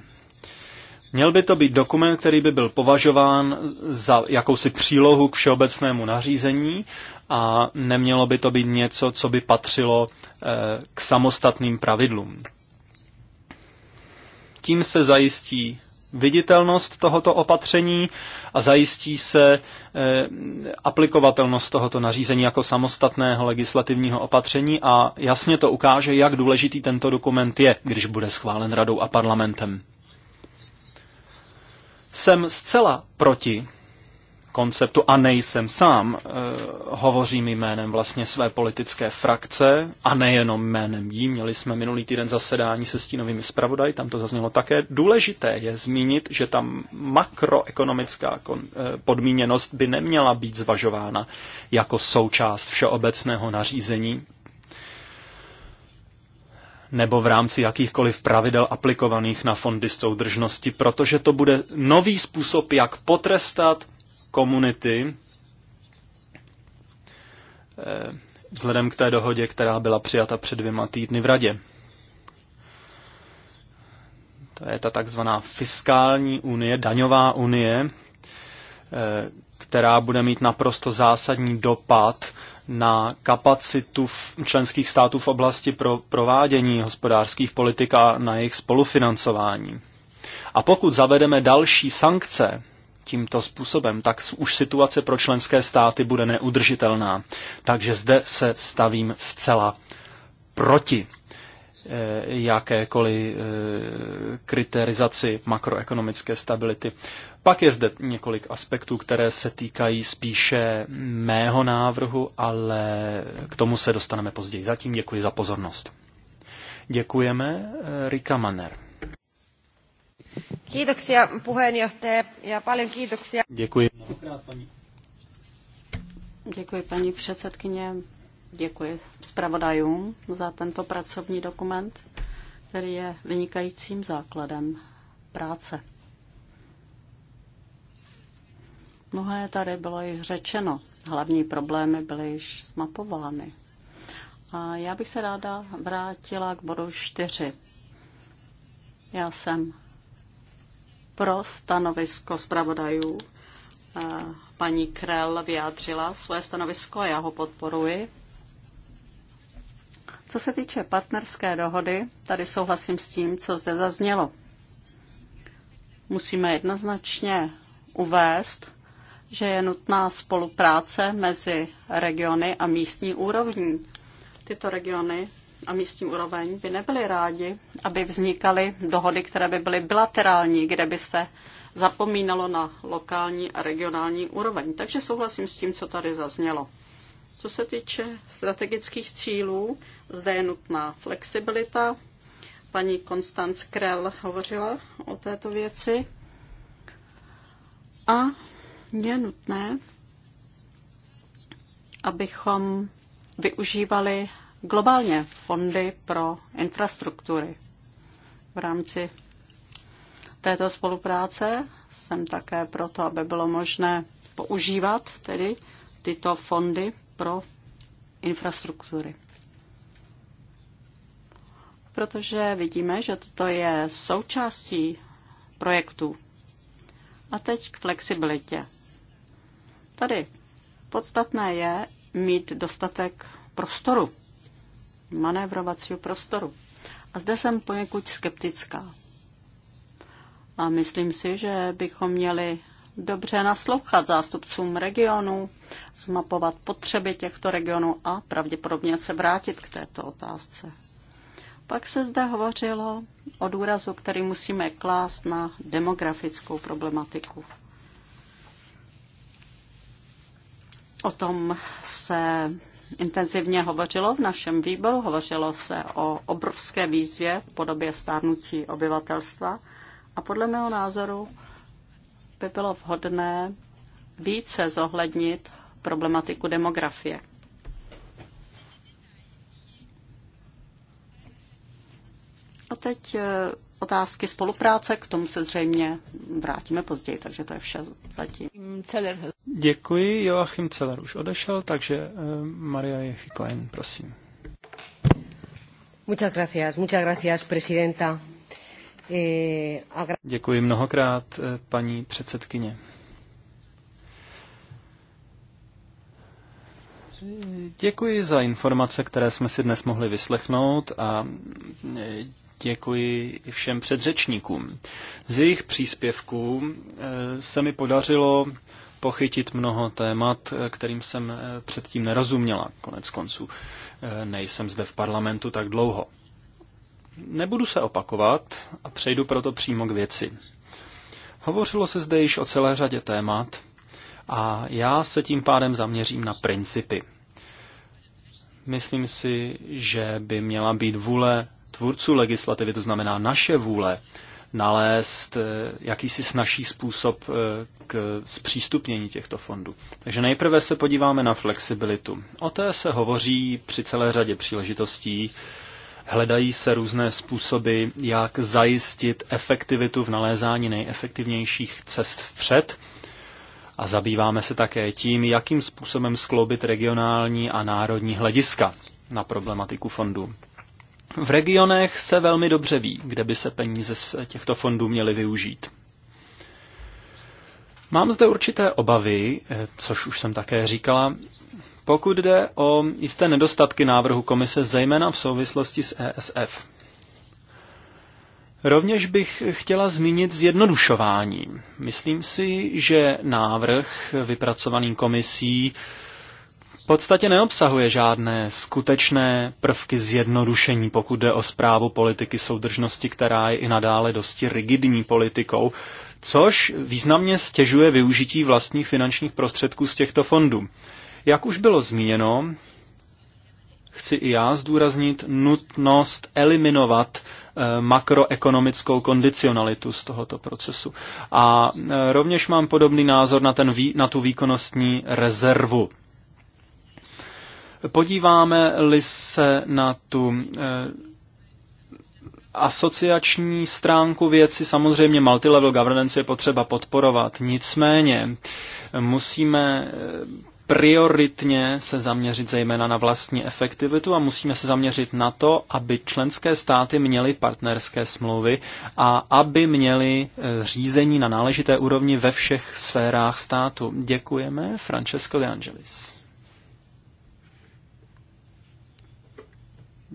Měl by to být dokument, který by byl považován za jakousi přílohu k všeobecnému nařízení a nemělo by to být něco, co by patřilo eh, k samostatným pravidlům. Tím se zajistí viditelnost tohoto opatření a zajistí se eh, aplikovatelnost tohoto nařízení jako samostatného legislativního opatření a jasně to ukáže, jak důležitý tento dokument je, když bude schválen radou a parlamentem. Jsem zcela proti konceptu a nejsem sám. E, hovořím jménem vlastně své politické frakce a nejenom jménem jí. Měli jsme minulý týden zasedání se stínovými zpravodaji, tam to zaznělo také. Důležité je zmínit, že tam makroekonomická kon, eh, podmíněnost by neměla být zvažována jako součást všeobecného nařízení nebo v rámci jakýchkoliv pravidel aplikovaných na fondy soudržnosti, protože to bude nový způsob, jak potrestat komunity eh, vzhledem k té dohodě, která byla přijata před dvěma týdny v Radě. To je ta takzvaná fiskální unie, daňová unie, eh, která bude mít naprosto zásadní dopad na kapacitu členských států v oblasti pro provádění hospodářských politik a na jejich spolufinancování. A pokud zavedeme další sankce tímto způsobem, tak už situace pro členské státy bude neudržitelná. Takže zde se stavím zcela proti eh, jakékoliv eh, kriterizaci makroekonomické stability. Pak je zde několik aspektů, které se týkají spíše mého návrhu, ale k tomu se dostaneme později. Zatím děkuji za pozornost. Děkujeme. Eh, Rika Manner. Kiitoksia puheenjohtaja ja paljon kiitoksia. Děkuji. Děkuji paní předsedkyně, děkuji zpravodajům za tento pracovní dokument, který je vynikajícím základem práce. Mnohé tady bylo již řečeno. Hlavní problémy byly již zmapovány. A já bych se ráda vrátila k bodu 4. Já jsem pro stanovisko zpravodajů. Paní Krell vyjádřila svoje stanovisko a já ho podporuji. Co se týče partnerské dohody, tady souhlasím s tím, co zde zaznělo. Musíme jednoznačně uvést, že je nutná spolupráce mezi regiony a místní úrovní. Tyto regiony a místní úroveň by nebyly rádi, aby vznikaly dohody, které by byly bilaterální, kde by se zapomínalo na lokální a regionální úroveň. Takže souhlasím s tím, co tady zaznělo. Co se týče strategických cílů, zde je nutná flexibilita. Paní Konstanc Krell hovořila o této věci. A je nutné, abychom využívali globálně fondy pro infrastruktury. V rámci této spolupráce jsem také proto, aby bylo možné používat tedy tyto fondy pro infrastruktury. Protože vidíme, že toto je součástí projektu A teď k flexibilitě. Tady podstatné je mít dostatek prostoru, manévrovacího prostoru. A zde jsem poněkud skeptická. A myslím si, že bychom měli dobře naslouchat zástupcům regionu, zmapovat potřeby těchto regionů a pravděpodobně se vrátit k této otázce. Pak se zde hovořilo o důrazu, který musíme klást na demografickou problematiku. O tom se intenzivně hovořilo v našem výboru. Hovořilo se o obrovské výzvě v podobě stárnutí obyvatelstva a podle mého názoru by bylo vhodné více zohlednit problematiku demografie. A teď eh, otázky spolupráce, k tomu se zřejmě vrátíme později, takže to je vše zatím. Děkuji, Joachim Celer už odešel, takže eh, Maria Jechikoen, prosím. Muchas gracias, muchas gracias, presidenta. Eh, Děkuji mnohokrát, eh, paní předsedkyně. Děkuji za informace, které jsme si dnes mohli vyslechnout a děkuji všem předřečníkům. Z jejich příspěvků eh, se mi podařilo pochytit mnoho témat, eh, kterým jsem eh, předtím nerozuměla. Konec konců nejsem zde v parlamentu tak dlouho. Nebudu se opakovat a přejdu proto přímo k věci. Hovořilo se zde již o celé řadě témat a já se tím pádem zaměřím na principy. Myslím si, že by měla být vůle tvůrců legislativy, to znamená naše vůle, nalézt eh, jakýsi snažší způsob eh, k zpřístupnění těchto fondů. Takže nejprve se podíváme na flexibilitu. O té se hovoří při celé řadě příležitostí. Hledají se různé způsoby, jak zajistit efektivitu v nalézání nejefektivnějších cest vpřed. A zabýváme se také tím, jakým způsobem skloubit regionální a národní hlediska na problematiku fondů. V regionech se velmi dobře ví, kde by se peníze z těchto fondů měly využít. Mám zde určité obavy, eh, což už jsem také říkala, pokud jde o jisté nedostatky návrhu komise, zejména v souvislosti s ESF. Rovněž bych chtěla zmínit zjednodušování. Myslím si, že návrh vypracovaný komisí podstatě neobsahuje žádné skutečné prvky zjednodušení, pokud jde o zprávu politiky soudržnosti, která je i nadále dosti rigidní politikou, což významně stěžuje využití vlastních finančních prostředků z těchto fondů. Jak už bylo zmíněno, chci i já zdůraznit nutnost eliminovat eh, makroekonomickou kondicionalitu z tohoto procesu. A eh, rovněž mám podobný názor na, ten, na tu výkonnostní rezervu Podíváme-li se na tu eh, asociační stránku věci, samozřejmě multilevel governance je potřeba podporovat. Nicméně musíme eh, prioritně se zaměřit zejména na vlastní efektivitu a musíme se zaměřit na to, aby členské státy měly partnerské smlouvy a aby měly eh, řízení na náležité úrovni ve všech sférách státu. Děkujeme, Francesco De Angelis.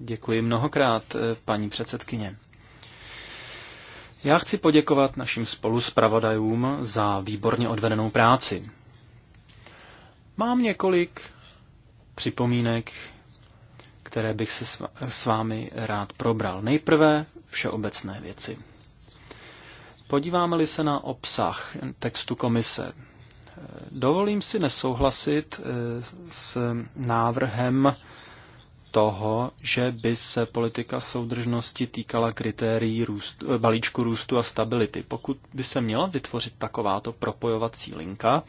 Děkuji mnohokrát, eh, paní předsedkyně. Já chci poděkovat našim spoluspravodajům za výborně odvedenou práci. Mám několik připomínek, které bych se s vámi rád probral. Nejprve všeobecné věci. Podíváme-li se na obsah textu komise, eh, dovolím si nesouhlasit eh, s návrhem toho, že by se politika soudržnosti týkala kritérií růst, eh, balíčku růstu a stability. Pokud by se měla vytvořit takováto propojovací linka,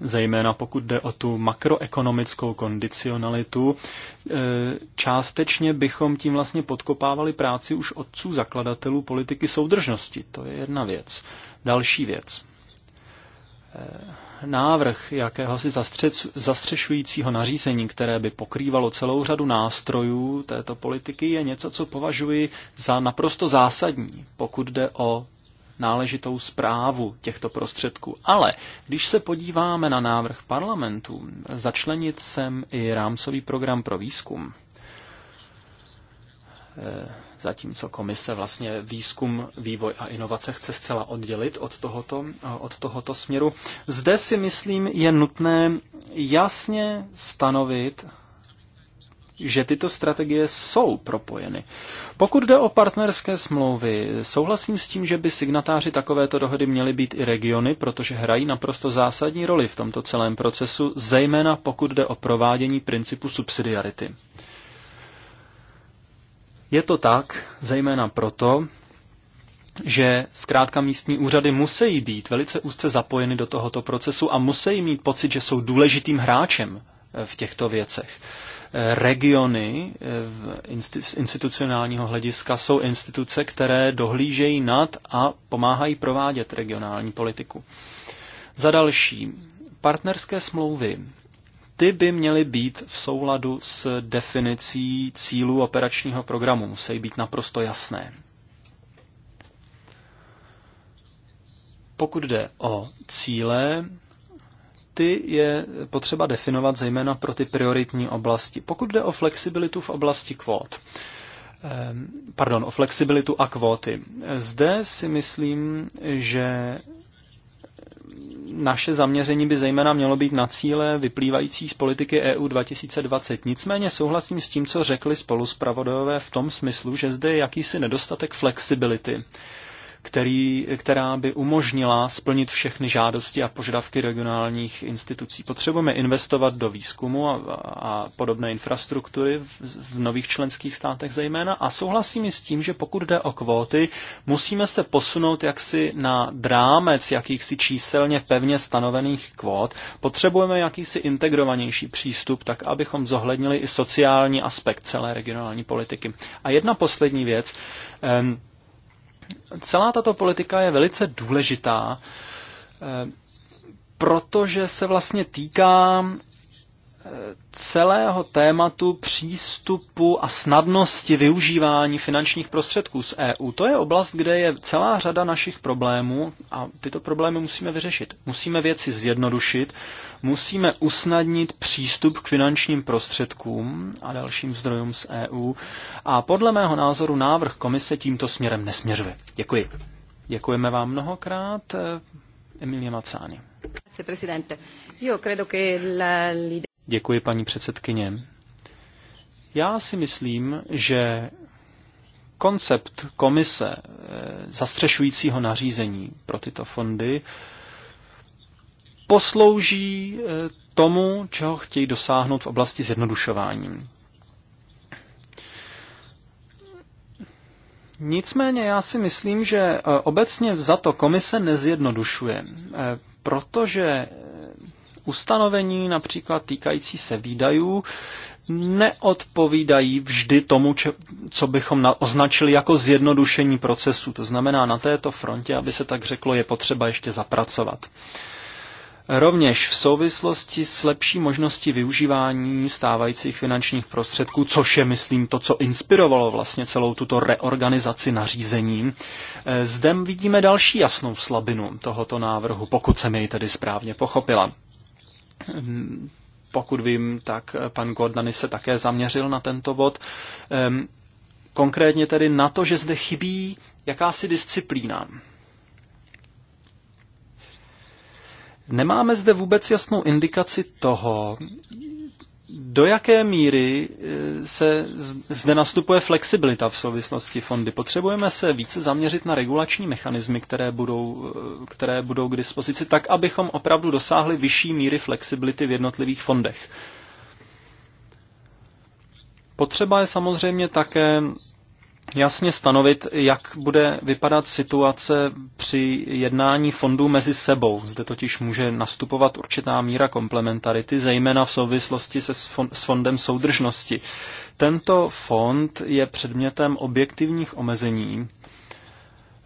zejména pokud jde o tu makroekonomickou kondicionalitu. Eh, částečně bychom tím vlastně podkopávali práci už otců zakladatelů politiky soudržnosti. To je jedna věc. Další věc. Eh, návrh jakéhosi zastřešujícího nařízení, které by pokrývalo celou řadu nástrojů této politiky, je něco, co považuji za naprosto zásadní, pokud jde o náležitou zprávu těchto prostředků. Ale když se podíváme na návrh parlamentu, začlenit sem i rámcový program pro výzkum, eh, zatímco komise vlastně výzkum, vývoj a inovace chce zcela oddělit od tohoto, od tohoto směru. Zde si myslím je nutné jasně stanovit, že tyto strategie jsou propojeny. Pokud jde o partnerské smlouvy, souhlasím s tím, že by signatáři takovéto dohody měly být i regiony, protože hrají naprosto zásadní roli v tomto celém procesu, zejména pokud jde o provádění principu subsidiarity. Je to tak zejména proto, že zkrátka místní úřady musí být velice úzce zapojeny do tohoto procesu a musí mít pocit, že jsou důležitým hráčem eh, v těchto věcech. Eh, regiony eh, z institucionálního hlediska jsou instituce, které dohlížejí nad a pomáhají provádět regionální politiku. Za další, partnerské smlouvy ty by měly být v souladu s definicí cílů operačního programu, musí být naprosto jasné. Pokud jde o cíle, ty je potřeba definovat zejména pro ty prioritní oblasti. Pokud jde o flexibilitu v oblasti kvót, ehm, pardon, o flexibilitu a kvóty. Zde si myslím, že naše zaměření by zejména mělo být na cíle vyplývající z politiky EU 2020. Nicméně souhlasím s tím, co řekli spoluzpravodové v tom smyslu, že zde je jakýsi nedostatek flexibility který, která by umožnila splnit všechny žádosti a požadavky regionálních institucí. Potřebujeme investovat do výzkumu a, a podobné infrastruktury v, v nových členských státech zejména a souhlasím i s tím, že pokud jde o kvóty, musíme se posunout jaksi na drámec jakýchsi číselně pevně stanovených kvót. Potřebujeme jakýsi integrovanější přístup, tak abychom zohlednili i sociální aspekt celé regionální politiky. A jedna poslední věc. Um, celá tato politika je velice důležitá, eh, protože se vlastně týká celého tématu přístupu a snadnosti využívání finančních prostředků z EU. To je oblast, kde je celá řada našich problémů a tyto problémy musíme vyřešit. Musíme věci zjednodušit, musíme usnadnit přístup k finančním prostředkům a dalším zdrojům z EU a podle mého názoru návrh komise tímto směrem nesměřuje. Děkuji. Děkujeme vám mnohokrát. Emilie Mazzani. Grazie Presidente. Io credo che la, Děkuji, paní předsedkyně. Já si myslím, že koncept komise eh, zastřešujícího nařízení pro tyto fondy poslouží eh, tomu, čeho chtějí dosáhnout v oblasti zjednodušování. Nicméně já si myslím, že eh, obecně vzato komise nezjednodušuje, protože ustanovení, například týkající se výdajů, neodpovídají vždy tomu, če, co bychom označili jako zjednodušení procesu. To znamená, na této frontě, aby se tak řeklo, je potřeba ještě zapracovat. Rovněž v souvislosti s lepší možností využívání stávajících finančních prostředků, což je, myslím, to, co inspirovalo vlastně celou tuto reorganizaci nařízení, eh, zde vidíme další jasnou slabinu tohoto návrhu, pokud mi ji tedy správně pochopila. Pokud vím, tak pan Gordany se také zaměřil na tento bod. Konkrétně tedy na to, že zde chybí jakási disciplína. Nemáme zde vůbec jasnou indikaci toho, do jaké míry e, se zde nastupuje flexibilita v souvislosti fondy? Potřebujeme se více zaměřit na regulační mechanismy, které budou, e, které budou k dispozici, tak abychom opravdu dosáhli vyšší míry flexibility v jednotlivých fondech. Potřeba je samozřejmě také jasně stanovit, jak bude vypadat situace při jednání fondů mezi sebou. Zde totiž může nastupovat určitá míra komplementarity, zejména v souvislosti se s fondem soudržnosti. Tento fond je předmětem objektivních omezení,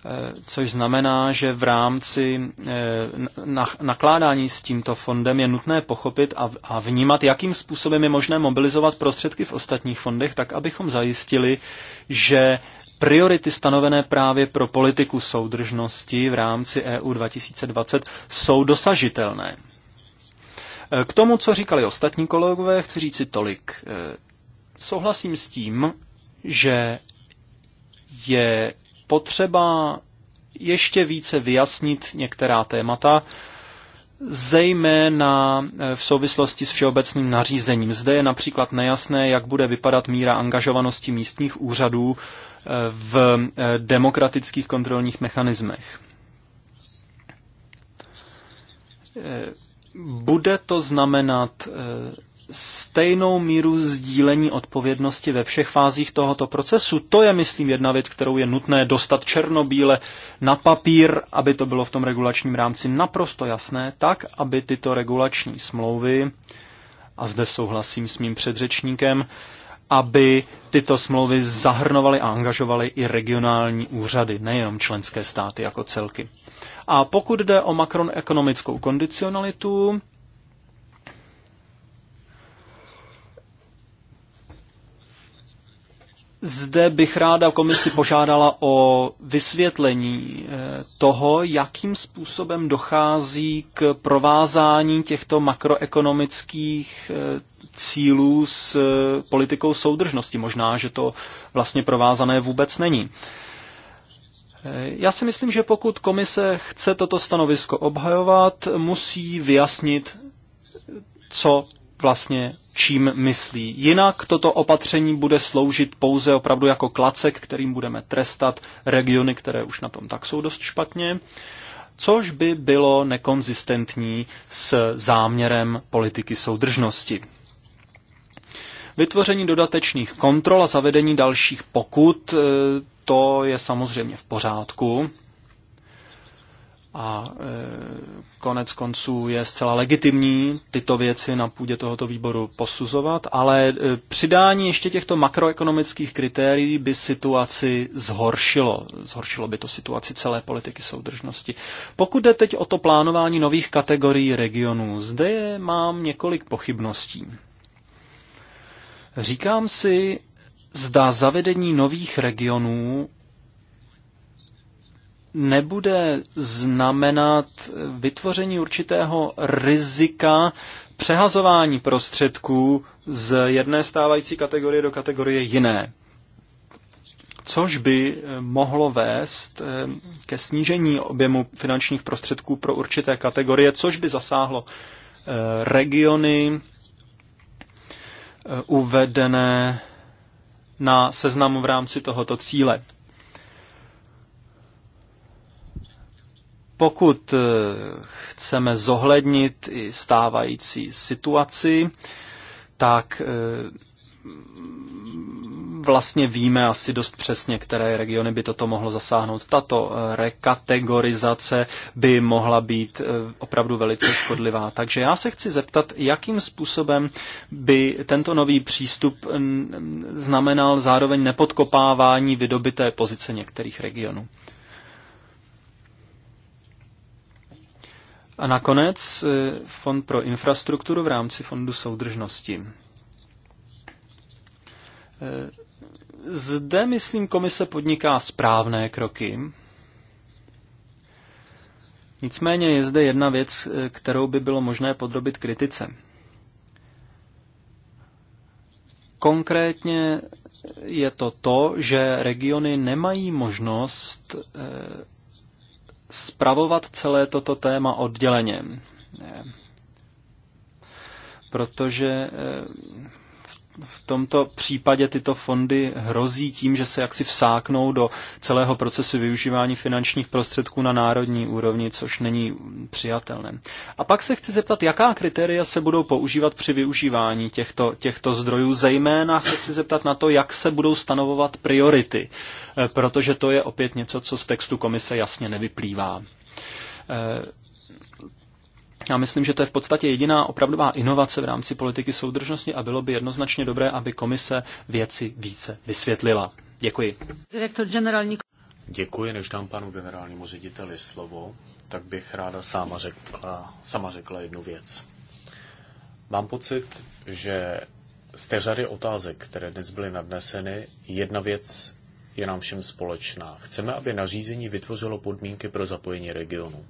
Eh, což znamená, že v rámci eh, nakládání s tímto fondem je nutné pochopit a vnímat, jakým způsobem je možné mobilizovat prostředky v ostatních fondech, tak abychom zajistili, že priority stanovené právě pro politiku soudržnosti v rámci EU 2020 jsou dosažitelné. Eh, k tomu, co říkali ostatní kolegové, chci říci tolik. Souhlasím s tím, že je potřeba ještě více vyjasnit některá témata, zejména eh, v souvislosti s všeobecným nařízením. Zde je například nejasné, jak bude vypadat míra angažovanosti místních úřadů eh, v eh, demokratických kontrolních mechanismech. Bude to znamenat stejnou míru sdílení odpovědnosti ve všech fázích tohoto procesu. To je, myslím, jedna věc, kterou je nutné dostat černobíle na papír, aby to bylo v tom regulačním rámci naprosto jasné, tak, aby tyto regulační smlouvy, a zde souhlasím s mým předřečníkem, aby tyto smlouvy zahrnovaly a angažovaly i regionální úřady, nejenom členské státy jako celky. A pokud jde o makroekonomickou kondicionalitu, Zde bych ráda komisi požádala o vysvětlení eh, toho, jakým způsobem dochází k provázání těchto makroekonomických eh, cílů s eh, politikou soudržnosti. Možná, že to vlastně provázané vůbec není. Já si myslím, že pokud komise chce toto stanovisko obhajovat, musí vyjasnit, co vlastně čím myslí. Jinak toto opatření bude sloužit pouze opravdu jako klacek, kterým budeme trestat regiony, které už na tom tak jsou dost špatně, což by bylo nekonzistentní s záměrem politiky soudržnosti. Vytvoření dodatečných kontrol a zavedení dalších pokut, eh, to je samozřejmě v pořádku, a e, konec konců je zcela legitimní tyto věci na půdě tohoto výboru posuzovat, ale e, přidání ještě těchto makroekonomických kritérií by situaci zhoršilo. Zhoršilo by to situaci celé politiky soudržnosti. Pokud jde teď o to plánování nových kategorií regionů, zde je, mám několik pochybností. Říkám si, zda zavedení nových regionů nebude znamenat vytvoření určitého rizika přehazování prostředků z jedné stávající kategorie do kategorie jiné. Což by eh, mohlo vést eh, ke snížení objemu finančních prostředků pro určité kategorie, což by zasáhlo eh, regiony uvedené na seznamu v rámci tohoto cíle. Pokud eh, chceme zohlednit i stávající situaci, tak eh, vlastně víme asi dost přesně, které regiony by toto mohlo zasáhnout. Tato eh, rekategorizace by mohla být opravdu velice škodlivá. Takže já se chci zeptat, jakým způsobem by tento nový přístup znamenal zároveň nepodkopávání vydobité pozice některých regionů. A nakonec eh, Fond pro infrastrukturu v rámci Fondu soudržnosti. Eh, zde, myslím, komise podniká správné kroky. Nicméně je zde jedna věc, eh, kterou by bylo možné podrobit kritice. Konkrétně je to to, že regiony nemají možnost spravovat celé toto téma odděleně. Protože eh, v tomto případě tyto fondy hrozí tím, že se jaksi vsáknou do celého procesu využívání finančních prostředků na národní úrovni, což není přijatelné. A pak se chci zeptat, jaká kritéria se budou používat při využívání těchto, těchto zdrojů, zejména se chci zeptat na to, jak se budou stanovovat priority, eh, protože to je opět něco, co z textu komise jasně nevyplývá. Eh, já myslím, že to je v podstatě jediná opravdová inovace v rámci politiky soudržnosti a bylo by jednoznačně dobré, aby komise věci více vysvětlila. Děkuji. Direktor generální... Děkuji, než dám panu generálnímu řediteli slovo, tak bych ráda sama řekla, sama řekla jednu věc. Mám pocit, že z té řady otázek, které dnes byly nadneseny, jedna věc je nám všem společná. Chceme, aby nařízení vytvořilo podmínky pro zapojení regionu.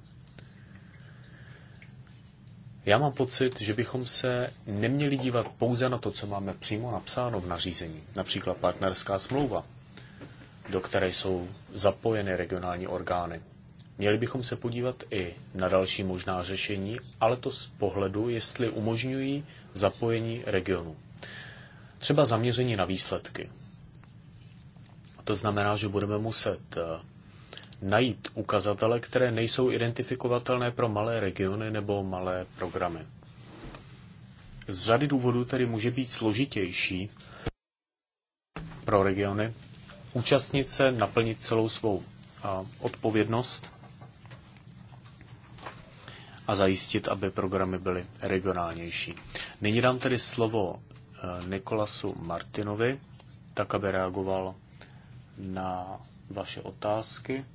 Já mám pocit, že bychom se neměli dívat pouze na to, co máme přímo napsáno v nařízení, například partnerská smlouva, do které jsou zapojeny regionální orgány. Měli bychom se podívat i na další možná řešení, ale to z pohledu, jestli umožňují zapojení regionu. Třeba zaměření na výsledky. To znamená, že budeme muset eh, najít ukazatele, které nejsou identifikovatelné pro malé regiony nebo malé programy. Z řady důvodů tedy může být složitější pro regiony účastnit se, naplnit celou svou odpovědnost a zajistit, aby programy byly regionálnější. Nyní dám tedy slovo e, Nikolasu Martinovi, tak aby reagoval na vaše otázky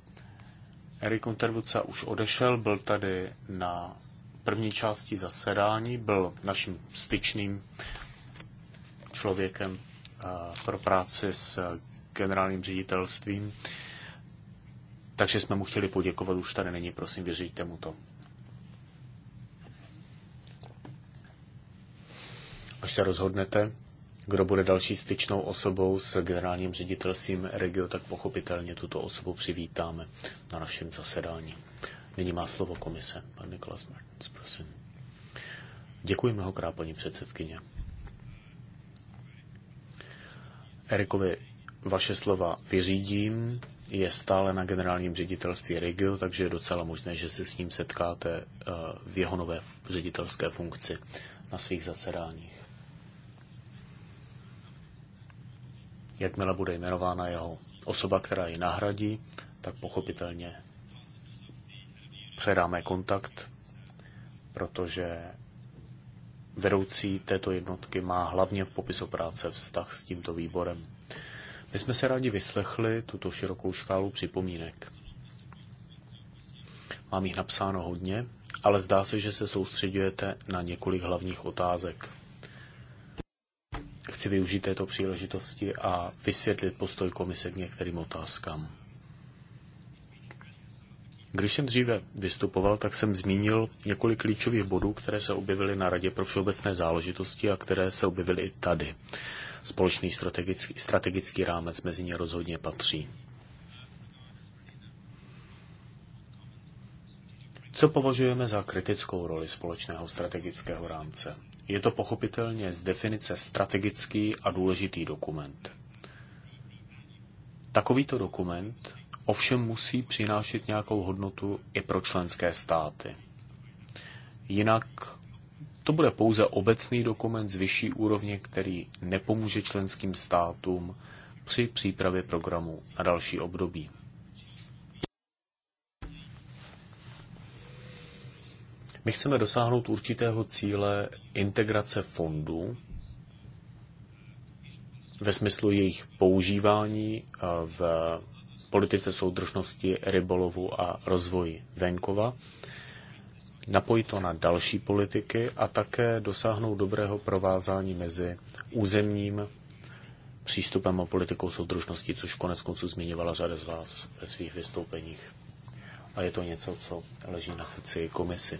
Erik Unterbuca už odešel, byl tady na první části zasedání, byl naším styčným člověkem eh, pro práci s generálním ředitelstvím. Takže jsme mu chtěli poděkovat, už tady není, prosím, věříte mu to. Až se rozhodnete, kdo bude další styčnou osobou s generálním ředitelstvím Regio, tak pochopitelně tuto osobu přivítáme na našem zasedání. Nyní má slovo komise. Pan Nikolas Martins, prosím. Děkuji mnohokrát, paní předsedkyně. Erikovi vaše slova vyřídím. Je stále na generálním ředitelství Regio, takže je docela možné, že se s ním setkáte eh, v jeho nové ředitelské funkci na svých zasedáních. Jakmile bude jmenována jeho osoba, která ji nahradí, tak pochopitelně předáme kontakt, protože vedoucí této jednotky má hlavně v popisu práce vztah s tímto výborem. My jsme se rádi vyslechli tuto širokou škálu připomínek. Mám jich napsáno hodně, ale zdá se, že se soustředujete na několik hlavních otázek chci využít této příležitosti a vysvětlit postoj komise k některým otázkám. Když jsem dříve vystupoval, tak jsem zmínil několik klíčových bodů, které se objevily na Radě pro všeobecné záležitosti a které se objevily i tady. Společný strategický, strategický rámec mezi ně rozhodně patří. Co považujeme za kritickou roli společného strategického rámce? Je to pochopitelně z definice strategický a důležitý dokument. Takovýto dokument ovšem musí přinášet nějakou hodnotu i pro členské státy. Jinak to bude pouze obecný dokument z vyšší úrovně, který nepomůže členským státům při přípravě programu na další období. My chceme dosáhnout určitého cíle integrace fondů ve smyslu jejich používání eh, v politice soudržnosti, rybolovu a rozvoji venkova, napojit to na další politiky a také dosáhnout dobrého provázání mezi územním přístupem a politikou soudržnosti, což konec konců zmiňovala řada z vás ve svých vystoupeních. A je to něco, co leží na srdci komisi.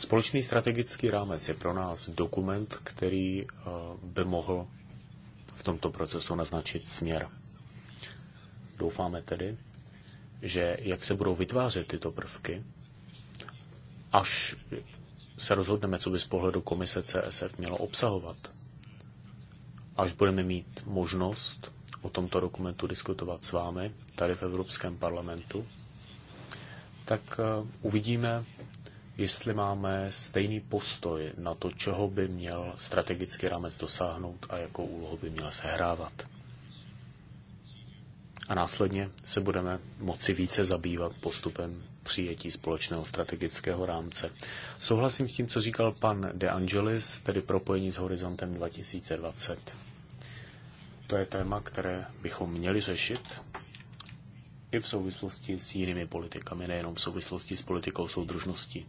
Společný strategický rámec je pro nás dokument, který eh, by mohl v tomto procesu naznačit směr. Doufáme tedy, že jak se budou vytvářet tyto prvky, až se rozhodneme, co by z pohledu komise CSF mělo obsahovat, až budeme mít možnost o tomto dokumentu diskutovat s vámi tady v Evropském parlamentu, tak eh, uvidíme, jestli máme stejný postoj na to, čeho by měl strategický rámec dosáhnout a jakou úlohu by měl sehrávat. A následně se budeme moci více zabývat postupem přijetí společného strategického rámce. Souhlasím s tím, co říkal pan De Angelis, tedy propojení s horizontem 2020. To je téma, které bychom měli řešit, i v souvislosti s jinými politikami, nejenom v souvislosti s politikou soudržnosti,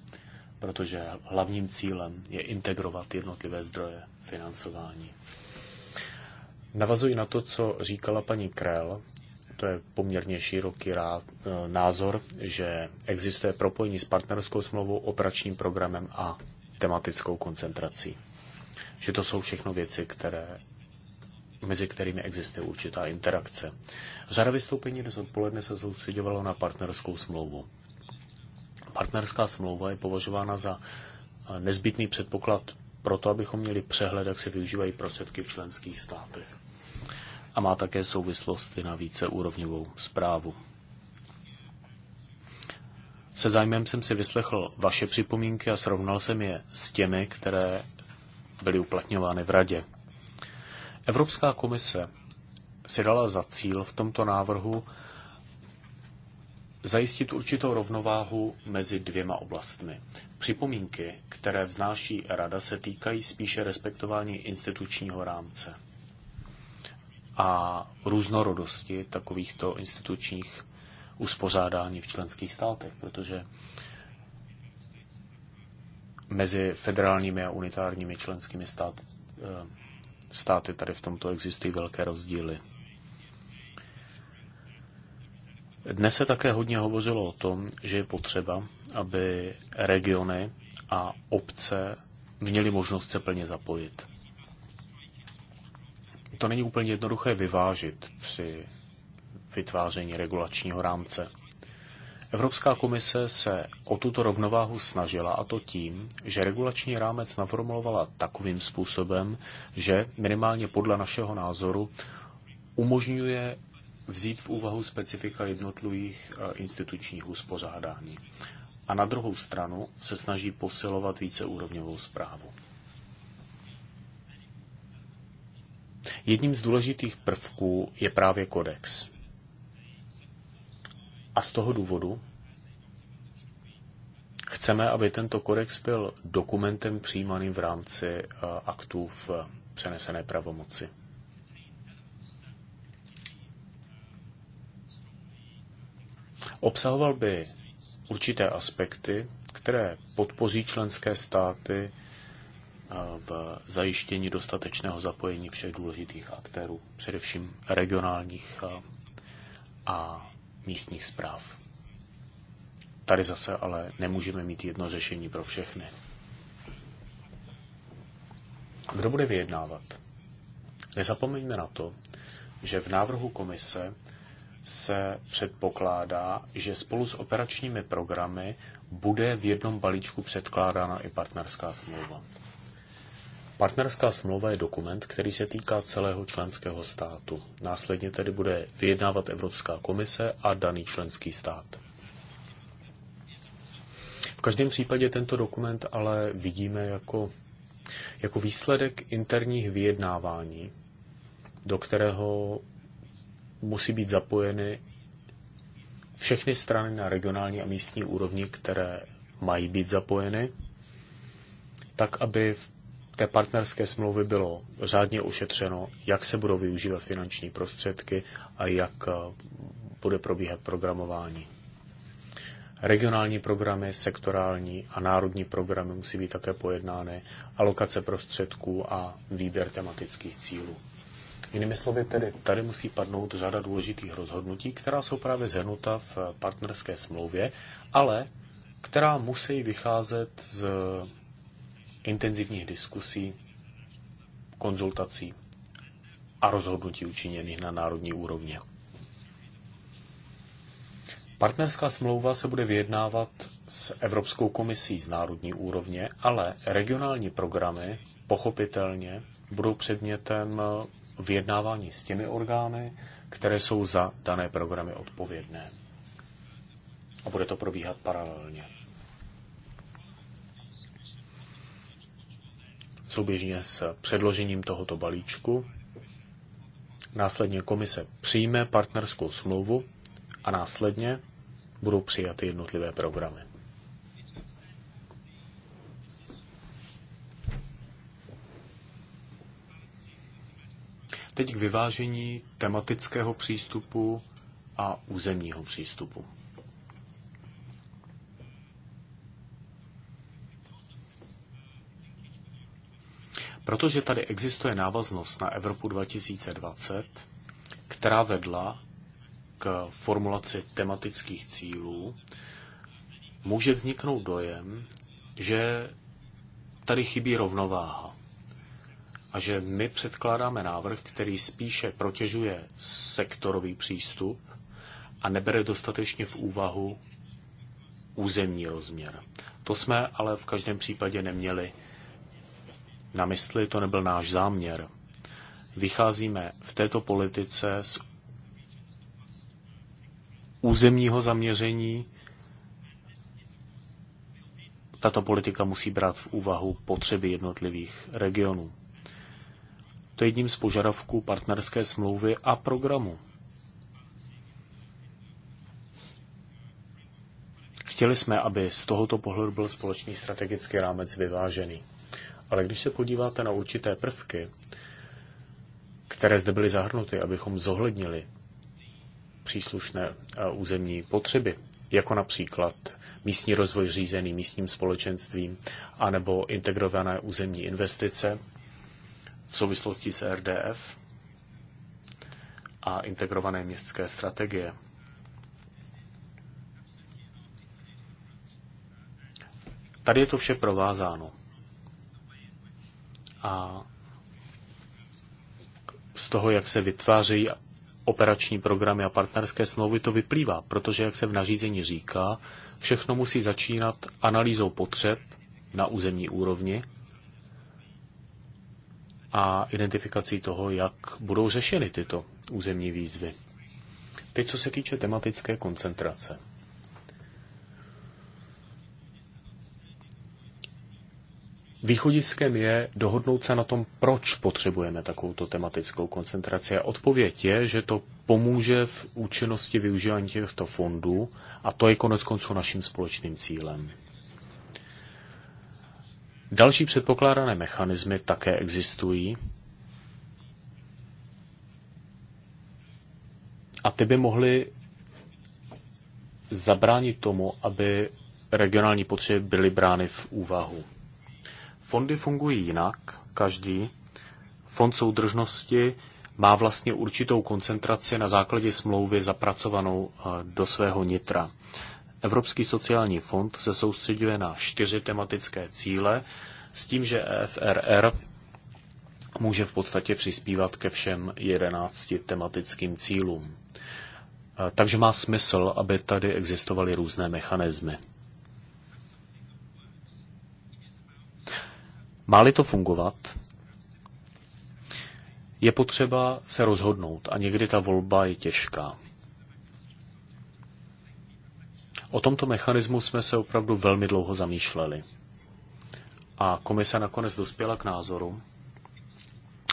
protože hlavním cílem je integrovat jednotlivé zdroje financování. Navazuji na to, co říkala paní Krell, to je poměrně široký rád, e, názor, že existuje propojení s partnerskou smlouvou, operačním programem a tematickou koncentrací. Že to jsou všechno věci, které mezi kterými existuje určitá interakce. Řada vystoupení dnes odpoledne se soustředovalo na partnerskou smlouvu. Partnerská smlouva je považována za eh, nezbytný předpoklad pro to, abychom měli přehled, jak se využívají prostředky v členských státech. A má také souvislosti na víceúrovňovou zprávu. Se zájmem jsem si vyslechl vaše připomínky a srovnal jsem je s těmi, které byly uplatňovány v Radě. Evropská komise si dala za cíl v tomto návrhu zajistit určitou rovnováhu mezi dvěma oblastmi. Připomínky, které vznáší Rada, se týkají spíše respektování institučního rámce a různorodosti takovýchto institučních uspořádání v členských státech, protože mezi federálními a unitárními členskými státy eh, státy, tady v tomto existují velké rozdíly. Dnes se také hodně hovořilo o tom, že je potřeba, aby regiony a obce měly možnost se plně zapojit. To není úplně jednoduché vyvážit při vytváření regulačního rámce. Evropská komise se o tuto rovnováhu snažila a to tím, že regulační rámec naformulovala takovým způsobem, že minimálně podle našeho názoru umožňuje vzít v úvahu specifika jednotlivých eh, institučních uspořádání. A na druhou stranu se snaží posilovat víceúrovňovou zprávu. Jedním z důležitých prvků je právě kodex. A z toho důvodu chceme, aby tento kodex byl dokumentem přijímaným v rámci eh, aktů v přenesené pravomoci. Obsahoval by určité aspekty, které podpoří členské státy eh, v zajištění dostatečného zapojení všech důležitých aktérů, především regionálních eh, a místních zpráv. Tady zase ale nemůžeme mít jedno řešení pro všechny. Kdo bude vyjednávat? Nezapomeňme na to, že v návrhu komise se předpokládá, že spolu s operačními programy bude v jednom balíčku předkládána i partnerská smlouva. Partnerská smlouva je dokument, který se týká celého členského státu. Následně tedy bude vyjednávat Evropská komise a daný členský stát. V každém případě tento dokument ale vidíme jako, jako výsledek interních vyjednávání, do kterého musí být zapojeny všechny strany na regionální a místní úrovni, které mají být zapojeny, tak aby v jaké partnerské smlouvy bylo řádně ošetřeno, jak se budou využívat finanční prostředky a jak eh, bude probíhat programování. Regionální programy, sektorální a národní programy musí být také pojednány, alokace prostředků a výběr tematických cílů. Jinými slovy tedy, tady musí padnout řada důležitých rozhodnutí, která jsou právě zhrnuta v partnerské smlouvě, ale která musí vycházet z intenzivních diskusí, konzultací a rozhodnutí učiněných na národní úrovni. Partnerská smlouva se bude vyjednávat s Evropskou komisí z národní úrovně, ale regionální programy pochopitelně budou předmětem vyjednávání s těmi orgány, které jsou za dané programy odpovědné. A bude to probíhat paralelně. souběžně s předložením tohoto balíčku. Následně komise přijme partnerskou smlouvu a následně budou přijaty jednotlivé programy. Teď k vyvážení tematického přístupu a územního přístupu. Protože tady existuje návaznost na Evropu 2020, která vedla k formulaci tematických cílů, může vzniknout dojem, že tady chybí rovnováha a že my předkládáme návrh, který spíše protěžuje sektorový přístup a nebere dostatečně v úvahu územní rozměr. To jsme ale v každém případě neměli na mysli, to nebyl náš záměr. Vycházíme v této politice z územního zaměření. Tato politika musí brát v úvahu potřeby jednotlivých regionů. To je jedním z požadavků partnerské smlouvy a programu. Chtěli jsme, aby z tohoto pohledu byl společný strategický rámec vyvážený. Ale když se podíváte na určité prvky, které zde byly zahrnuty, abychom zohlednili příslušné eh, územní potřeby, jako například místní rozvoj řízený místním společenstvím anebo integrované územní investice v souvislosti s RDF a integrované městské strategie. Tady je to vše provázáno a z toho, jak se vytvářejí operační programy a partnerské smlouvy, to vyplývá, protože, jak se v nařízení říká, všechno musí začínat analýzou potřeb na územní úrovni a identifikací toho, jak budou řešeny tyto územní výzvy. Teď, co se týče tematické koncentrace. Východiskem je dohodnout se na tom, proč potřebujeme takovouto tematickou koncentraci. A odpověď je, že to pomůže v účinnosti využívání těchto fondů a to je konec konců naším společným cílem. Další předpokládané mechanismy také existují a ty by mohly zabránit tomu, aby regionální potřeby byly brány v úvahu. Fondy fungují jinak, každý. Fond soudržnosti má vlastně určitou koncentraci na základě smlouvy zapracovanou eh, do svého nitra. Evropský sociální fond se soustředuje na čtyři tematické cíle s tím, že EFRR může v podstatě přispívat ke všem jedenácti tematickým cílům. Eh, takže má smysl, aby tady existovaly různé mechanismy. Má-li to fungovat, je potřeba se rozhodnout a někdy ta volba je těžká. O tomto mechanismu jsme se opravdu velmi dlouho zamýšleli. A komise nakonec dospěla k názoru,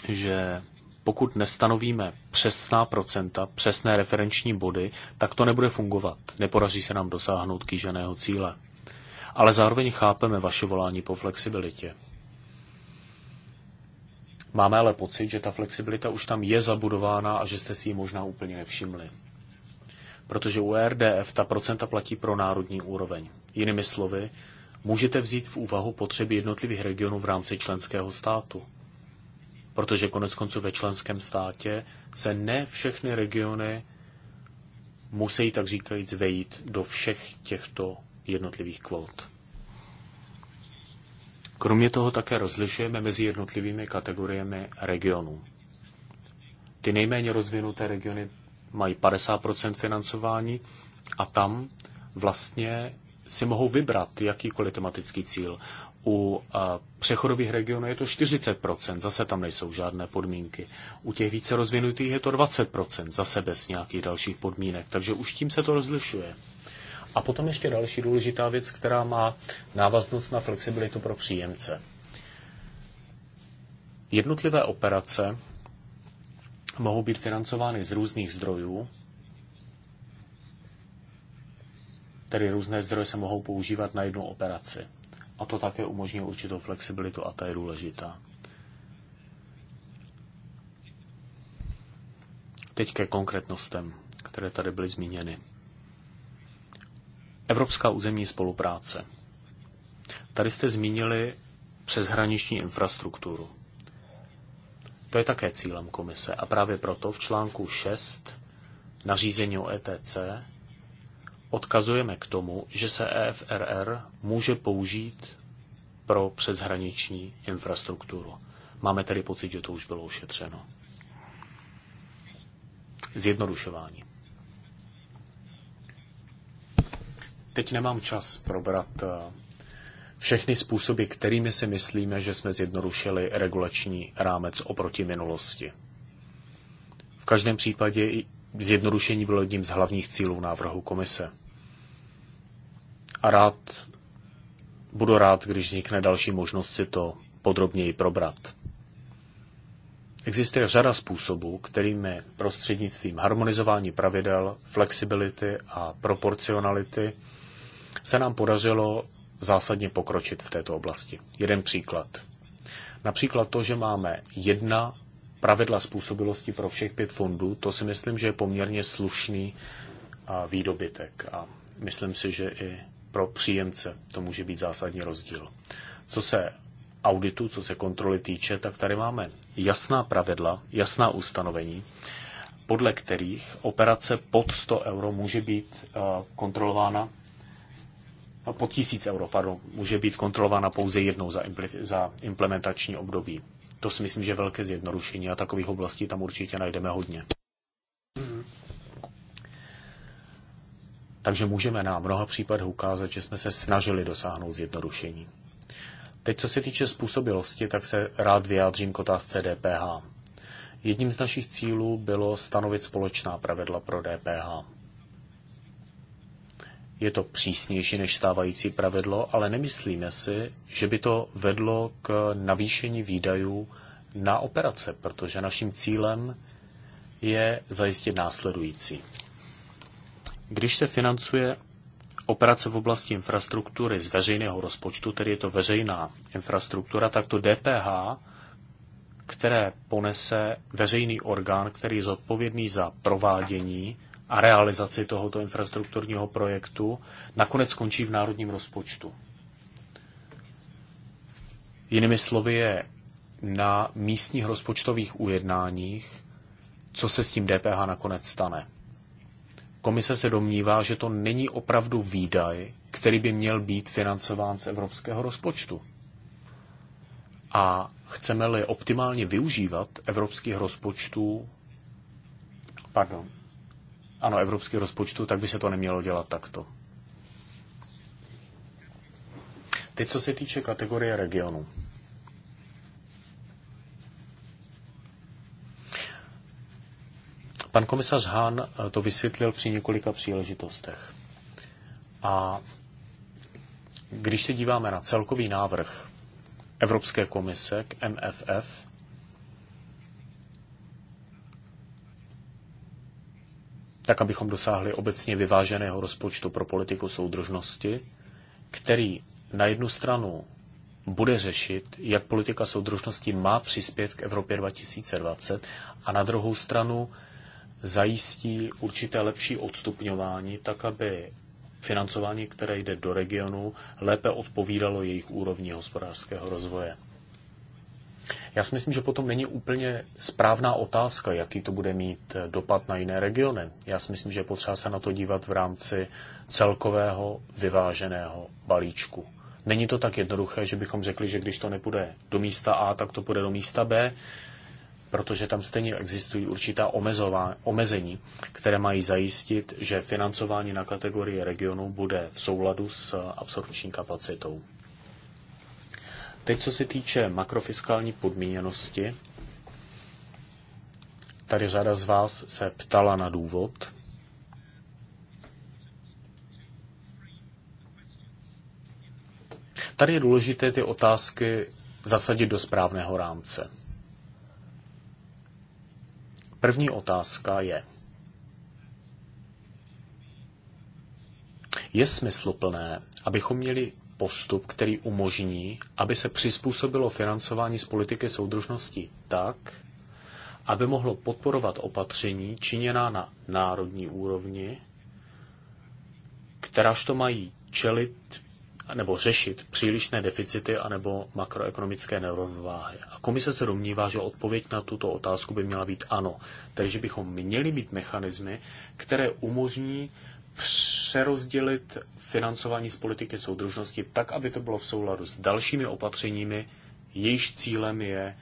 že pokud nestanovíme přesná procenta, přesné referenční body, tak to nebude fungovat. Nepodaří se nám dosáhnout kýženého cíle. Ale zároveň chápeme vaše volání po flexibilitě. Máme ale pocit, že ta flexibilita už tam je zabudována a že jste si ji možná úplně nevšimli. Protože u RDF ta procenta platí pro národní úroveň. Jinými slovy, můžete vzít v úvahu potřeby jednotlivých regionů v rámci členského státu. Protože konec konců ve členském státě se ne všechny regiony musí tak říkajíc vejít do všech těchto jednotlivých kvót. Kromě toho také rozlišujeme mezi jednotlivými kategoriemi regionů. Ty nejméně rozvinuté regiony mají 50 financování a tam vlastně si mohou vybrat jakýkoliv tematický cíl. U přechodových regionů je to 40%, zase tam nejsou žádné podmínky. U těch více rozvinutých je to 20%, zase bez nějakých dalších podmínek, takže už tím se to rozlišuje. A potom ještě další důležitá věc, která má návaznost na flexibilitu pro příjemce. Jednotlivé operace mohou být financovány z různých zdrojů, tedy různé zdroje se mohou používat na jednu operaci. A to také umožní určitou flexibilitu a ta je důležitá. Teď ke konkrétnostem, které tady byly zmíněny. Evropská územní spolupráce. Tady jste zmínili přeshraniční infrastrukturu. To je také cílem komise a právě proto v článku 6 nařízení o ETC odkazujeme k tomu, že se EFRR může použít pro přeshraniční infrastrukturu. Máme tedy pocit, že to už bylo ušetřeno. Zjednodušování. Teď nemám čas probrat eh, všechny způsoby, kterými si myslíme, že jsme zjednodušili regulační rámec oproti minulosti. V každém případě zjednodušení bylo jedním z hlavních cílů návrhu komise. A rád, budu rád, když vznikne další možnost si to podrobněji probrat. Existuje řada způsobů, kterými prostřednictvím harmonizování pravidel, flexibility a proporcionality se nám podařilo zásadně pokročit v této oblasti. Jeden příklad. Například to, že máme jedna pravidla způsobilosti pro všech pět fondů, to si myslím, že je poměrně slušný výdobytek a myslím si, že i pro příjemce to může být zásadní rozdíl. Co se auditu, co se kontroly týče, tak tady máme jasná pravidla, jasná ustanovení, podle kterých operace pod 100 euro může být kontrolována po tisíc euro pardon, může být kontrolována pouze jednou za, za implementační období. To si myslím, že je velké zjednodušení a takových oblastí tam určitě najdeme hodně. Takže můžeme na mnoha případech ukázat, že jsme se snažili dosáhnout zjednodušení. Teď, co se týče způsobilosti, tak se rád vyjádřím k otázce DPH. Jedním z našich cílů bylo stanovit společná pravidla pro DPH. Je to přísnější než stávající pravidlo, ale nemyslíme si, že by to vedlo k navýšení výdajů na operace, protože naším cílem je zajistit následující. Když se financuje operace v oblasti infrastruktury z veřejného rozpočtu, tedy je to veřejná infrastruktura, tak to DPH, které ponese veřejný orgán, který je zodpovědný za provádění a realizaci tohoto infrastrukturního projektu nakonec skončí v národním rozpočtu. Jinými slovy je na místních rozpočtových ujednáních, co se s tím DPH nakonec stane. Komise se domnívá, že to není opravdu výdaj, který by měl být financován z evropského rozpočtu. A chceme-li optimálně využívat evropských rozpočtů, pardon, ano, evropský rozpočtů, tak by se to nemělo dělat takto. Teď, co se týče kategorie regionu. Pan komisař Hahn to vysvětlil při několika příležitostech. A když se díváme na celkový návrh Evropské komise k MFF, tak abychom dosáhli obecně vyváženého rozpočtu pro politiku soudržnosti, který na jednu stranu bude řešit, jak politika soudržnosti má přispět k Evropě 2020 a na druhou stranu zajistí určité lepší odstupňování, tak aby financování, které jde do regionu, lépe odpovídalo jejich úrovni hospodářského rozvoje. Já si myslím, že potom není úplně správná otázka, jaký to bude mít eh, dopad na jiné regiony. Já si myslím, že je potřeba se na to dívat v rámci celkového vyváženého balíčku. Není to tak jednoduché, že bychom řekli, že když to nepůjde do místa A, tak to půjde do místa B, protože tam stejně existují určitá omezová, omezení, které mají zajistit, že financování na kategorii regionu bude v souladu s eh, absorpční kapacitou. Teď, co se týče makrofiskální podmíněnosti, tady řada z vás se ptala na důvod. Tady je důležité ty otázky zasadit do správného rámce. První otázka je, je smysluplné, abychom měli postup, který umožní, aby se přizpůsobilo financování z politiky soudržnosti tak, aby mohlo podporovat opatření činěná na národní úrovni, kteráž to mají čelit nebo řešit přílišné deficity anebo makroekonomické nerovnováhy. A komise se domnívá, že odpověď na tuto otázku by měla být ano. Takže bychom měli mít mechanismy, které umožní přerozdělit financování z politiky soudržnosti tak, aby to bylo v souladu s dalšími opatřeními, jejichž cílem je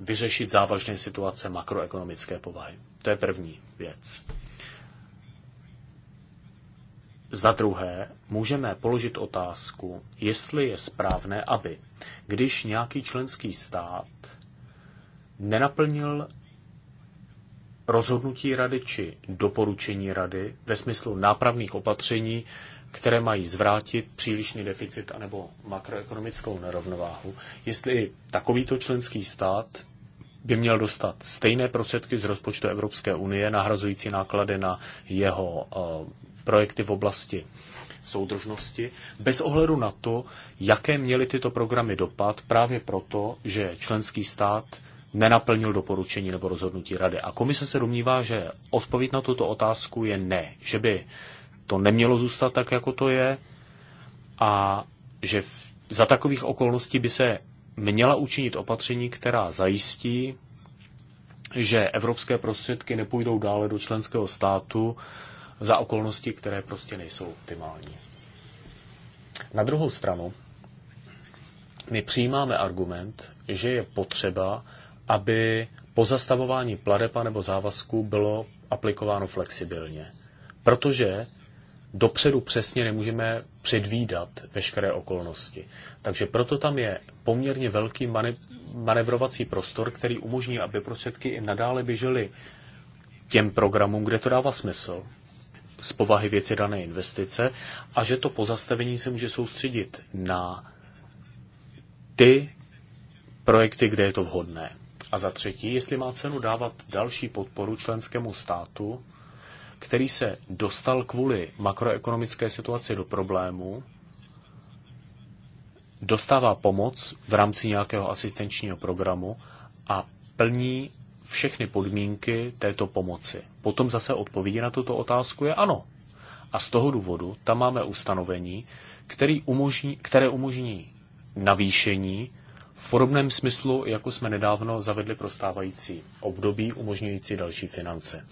vyřešit závažné situace makroekonomické povahy. To je první věc. Za druhé, můžeme položit otázku, jestli je správné, aby, když nějaký členský stát nenaplnil rozhodnutí rady či doporučení rady ve smyslu nápravných opatření, které mají zvrátit přílišný deficit anebo makroekonomickou nerovnováhu, jestli takovýto členský stát by měl dostat stejné prostředky z rozpočtu Evropské unie, nahrazující náklady na jeho eh, projekty v oblasti soudržnosti, bez ohledu na to, jaké měly tyto programy dopad, právě proto, že členský stát nenaplnil doporučení nebo rozhodnutí rady. A komise se domnívá, že odpověď na tuto otázku je ne, že by to nemělo zůstat tak, jako to je a že v, za takových okolností by se měla učinit opatření, která zajistí, že evropské prostředky nepůjdou dále do členského státu za okolnosti, které prostě nejsou optimální. Na druhou stranu, my přijímáme argument, že je potřeba aby pozastavování pladepa nebo závazků bylo aplikováno flexibilně. Protože dopředu přesně nemůžeme předvídat veškeré okolnosti. Takže proto tam je poměrně velký manevrovací prostor, který umožní, aby prostředky i nadále běžely těm programům, kde to dává smysl z povahy věci dané investice a že to pozastavení se může soustředit na ty projekty, kde je to vhodné. A za třetí, jestli má cenu dávat další podporu členskému státu, který se dostal kvůli makroekonomické situaci do problému, dostává pomoc v rámci nějakého asistenčního programu a plní všechny podmínky této pomoci. Potom zase odpovědí na tuto otázku je ano. A z toho důvodu tam máme ustanovení, který umožní, které umožní navýšení v podobném smyslu, jako jsme nedávno zavedli pro stávající období umožňující další finance.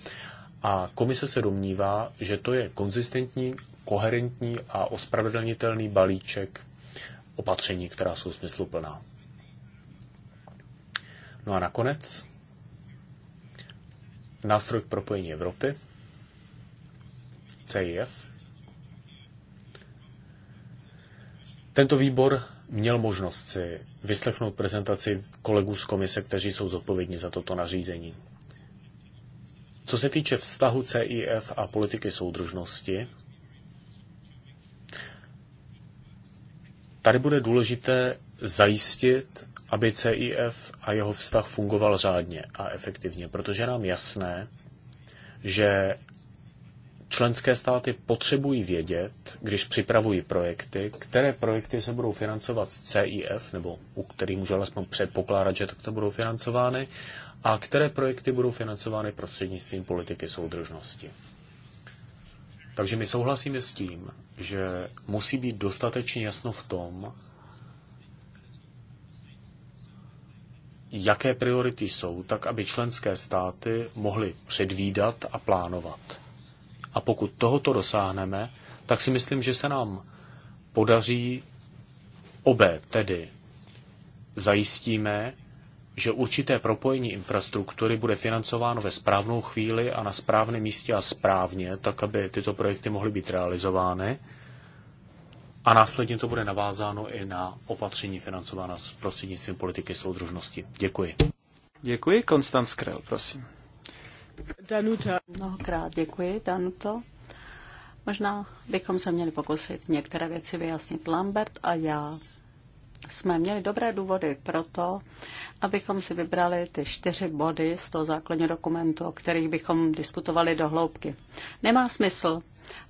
A komise se domnívá, že to je konzistentní, koherentní a ospravedlnitelný balíček opatření, která jsou smysluplná. No a nakonec nástroj k propojení Evropy, CIF. Tento výbor měl možnost si vyslechnout prezentaci kolegů z komise, kteří jsou zodpovědní za toto nařízení. Co se týče vztahu CIF a politiky soudržnosti, tady bude důležité zajistit, aby CIF a jeho vztah fungoval řádně a efektivně, protože nám jasné, že Členské státy potřebují vědět, když připravují projekty, které projekty se budou financovat z CIF, nebo u kterých může alespoň předpokládat, že takto budou financovány, a které projekty budou financovány prostřednictvím politiky soudržnosti. Takže my souhlasíme s tím, že musí být dostatečně jasno v tom, jaké priority jsou, tak aby členské státy mohly předvídat a plánovat. A pokud tohoto dosáhneme, tak si myslím, že se nám podaří obé, tedy zajistíme, že určité propojení infrastruktury bude financováno ve správnou chvíli a na správném místě a správně, tak aby tyto projekty mohly být realizovány. A následně to bude navázáno i na opatření financována s prostřednictvím politiky soudružnosti. Děkuji. Děkuji. Konstant Skrel, prosím. Danuta. Mnohokrát děkuji, Danuto. Možná bychom se měli pokusit některé věci vyjasnit. Lambert a já jsme měli dobré důvody pro to, abychom si vybrali ty čtyři body z toho základního dokumentu, o kterých bychom diskutovali do hloubky. Nemá smysl,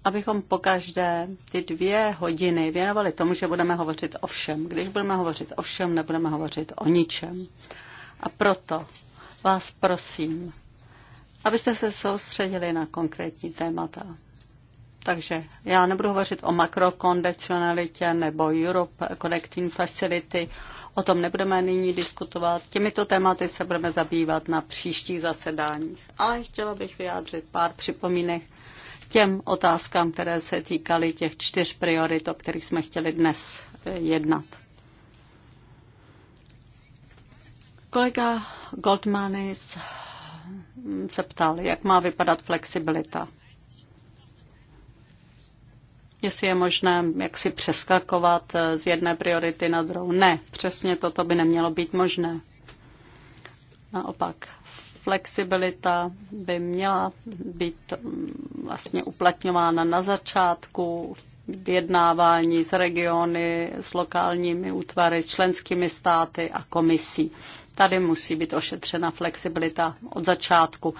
abychom po každé ty dvě hodiny věnovali tomu, že budeme hovořit o všem. Když budeme hovořit o všem, nebudeme hovořit o ničem. A proto vás prosím, abyste se soustředili na konkrétní témata. Takže já nebudu hovořit o makrokondicionalitě nebo Europe Connecting Facility. O tom nebudeme nyní diskutovat. Těmito tématy se budeme zabývat na příštích zasedáních. Ale chtěla bych vyjádřit pár připomínek těm otázkám, které se týkaly těch čtyř priorit, o kterých jsme chtěli dnes eh, jednat. Kolega Goldmanis Hm, se ptal, jak má vypadat flexibilita. Jestli je možné jak si přeskakovat eh, z jedné priority na druhou. Ne, přesně toto by nemělo být možné. Naopak, flexibilita by měla být hm, vlastně uplatňována na začátku vyjednávání s regiony, s lokálními útvary, členskými státy a komisí. Tady musí být ošetřena flexibilita od začátku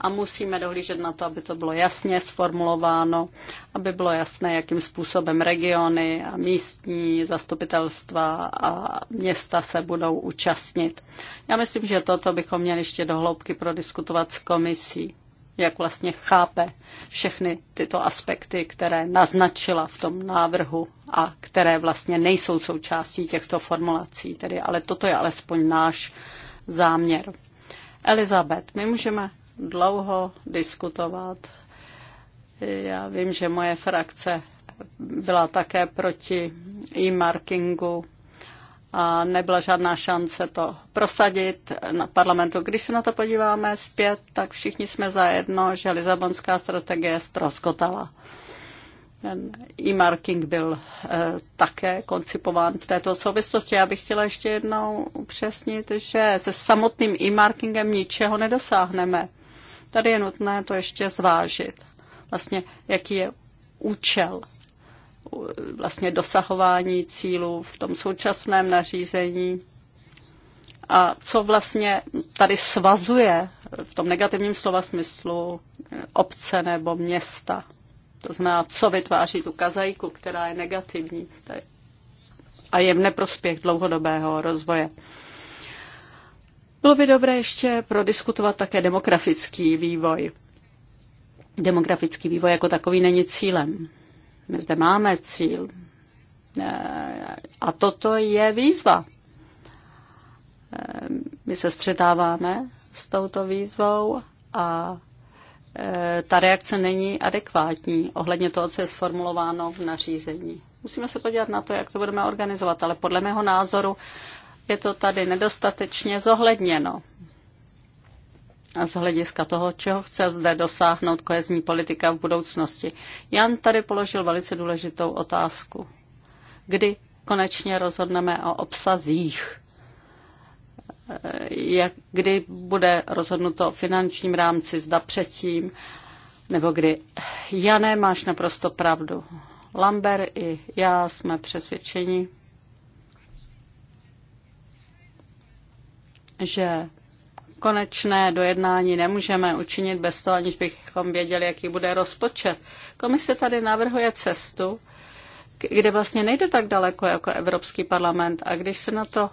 a musíme dohlížet na to, aby to bylo jasně sformulováno, aby bylo jasné, jakým způsobem regiony a místní zastupitelstva a města se budou účastnit. Já myslím, že toto bychom měli ještě dohloubky prodiskutovat s komisí jak vlastně chápe všechny tyto aspekty, které naznačila v tom návrhu a které vlastně nejsou součástí těchto formulací. Tedy, ale toto je alespoň náš záměr. Elizabeth, my můžeme dlouho diskutovat. Já vím, že moje frakce byla také proti e-markingu a nebyla žádná šance to prosadit na parlamentu. Když se na to podíváme zpět, tak všichni jsme zajedno, že Lizabonská strategie ztroskotala. Ten e-marking byl e, také koncipován v této souvislosti. Já bych chtěla ještě jednou upřesnit, že se samotným e-markingem ničeho nedosáhneme. Tady je nutné to ještě zvážit. Vlastně, jaký je účel vlastně dosahování cílů v tom současném nařízení a co vlastně tady svazuje v tom negativním slova smyslu obce nebo města. To znamená, co vytváří tu kazajku, která je negativní a je v neprospěch dlouhodobého rozvoje. Bylo by dobré ještě prodiskutovat také demografický vývoj. Demografický vývoj jako takový není cílem. My zde máme cíl. A toto je výzva. My se střetáváme s touto výzvou a ta reakce není adekvátní ohledně toho, co je sformulováno v nařízení. Musíme se podívat na to, jak to budeme organizovat, ale podle mého názoru je to tady nedostatečně zohledněno z hlediska toho, čeho chce zde dosáhnout kohezní politika v budoucnosti. Jan tady položil velice důležitou otázku. Kdy konečně rozhodneme o obsazích? Jak, kdy bude rozhodnuto o finančním rámci, zda předtím, nebo kdy? Jané, máš naprosto pravdu. Lambert i já jsme přesvědčeni, že konečné dojednání nemůžeme učinit bez toho, aniž bychom věděli, jaký bude rozpočet. Komise tady navrhuje cestu, kde vlastně nejde tak daleko jako Evropský parlament. A když se na to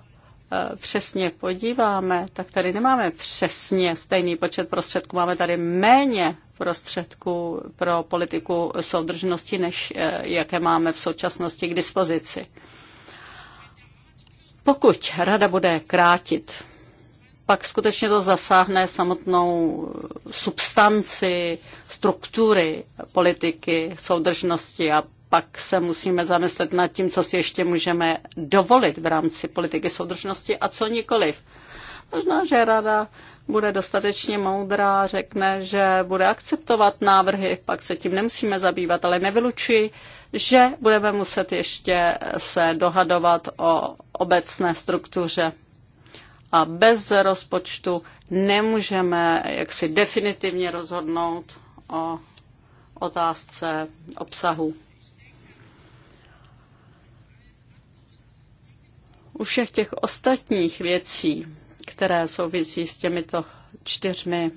eh, přesně podíváme, tak tady nemáme přesně stejný počet prostředků. Máme tady méně prostředků pro politiku soudržnosti, než eh, jaké máme v současnosti k dispozici. Pokud rada bude krátit pak skutečně to zasáhne samotnou substanci, struktury politiky soudržnosti a pak se musíme zamyslet nad tím, co si ještě můžeme dovolit v rámci politiky soudržnosti a co nikoliv. Možná, že rada bude dostatečně moudrá, řekne, že bude akceptovat návrhy, pak se tím nemusíme zabývat, ale nevylučuji, že budeme muset ještě se dohadovat o obecné struktuře a bez rozpočtu nemůžeme jaksi definitivně rozhodnout o otázce obsahu. U všech těch ostatních věcí, které souvisí s těmito čtyřmi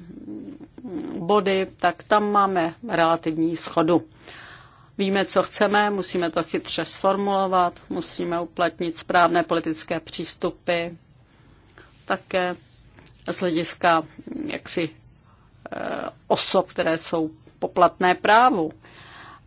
body, tak tam máme relativní schodu. Víme, co chceme, musíme to chytře sformulovat, musíme uplatnit správné politické přístupy také z hlediska jaksi eh, osob, které jsou poplatné právu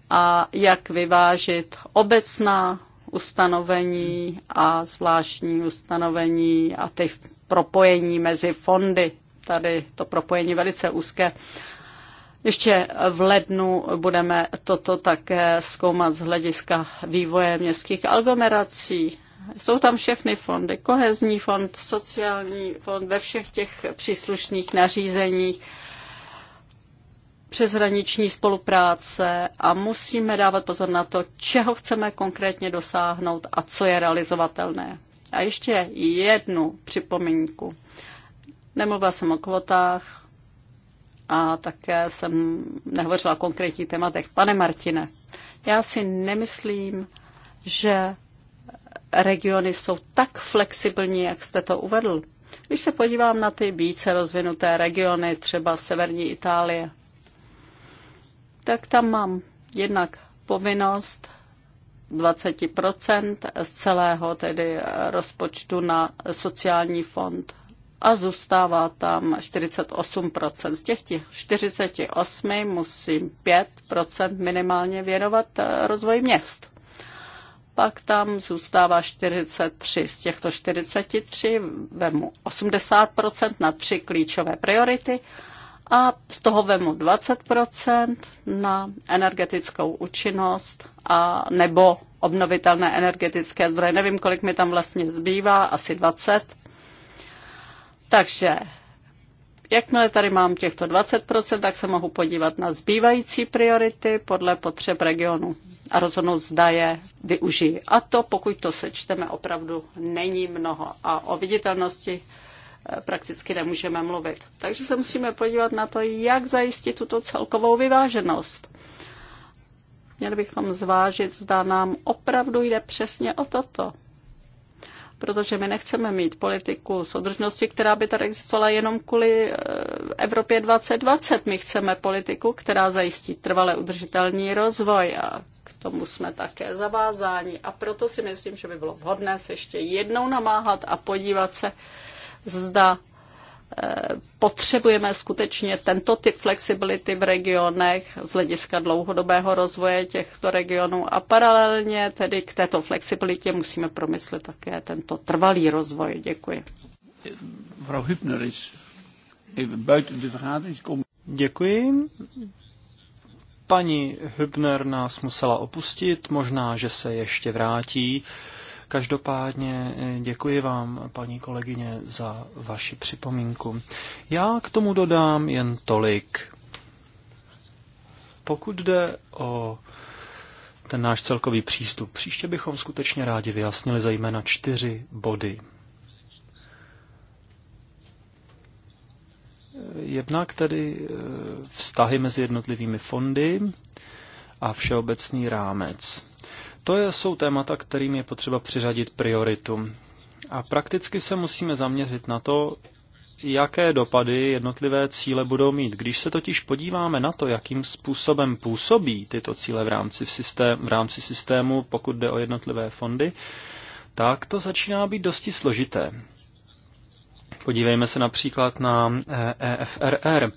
a jak vyvážit obecná ustanovení a zvláštní ustanovení a ty propojení mezi fondy. Tady to propojení velice úzké. Ještě v lednu budeme toto také zkoumat z hlediska vývoje městských aglomerací jsou tam všechny fondy, kohezní fond, sociální fond, ve všech těch příslušných nařízeních, přeshraniční spolupráce a musíme dávat pozor na to, čeho chceme konkrétně dosáhnout a co je realizovatelné. A ještě jednu připomínku. Nemluvila jsem o kvotách a také jsem nehovořila o konkrétních tématech. Pane Martine, já si nemyslím, že regiony jsou tak flexibilní, jak jste to uvedl. Když se podívám na ty více rozvinuté regiony, třeba severní Itálie, tak tam mám jednak povinnost 20 z celého tedy rozpočtu na sociální fond a zůstává tam 48%. Z těch, těch 48 musím 5% minimálně věnovat eh, rozvoji měst pak tam zůstává 43. Z těchto 43 vemu 80% na tři klíčové priority a z toho vemu 20% na energetickou účinnost a nebo obnovitelné energetické zdroje. Nevím, kolik mi tam vlastně zbývá, asi 20. Takže Jakmile tady mám těchto 20%, tak se mohu podívat na zbývající priority podle potřeb regionu a rozhodnout, zda je využijí. A to, pokud to sečteme, opravdu není mnoho. A o viditelnosti eh, prakticky nemůžeme mluvit. Takže se musíme podívat na to, jak zajistit tuto celkovou vyváženost. Měli bychom zvážit, zda nám opravdu jde přesně o toto protože my nechceme mít politiku soudržnosti, která by tady existovala jenom kvůli eh, Evropě 2020. My chceme politiku, která zajistí trvale udržitelný rozvoj a k tomu jsme také zavázáni. A proto si myslím, že by bylo vhodné se ještě jednou namáhat a podívat se, zda potřebujeme skutečně tento typ flexibility v regionech z hlediska dlouhodobého rozvoje těchto regionů a paralelně tedy k této flexibilitě musíme promyslet také tento trvalý rozvoj. Děkuji. Děkuji. Paní Hübner nás musela opustit, možná, že se ještě vrátí. Každopádně eh, děkuji vám, paní kolegyně, za vaši připomínku. Já k tomu dodám jen tolik. Pokud jde o ten náš celkový přístup, příště bychom skutečně rádi vyjasnili zejména čtyři body. Jednak tedy eh, vztahy mezi jednotlivými fondy a všeobecný rámec. To jsou témata, kterým je potřeba přiřadit prioritu. A prakticky se musíme zaměřit na to, jaké dopady jednotlivé cíle budou mít. Když se totiž podíváme na to, jakým způsobem působí tyto cíle v rámci, v systém, v rámci systému, pokud jde o jednotlivé fondy, tak to začíná být dosti složité. Podívejme se například na EFRR. Eh, e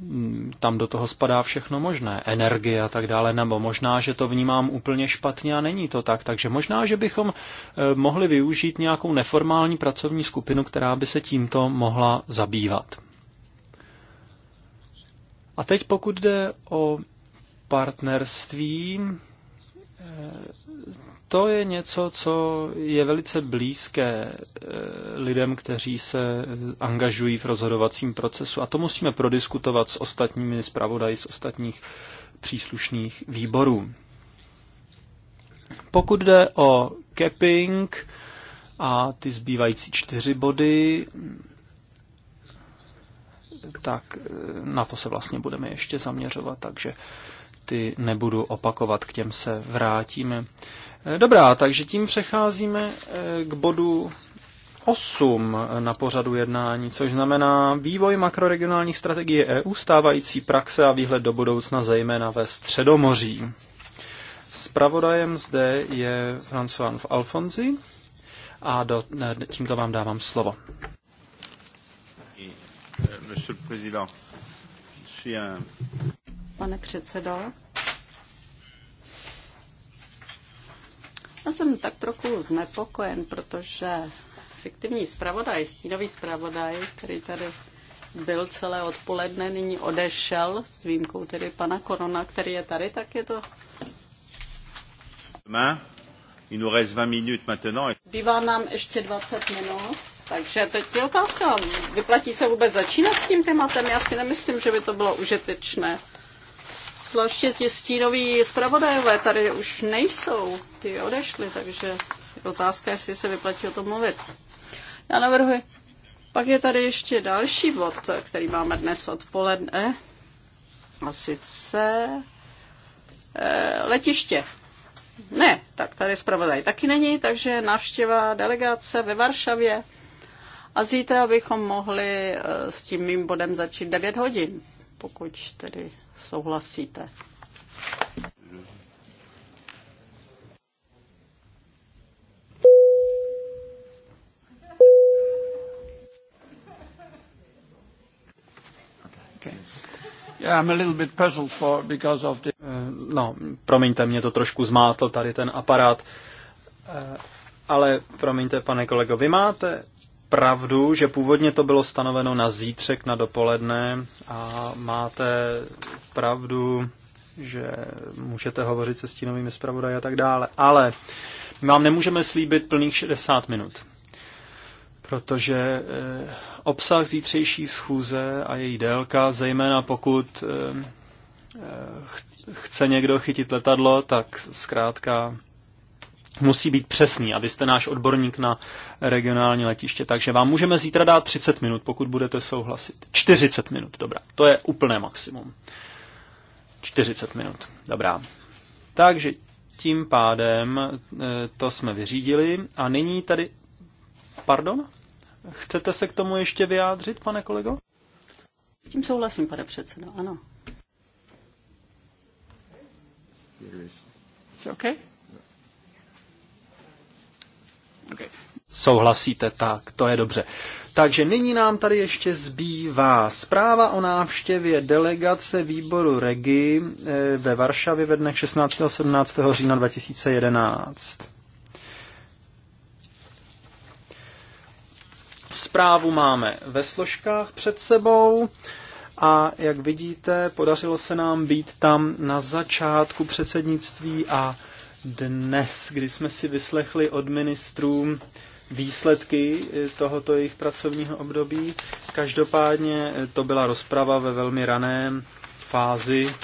Mm, tam do toho spadá všechno možné, energie a tak dále, nebo možná, že to vnímám úplně špatně a není to tak. Takže možná, že bychom eh, mohli využít nějakou neformální pracovní skupinu, která by se tímto mohla zabývat. A teď pokud jde o partnerství, eh, to je něco, co je velice blízké eh, lidem, kteří se angažují v rozhodovacím procesu. A to musíme prodiskutovat s ostatními zpravodají, z ostatních příslušných výborů. Pokud jde o capping a ty zbývající čtyři body, tak eh, na to se vlastně budeme ještě zaměřovat, takže ty nebudu opakovat, k těm se vrátíme. Eh, dobrá, takže tím přecházíme eh, k bodu 8 na pořadu jednání, což znamená vývoj makroregionálních strategií EU, stávající praxe a výhled do budoucna, zejména ve Středomoří. Spravodajem zde je François Alfonzi a do, ne, eh, tímto vám dávám slovo. Euh, Monsieur le Président, je suis un pane předsedo. Já jsem tak trochu znepokojen, protože fiktivní zpravodaj, stínový zpravodaj, který tady byl celé odpoledne, nyní odešel s výjimkou tedy pana Korona, který je tady, tak je to... Bývá nám ještě 20 minut, takže teď je otázka, vyplatí se vůbec začínat s tím tématem? Já si nemyslím, že by to bylo užitečné zvláště ti stínoví zpravodajové tady už nejsou, ty odešly, takže je otázka, jestli se vyplatí o tom mluvit. Já navrhuji. Pak je tady ještě další bod, který máme dnes odpoledne. A sice e, letiště. Ne, tak tady zpravodaj taky není, takže návštěva delegace ve Varšavě. A zítra bychom mohli eh, s tím mým bodem začít 9 hodin, pokud tedy souhlasíte. No, promiňte, mě to trošku zmátl tady ten aparát. Eh, ale promiňte, pane kolego, vy máte pravdu, že původně to bylo stanoveno na zítřek na dopoledne a máte pravdu, že můžete hovořit se stínovými zpravodaj a tak dále, ale my vám nemůžeme slíbit plných 60 minut, protože eh, obsah zítřejší schůze a její délka, zejména pokud eh, eh, chce někdo chytit letadlo, tak zkrátka musí být přesný a vy jste náš odborník na regionální letiště, takže vám můžeme zítra dát 30 minut, pokud budete souhlasit. 40 minut, dobrá, to je úplné maximum. 40 minut, dobrá. Takže tím pádem eh, to jsme vyřídili a nyní tady... Pardon? Chcete se k tomu ještě vyjádřit, pane kolego? S tím souhlasím, pane předsedo, ano. It's okay? Okay. Souhlasíte, tak, to je dobře. Takže nyní nám tady ještě zbývá zpráva o návštěvě delegace výboru Regi eh, ve Varšavě ve dnech 16. a 17. října 2011. Zprávu máme ve složkách před sebou a jak vidíte, podařilo se nám být tam na začátku předsednictví a dnes, kdy jsme si vyslechli od ministrů výsledky eh, tohoto jejich pracovního období. Každopádně eh, to byla rozprava ve velmi rané fázi.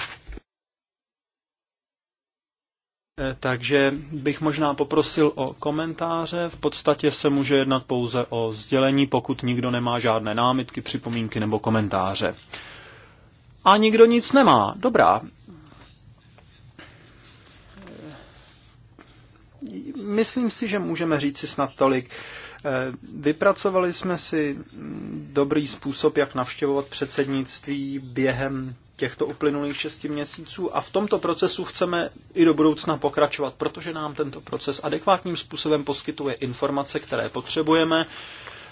Eh, takže bych možná poprosil o komentáře. V podstatě se může jednat pouze o sdělení, pokud nikdo nemá žádné námitky, připomínky nebo komentáře. A nikdo nic nemá. Dobrá, myslím si, že můžeme říct si snad tolik. Eh, vypracovali jsme si dobrý způsob, jak navštěvovat předsednictví během těchto uplynulých šesti měsíců a v tomto procesu chceme i do budoucna pokračovat, protože nám tento proces adekvátním způsobem poskytuje informace, které potřebujeme,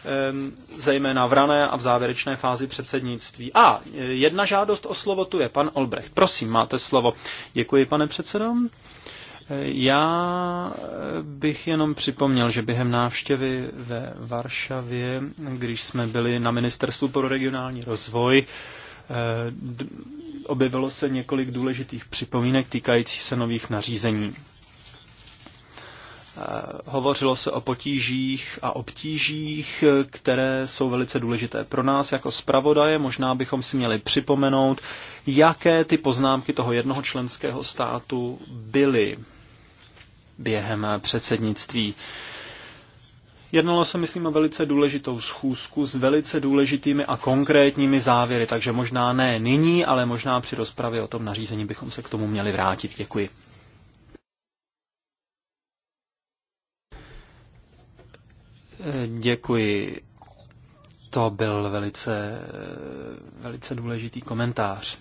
ehm, zejména v rané a v závěrečné fázi předsednictví. A eh, jedna žádost o slovo tu je pan Olbrecht. Prosím, máte slovo. Děkuji, pane předsedom. Já bych jenom připomněl, že během návštěvy ve Varšavě, když jsme byli na Ministerstvu pro regionální rozvoj, eh, objevilo se několik důležitých připomínek týkajících se nových nařízení. Eh, hovořilo se o potížích a obtížích, eh, které jsou velice důležité pro nás jako zpravodaje. Možná bychom si měli připomenout, jaké ty poznámky toho jednoho členského státu byly během předsednictví. Jednalo se, myslím, o velice důležitou schůzku s velice důležitými a konkrétními závěry, takže možná ne nyní, ale možná při rozpravě o tom nařízení bychom se k tomu měli vrátit. Děkuji. Děkuji. To byl velice, velice důležitý komentář.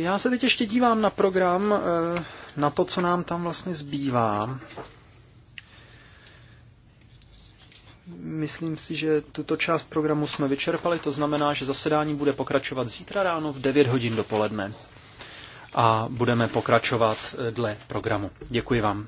Já se teď ještě dívám na program. Eh, na to, co nám tam vlastně zbývá, myslím si, že tuto část programu jsme vyčerpali, to znamená, že zasedání bude pokračovat zítra ráno v 9 hodin dopoledne a budeme pokračovat dle programu. Děkuji vám.